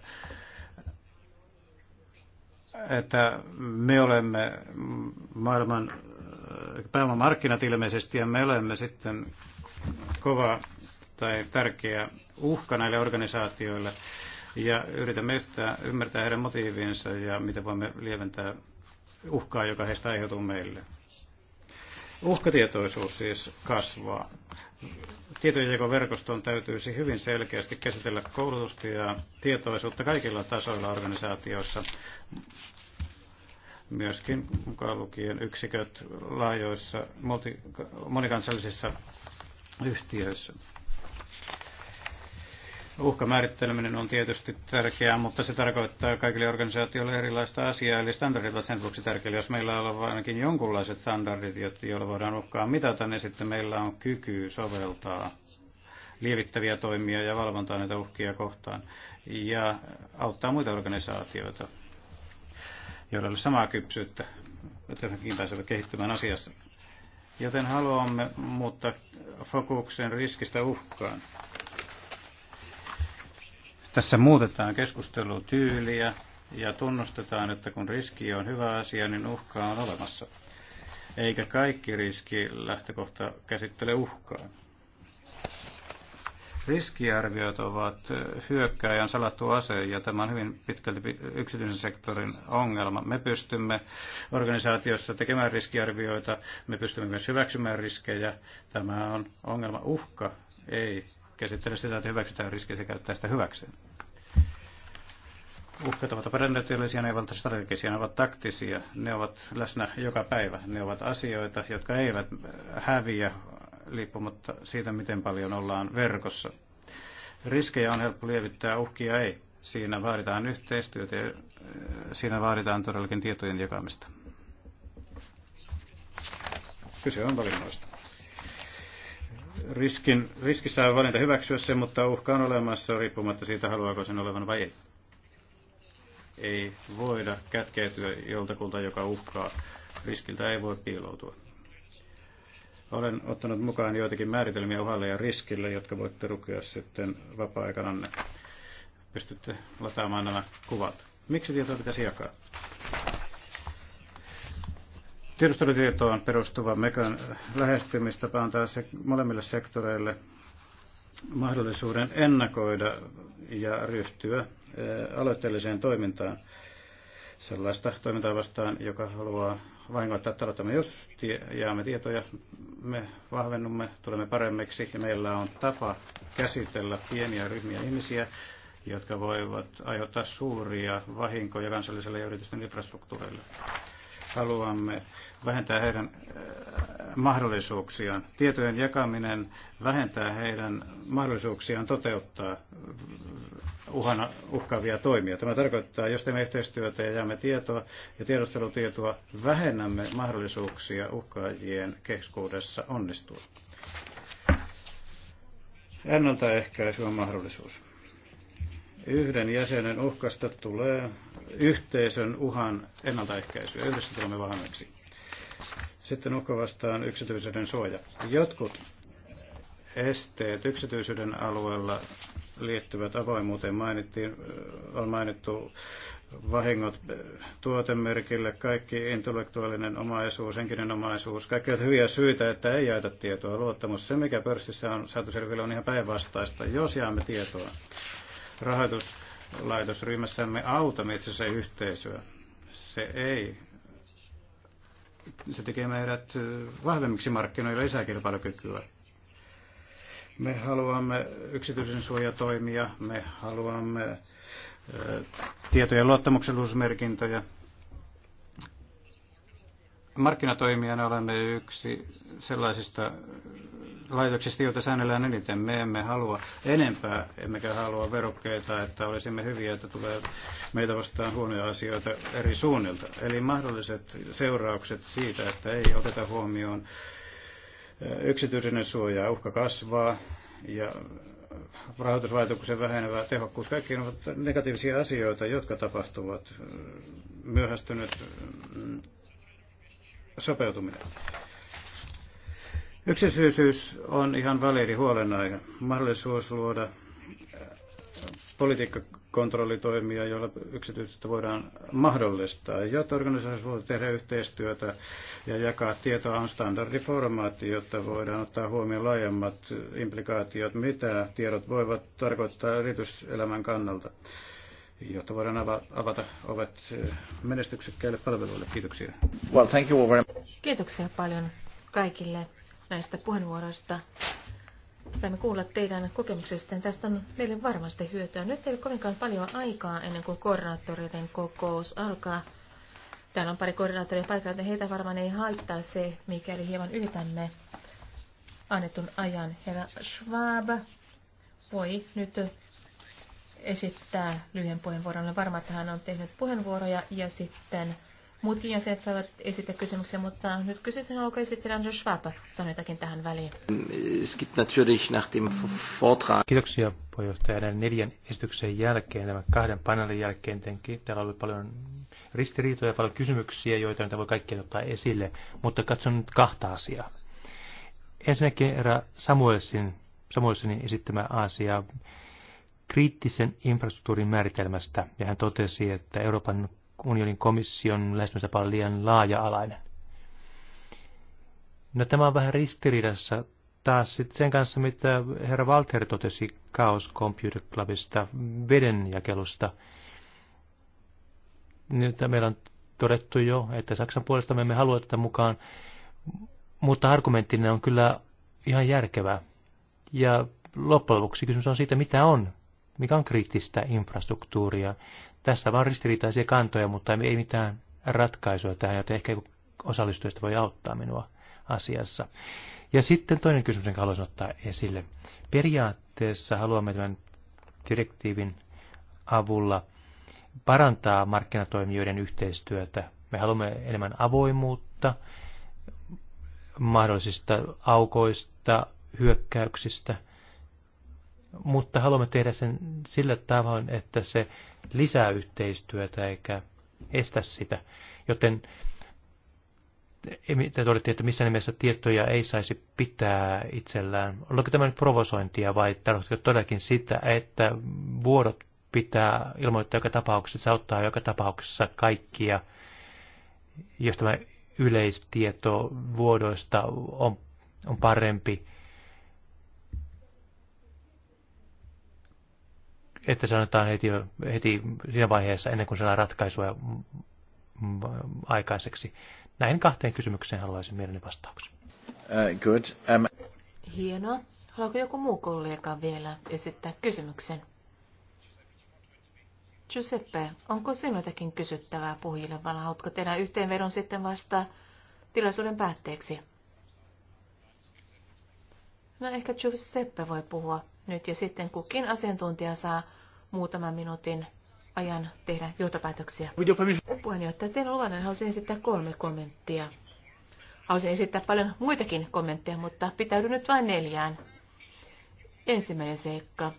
että me olemme maailman pääomamarkkinat ilmeisesti ja me olemme sitten kova tai tärkeä uhka näille organisaatioille ja yritämme yhtää, ymmärtää heidän motiivinsa ja miten voimme lieventää uhkaa, joka heistä aiheutuu meille. Uhkatietoisuus siis kasvaa. Tietojenjakoverkoston täytyisi hyvin selkeästi käsitellä koulutusta ja tietoisuutta kaikilla tasoilla organisaatioissa, myöskin mukaan lukien yksiköt laajoissa multi, monikansallisissa yhtiöissä uhkamäärittelyminen on tietysti tärkeää, mutta se tarkoittaa kaikille organisaatioille erilaista asiaa, eli standardit ovat sen vuoksi tärkeitä. Jos meillä on ainakin jonkunlaiset standardit, joilla voidaan uhkaa mitata, niin sitten meillä on kyky soveltaa lievittäviä toimia ja valvontaa näitä uhkia kohtaan ja auttaa muita organisaatioita, joilla on samaa kypsyyttä, että pääsevät kehittymään asiassa. Joten haluamme muuttaa fokuksen riskistä uhkaan. Tässä muutetaan keskustelutyyliä ja tunnustetaan, että kun riski on hyvä asia, niin uhka on olemassa. Eikä kaikki riski lähtökohta käsittele uhkaa. Riskiarviot ovat hyökkääjän salattu ase ja tämä on hyvin pitkälti yksityisen sektorin ongelma. Me pystymme organisaatiossa tekemään riskiarvioita, me pystymme myös hyväksymään riskejä. Tämä on ongelma uhka, ei käsittele sitä, että hyväksytään riskit ja käyttää sitä hyväkseen. Uhkat ovat operatiivisia, ne ovat strategisia, ne ovat taktisia, ne ovat läsnä joka päivä. Ne ovat asioita, jotka eivät häviä liippumatta siitä, miten paljon ollaan verkossa. Riskejä on helppo lievittää, uhkia ei. Siinä vaaditaan yhteistyötä ja äh, siinä vaaditaan todellakin tietojen jakamista. Kyse on valinnoista riskin, riskissä on valinta hyväksyä se, mutta uhka on olemassa riippumatta siitä, haluaako sen olevan vai ei. Ei voida kätkeytyä joltakulta, joka uhkaa. Riskiltä ei voi piiloutua. Olen ottanut mukaan joitakin määritelmiä uhalle ja riskille, jotka voitte rukea sitten vapaa-aikananne. Pystytte lataamaan nämä kuvat. Miksi tietoa pitäisi jakaa? tiedustelutietoon perustuva mekan lähestymistapa antaa se molemmille sektoreille mahdollisuuden ennakoida ja ryhtyä eh, aloitteelliseen toimintaan sellaista toimintaa vastaan, joka haluaa vahingoittaa talouttamme. Jos jaamme tietoja, me vahvennumme, tulemme paremmiksi ja meillä on tapa käsitellä pieniä ryhmiä ihmisiä, jotka voivat aiheuttaa suuria vahinkoja kansalliselle ja yritysten infrastruktuurille haluamme vähentää heidän äh, mahdollisuuksiaan. Tietojen jakaminen vähentää heidän mahdollisuuksiaan toteuttaa äh, uhana, uhkaavia toimia. Tämä tarkoittaa, jos teemme yhteistyötä ja jäämme tietoa ja tiedustelutietoa, vähennämme mahdollisuuksia uhkaajien keskuudessa onnistua. Ennaltaehkäisy on mahdollisuus. Yhden jäsenen uhkasta tulee yhteisön uhan ennaltaehkäisyä. Yhdessä tulemme vahvemmiksi. Sitten uhka vastaan yksityisyyden suoja. Jotkut esteet yksityisyyden alueella liittyvät avoimuuteen mainittiin, on mainittu vahingot tuotemerkille, kaikki intellektuaalinen omaisuus, henkinen omaisuus, kaikki ovat hyviä syitä, että ei jaeta tietoa. Luottamus, se mikä pörssissä on saatu selville, on ihan päinvastaista, jos jaamme tietoa. Rahoitus laitosryhmässämme autamme metsässä yhteisöä. Se ei. Se tekee meidät vahvemmiksi markkinoilla lisää kilpailukykyä. Me haluamme yksityisen suojatoimia, me haluamme tietojen luottamuksellisuusmerkintöjä, Markkinatoimijana olemme yksi sellaisista laitoksista, joita säännellään eniten. Me emme halua enempää, emmekä halua verokkeita, että olisimme hyviä, että tulee meitä vastaan huonoja asioita eri suunnilta. Eli mahdolliset seuraukset siitä, että ei oteta huomioon eh, yksityisyyden suojaa, uhka kasvaa ja rahoitusvaikutuksen vähenevä tehokkuus, kaikki ovat negatiivisia asioita, jotka tapahtuvat eh, myöhästynyt mm, sopeutuminen. Yksisyisyys on ihan valeri huolenaihe. Mahdollisuus luoda äh, politiikkakontrollitoimia, joilla yksityisyyttä voidaan mahdollistaa, jotta organisaatio voi tehdä yhteistyötä ja jakaa tietoa on standardiformaatti, jotta voidaan ottaa huomioon laajemmat implikaatiot, mitä tiedot voivat tarkoittaa yrityselämän kannalta jotta voidaan avata ovet menestyksekkäille palveluille. Kiitoksia. Well, thank you very much. Kiitoksia paljon kaikille näistä puheenvuoroista. Saimme kuulla teidän kokemuksesta. Tästä on meille varmasti hyötyä. Nyt ei ole kovinkaan paljon aikaa ennen kuin koordinaattoreiden kokous alkaa. Täällä on pari koordinaattoria paikalla, että heitä varmaan ei haittaa se, mikäli hieman ylitämme annetun ajan. Herra Schwab voi nyt esittää lyhyen puheenvuoron. Olen varma, että hän on tehnyt puheenvuoroja ja sitten muutkin jäsenet saavat esittää kysymyksiä, mutta nyt kysyisin, onko esittää Andrew Schwab sanoi tähän väliin. Es gibt natürlich nach dem Vortrag... Kiitoksia puheenjohtaja. Näiden neljän esityksen jälkeen, tämän kahden paneelin jälkeen, tietenkin täällä oli paljon ristiriitoja, paljon kysymyksiä, joita nyt voi kaikkien ottaa esille, mutta katson nyt kahta asiaa. Ensinnäkin erä Samuelsin, Samuelsin esittämä asia kriittisen infrastruktuurin määritelmästä, ja hän totesi, että Euroopan unionin komission lähestymistapa paljon liian laaja-alainen. No tämä on vähän ristiriidassa taas sen kanssa, mitä herra Walter totesi Chaos Computer Clubista, vedenjakelusta. Nyt meillä on todettu jo, että Saksan puolesta me emme halua tätä mukaan, mutta argumenttinen on kyllä ihan järkevää. Ja loppujen lopuksi kysymys on siitä, mitä on mikä on kriittistä infrastruktuuria. Tässä vaan ristiriitaisia kantoja, mutta ei mitään ratkaisua tähän, joten ehkä osallistujista voi auttaa minua asiassa. Ja sitten toinen kysymys, jonka haluaisin ottaa esille. Periaatteessa haluamme tämän direktiivin avulla parantaa markkinatoimijoiden yhteistyötä. Me haluamme enemmän avoimuutta mahdollisista aukoista, hyökkäyksistä – mutta haluamme tehdä sen sillä tavoin, että se lisää yhteistyötä eikä estä sitä. Joten te olette, että missään nimessä tietoja ei saisi pitää itsellään. Oliko tämä nyt provosointia vai tarkoitatko todellakin sitä, että vuodot pitää ilmoittaa joka tapauksessa, ottaa joka tapauksessa kaikkia, jos tämä yleistieto vuodoista on, on parempi että sanotaan heti, heti siinä vaiheessa, ennen kuin saadaan ratkaisua aikaiseksi. Näihin kahteen kysymykseen haluaisin mielelläni vastauksen. Uh, good. Um... Hienoa. Haluaako joku muu kollega vielä esittää kysymyksen? Giuseppe, onko sinultakin kysyttävää puhujille, vai haluatko tehdä yhteenvedon sitten vasta tilaisuuden päätteeksi? No ehkä Giuseppe voi puhua nyt ja sitten kukin asiantuntija saa muutaman minuutin ajan tehdä johtopäätöksiä. Puheenjohtaja, teidän luvannen haluaisin esittää kolme kommenttia. Haluaisin esittää paljon muitakin kommentteja, mutta pitäydy nyt vain neljään. Ensimmäinen seikka.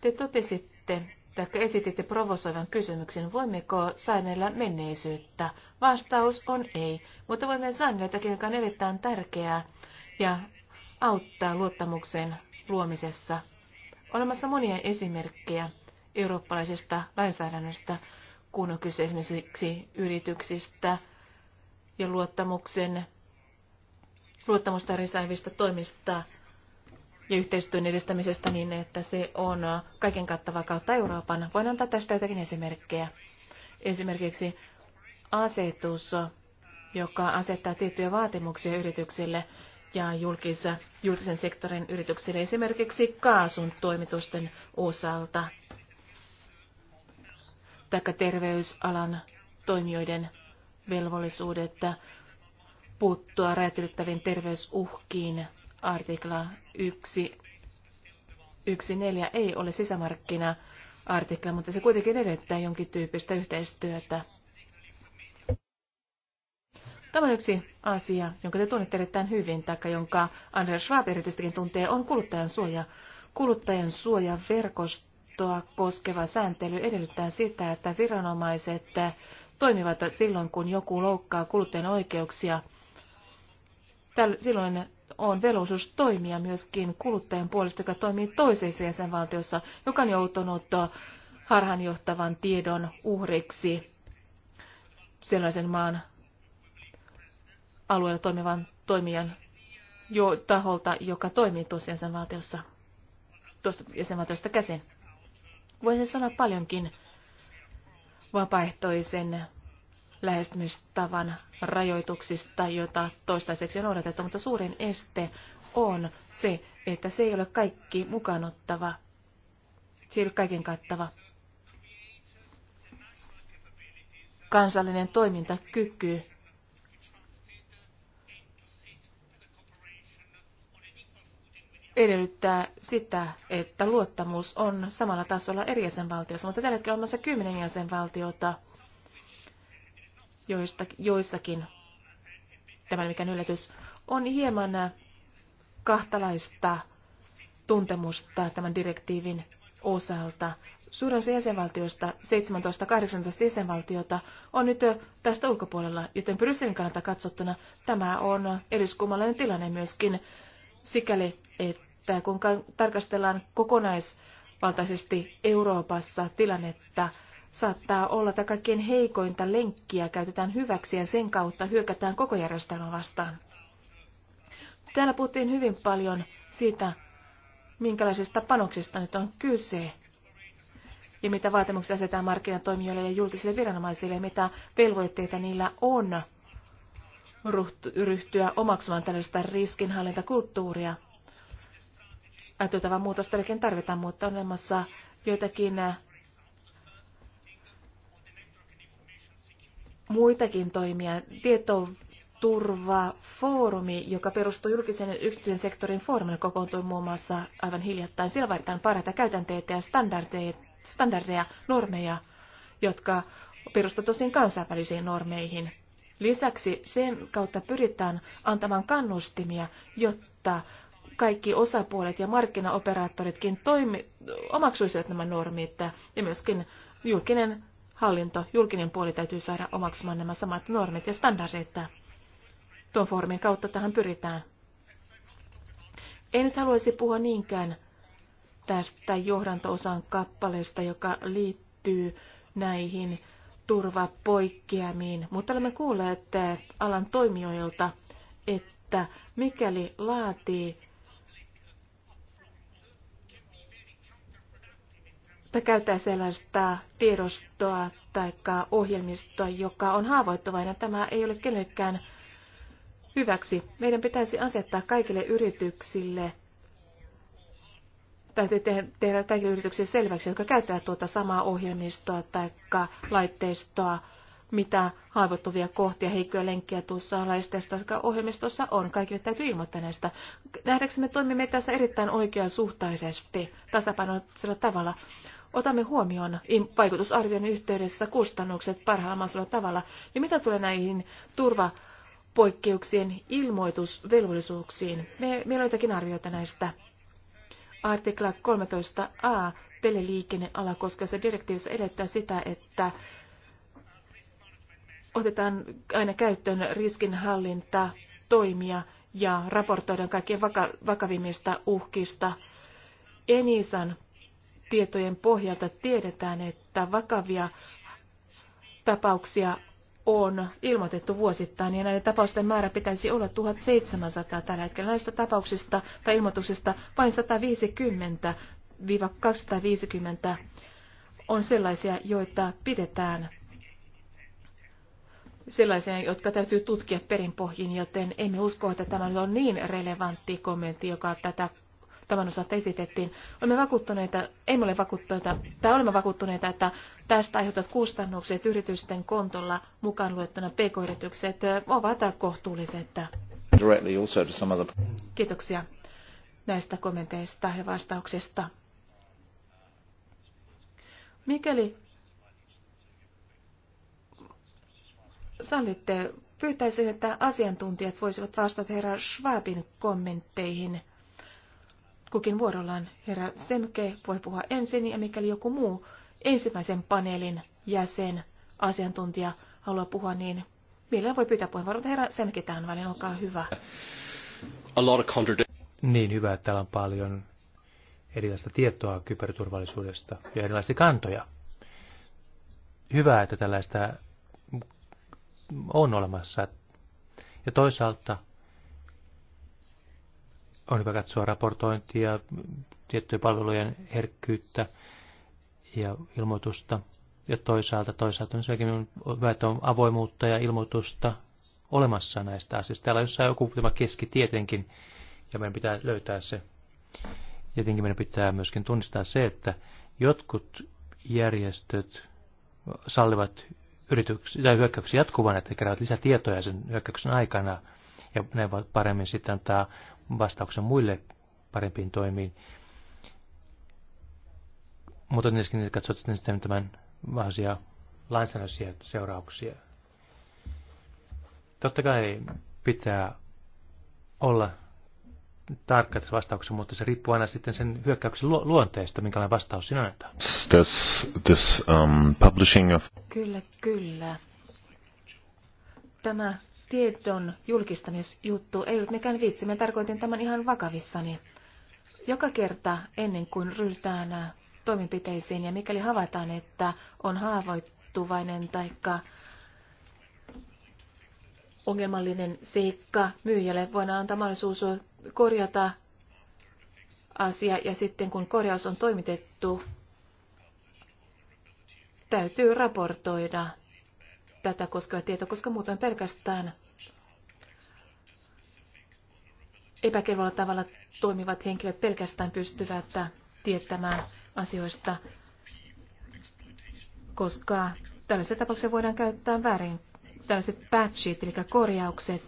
Te totesitte, tai esititte provosoivan kysymyksen, voimmeko säännellä menneisyyttä. Vastaus on ei, mutta voimme säännellä jotakin, joka on erittäin tärkeää ja auttaa luottamuksen luomisessa – olemassa monia esimerkkejä eurooppalaisesta lainsäädännöstä, kun on kyse esimerkiksi yrityksistä ja luottamuksen, luottamusta lisäävistä toimista ja yhteistyön edistämisestä niin, että se on kaiken kattava kautta Euroopan. Voin antaa tästä jotakin esimerkkejä. Esimerkiksi asetus, joka asettaa tiettyjä vaatimuksia yrityksille ja julkisa, julkisen sektorin yrityksille esimerkiksi kaasun toimitusten osalta tai terveysalan toimijoiden velvollisuudet puuttua räätylyttäviin terveysuhkiin. Artikla 1, 1.4 ei ole sisämarkkina artikla, mutta se kuitenkin edellyttää jonkin tyyppistä yhteistyötä. Tämä on yksi asia, jonka te tunnette erittäin hyvin, tai jonka Anders Schwab erityisestikin tuntee, on kuluttajan suoja. Kuluttajan suojaverkostoa koskeva sääntely edellyttää sitä, että viranomaiset toimivat silloin, kun joku loukkaa kuluttajan oikeuksia. silloin on velvollisuus toimia myöskin kuluttajan puolesta, joka toimii toisessa jäsenvaltiossa, joka on joutunut harhanjohtavan tiedon uhriksi sellaisen maan alueella toimivan toimijan jo taholta, joka toimii tuossa jäsenvaltiossa, tuosta jäsenvaltiosta käsin. Voisin sanoa paljonkin vapaaehtoisen lähestymistavan rajoituksista, joita toistaiseksi on odotettu, mutta suurin este on se, että se ei ole kaikki mukaanottava, se ei ole kaiken kattava. Kansallinen toimintakyky edellyttää sitä, että luottamus on samalla tasolla eri jäsenvaltioissa, mutta tällä hetkellä on olemassa kymmenen jäsenvaltiota, joista, joissakin, tämän mikä yllätys, on hieman kahtalaista tuntemusta tämän direktiivin osalta. Suurin jäsenvaltioista, 17-18 jäsenvaltiota, on nyt tästä ulkopuolella, joten Brysselin kannalta katsottuna tämä on eriskummallinen tilanne myöskin sikäli, että kun tarkastellaan kokonaisvaltaisesti Euroopassa tilannetta, saattaa olla, että kaikkein heikointa lenkkiä käytetään hyväksi ja sen kautta hyökätään koko järjestelmä vastaan. Täällä puhuttiin hyvin paljon siitä, minkälaisista panoksista nyt on kyse ja mitä vaatimuksia asetetaan markkinatoimijoille ja julkisille viranomaisille ja mitä velvoitteita niillä on ryhtyä omaksumaan tällaista riskinhallintakulttuuria ajateltavaa äh, muutosta oikein tarvitaan, mutta on olemassa joitakin äh, muitakin toimia. Tietoturvafoorumi, joka perustuu julkisen ja yksityisen sektorin foorumille, kokoontui muun muassa aivan hiljattain. Siellä vaaditaan parhaita käytänteitä ja standardeja, standardeja normeja, jotka perustuvat tosin kansainvälisiin normeihin. Lisäksi sen kautta pyritään antamaan kannustimia, jotta kaikki osapuolet ja markkinaoperaattoritkin toimi, omaksuisivat nämä normit ja myöskin julkinen hallinto, julkinen puoli täytyy saada omaksumaan nämä samat normit ja standardit. Tuon foorumin kautta tähän pyritään. En nyt haluaisi puhua niinkään tästä johdantoosan kappaleesta, joka liittyy näihin turvapoikkeamiin, mutta olemme kuulleet alan toimijoilta, että mikäli laatii tai käyttää sellaista tiedostoa tai ohjelmistoa, joka on haavoittuvainen. Tämä ei ole kenellekään hyväksi. Meidän pitäisi asettaa kaikille yrityksille, täytyy tehdä kaikille yrityksille selväksi, jotka käyttävät tuota samaa ohjelmistoa tai laitteistoa, mitä haavoittuvia kohtia, heikkoja lenkkiä tuossa laitteistossa, tai ohjelmistossa on. Kaikille täytyy ilmoittaa näistä. Nähdäksemme toimimme tässä erittäin oikeasuhtaisesti, tasapainoisella tavalla otamme huomioon vaikutusarvion yhteydessä kustannukset parhaalla mahdollisella tavalla. Ja mitä tulee näihin turvapoikkeuksien ilmoitusvelvollisuuksiin? Me, meillä on jotakin arvioita näistä. Artikla 13a teleliikenneala koskevassa direktiivissä edellyttää sitä, että otetaan aina käyttöön riskinhallinta, toimia ja raportoidaan kaikkien vaka- vakavimmista uhkista. Enisan tietojen pohjalta tiedetään, että vakavia tapauksia on ilmoitettu vuosittain, ja näiden tapausten määrä pitäisi olla 1700 tällä hetkellä. Näistä tapauksista tai ilmoituksista vain 150-250 on sellaisia, joita pidetään sellaisia, jotka täytyy tutkia perinpohjin, joten emme usko, että tämä on niin relevantti kommentti, joka tätä tämän osalta esitettiin. Olemme vakuuttuneita, emme ole vakuuttuneita, tai olemme vakuuttuneita, että tästä aiheutuvat kustannukset yritysten kontolla mukaan luettuna pk-yritykset ovat kohtuulliset. Kiitoksia näistä kommenteista ja vastauksista. Mikäli sallitte, pyytäisin, että asiantuntijat voisivat vastata herra Schwabin kommentteihin – kukin vuorollaan. Herra Semke voi puhua ensin, ja mikäli joku muu ensimmäisen paneelin jäsen, asiantuntija, haluaa puhua, niin mielellään voi pyytää puheenvuoron. Herra Semke tähän väliin, olkaa hyvä. A lot of niin hyvä, että täällä on paljon erilaista tietoa kyberturvallisuudesta ja erilaisia kantoja. Hyvä, että tällaista on olemassa. Ja toisaalta on hyvä katsoa raportointia, tiettyjen palvelujen herkkyyttä ja ilmoitusta. Ja toisaalta, toisaalta on sekin on hyvä, että on avoimuutta ja ilmoitusta olemassa näistä asioista. Täällä on jossain joku tämä keski tietenkin, ja meidän pitää löytää se. Jotenkin meidän pitää myöskin tunnistaa se, että jotkut järjestöt sallivat yrityksiä tai hyökkäyksiä jatkuvan, että keräävät lisätietoja sen hyökkäyksen aikana – ja näin paremmin sitten antaa vastauksen muille parempiin toimiin. Mutta tietenkin katsot sitten tämän asiaa lainsäädännöllisiä seurauksia. Totta kai pitää olla tarkka tässä vastauksessa, mutta se riippuu aina sitten sen hyökkäyksen lu- luonteesta, minkälainen vastaus sinä annetaan. This, this, um, publishing of... Kyllä, kyllä. Tämä tiedon julkistamisjuttu ei ollut mikään vitsi. Mä tarkoitin tämän ihan vakavissani. Joka kerta ennen kuin ryhdytään äh, toimenpiteisiin ja mikäli havaitaan, että on haavoittuvainen tai ongelmallinen seikka myyjälle, voidaan antaa mahdollisuus korjata asia ja sitten kun korjaus on toimitettu, täytyy raportoida tätä koskeva tieto, koska muuten pelkästään epäkelvolla tavalla toimivat henkilöt pelkästään pystyvät tietämään asioista, koska tällaisessa tapauksessa voidaan käyttää väärin tällaiset patchit, eli korjaukset,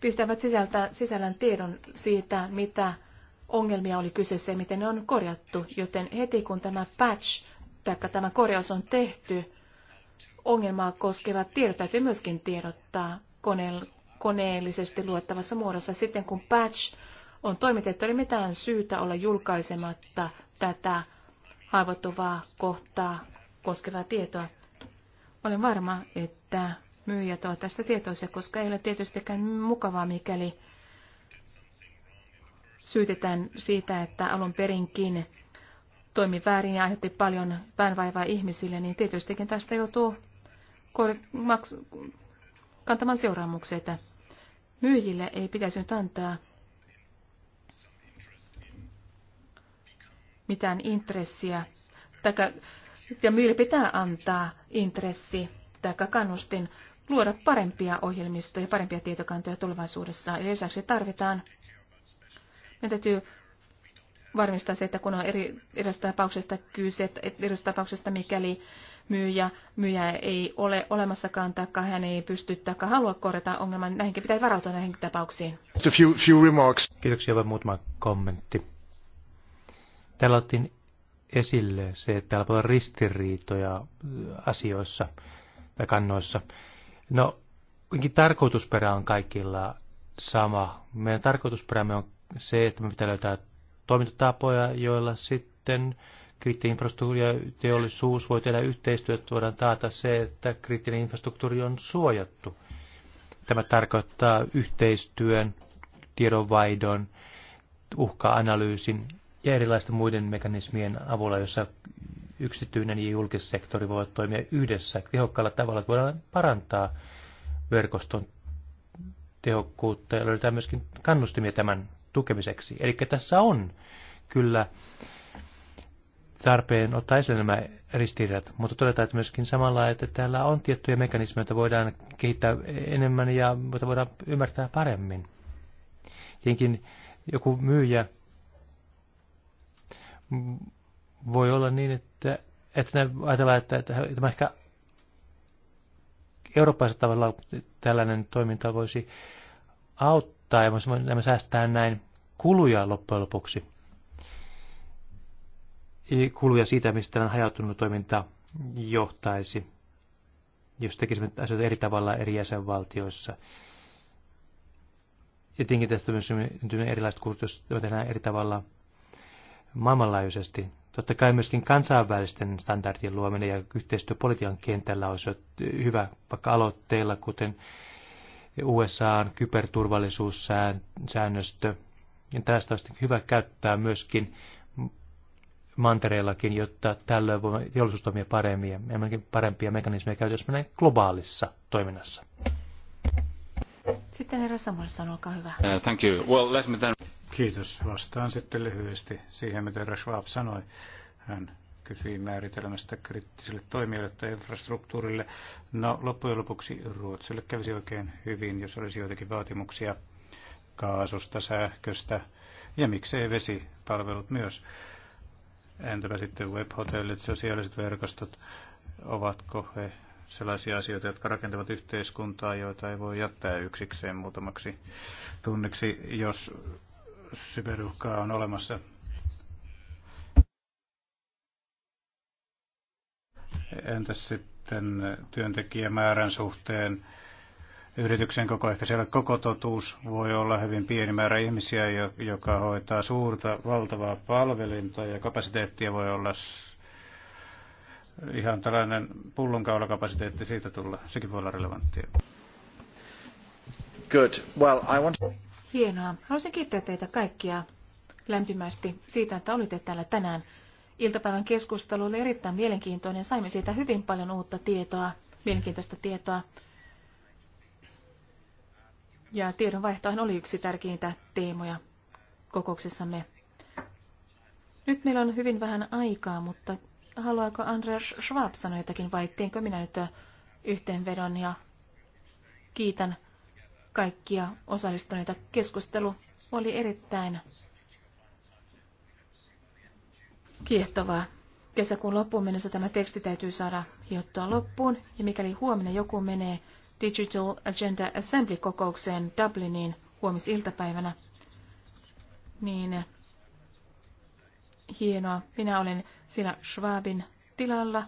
pistävät sisältä, sisällään tiedon siitä, mitä ongelmia oli kyseessä ja miten ne on korjattu. Joten heti kun tämä patch tai tämä korjaus on tehty, ongelmaa koskevat tiedot täytyy myöskin tiedottaa koneelle koneellisesti luettavassa muodossa. Sitten kun patch on toimitettu, ei mitään syytä olla julkaisematta tätä haavoittuvaa kohtaa koskevaa tietoa. Olen varma, että myyjät ovat tästä tietoisia, koska ei ole tietystikään mukavaa, mikäli syytetään siitä, että alun perinkin toimi väärin ja aiheutti paljon päänvaivaa ihmisille, niin tietystikin tästä joutuu maks- kantamaan että Myyjille ei pitäisi nyt antaa mitään intressiä, taikka, ja myyjille pitää antaa intressi tai kannustin luoda parempia ohjelmistoja ja parempia tietokantoja tulevaisuudessa. Eli lisäksi tarvitaan, meidän täytyy varmistaa se, että kun on eri, eri tapauksesta kyse, eri tapauksesta mikäli myyjä, myyjä ei ole olemassakaan, taikka hän ei pysty taikka halua korjata ongelman. Näihinkin pitää varautua näihin tapauksiin. A few, few remarks. Kiitoksia, vain muutama kommentti. Täällä otin esille se, että täällä on ristiriitoja äh, asioissa tai kannoissa. No, kuitenkin tarkoitusperä on kaikilla sama. Meidän tarkoitusperämme on se, että me pitää löytää toimintatapoja, joilla sitten kriittinen infrastruktuuri ja teollisuus voi tehdä yhteistyötä, voidaan taata se, että kriittinen infrastruktuuri on suojattu. Tämä tarkoittaa yhteistyön, tiedonvaihdon, uhka-analyysin ja erilaisten muiden mekanismien avulla, jossa yksityinen ja julkissektori voivat toimia yhdessä tehokkaalla tavalla, että voidaan parantaa verkoston tehokkuutta ja löydetään myöskin kannustimia tämän tukemiseksi. Eli tässä on kyllä tarpeen ottaa esille nämä ristiriidat, mutta todetaan että myöskin samalla, että täällä on tiettyjä mekanismeja, joita voidaan kehittää enemmän ja joita voidaan ymmärtää paremmin. Tietenkin joku myyjä voi olla niin, että, että ajatellaan, että, että tämä ehkä eurooppalaisella tavalla tällainen toiminta voisi auttaa ja nämä säästää näin kuluja loppujen lopuksi kuluja siitä, mistä tällainen hajautunut toiminta johtaisi, jos tekisimme asioita eri tavalla eri jäsenvaltioissa. Ja tietenkin tästä myös syntyy erilaiset kurssit, jos tehdään eri tavalla maailmanlaajuisesti. Totta kai myöskin kansainvälisten standardien luominen ja yhteistyöpolitiikan kentällä olisi hyvä vaikka aloitteilla, kuten USAn kyberturvallisuussäännöstö. Ja tästä olisi hyvä käyttää myöskin mantereillakin, jotta tällöin voimme teollisuus toimia paremmin ja parempia mekanismeja käytössä globaalissa toiminnassa. Sitten herra Samuelson, olkaa hyvä. Uh, thank you. Well, let me then... Kiitos. Vastaan sitten lyhyesti siihen, mitä herra Schwab sanoi. Hän kysyi määritelmästä kriittisille toimijoille tai infrastruktuurille. No, loppujen lopuksi Ruotsille kävisi oikein hyvin, jos olisi joitakin vaatimuksia kaasusta, sähköstä ja miksei vesipalvelut myös. Entäpä sitten webhotellit, sosiaaliset verkostot, ovatko he sellaisia asioita, jotka rakentavat yhteiskuntaa, joita ei voi jättää yksikseen muutamaksi tunniksi, jos syberuhkaa on olemassa. Entäs sitten työntekijämäärän suhteen? yrityksen koko, ehkä siellä koko totuus voi olla hyvin pieni määrä ihmisiä, joka hoitaa suurta, valtavaa palvelinta ja kapasiteettia voi olla ihan tällainen pullonkaulakapasiteetti siitä tulla. Sekin voi olla relevanttia. Good. Well, I want... Hienoa. Haluaisin kiittää teitä kaikkia lämpimästi siitä, että olitte täällä tänään. Iltapäivän keskustelu oli erittäin mielenkiintoinen. Saimme siitä hyvin paljon uutta tietoa, mielenkiintoista tietoa. Ja tiedonvaihtohan oli yksi tärkeintä teemoja kokouksessamme. Nyt meillä on hyvin vähän aikaa, mutta haluaako Andreas Schwab sanoa jotakin vai teenkö minä nyt yhteenvedon ja kiitän kaikkia osallistuneita. Keskustelu oli erittäin kiehtovaa. Kesäkuun loppuun mennessä tämä teksti täytyy saada hiottua loppuun, ja mikäli huomenna joku menee Digital Agenda Assembly-kokoukseen Dubliniin huomisiltapäivänä. Niin hienoa. Minä olen siinä Schwabin tilalla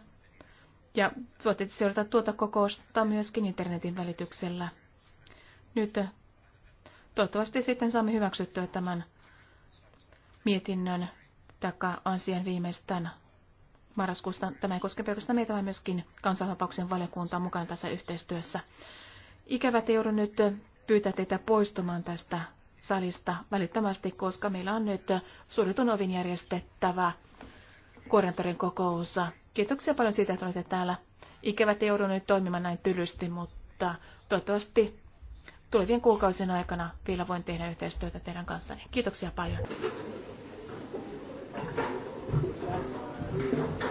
ja voitte seurata tuota kokousta myöskin internetin välityksellä. Nyt eh, toivottavasti sitten saamme hyväksyttyä tämän mietinnön taka asian viimeistään marraskuusta. Tämä ei koske pelkästään meitä, vaan myöskin kansanvapauksen valiokuntaa mukana tässä yhteistyössä. Ikävät joudun nyt pyytää teitä poistumaan tästä salista välittömästi, koska meillä on nyt suljetun ovin järjestettävä koordinaattorin kokous. Kiitoksia paljon siitä, että olette täällä. Ikävät joudun nyt toimimaan näin tylysti, mutta toivottavasti tulevien kuukausien aikana vielä voin tehdä yhteistyötä teidän kanssanne. Kiitoksia paljon. Thank you.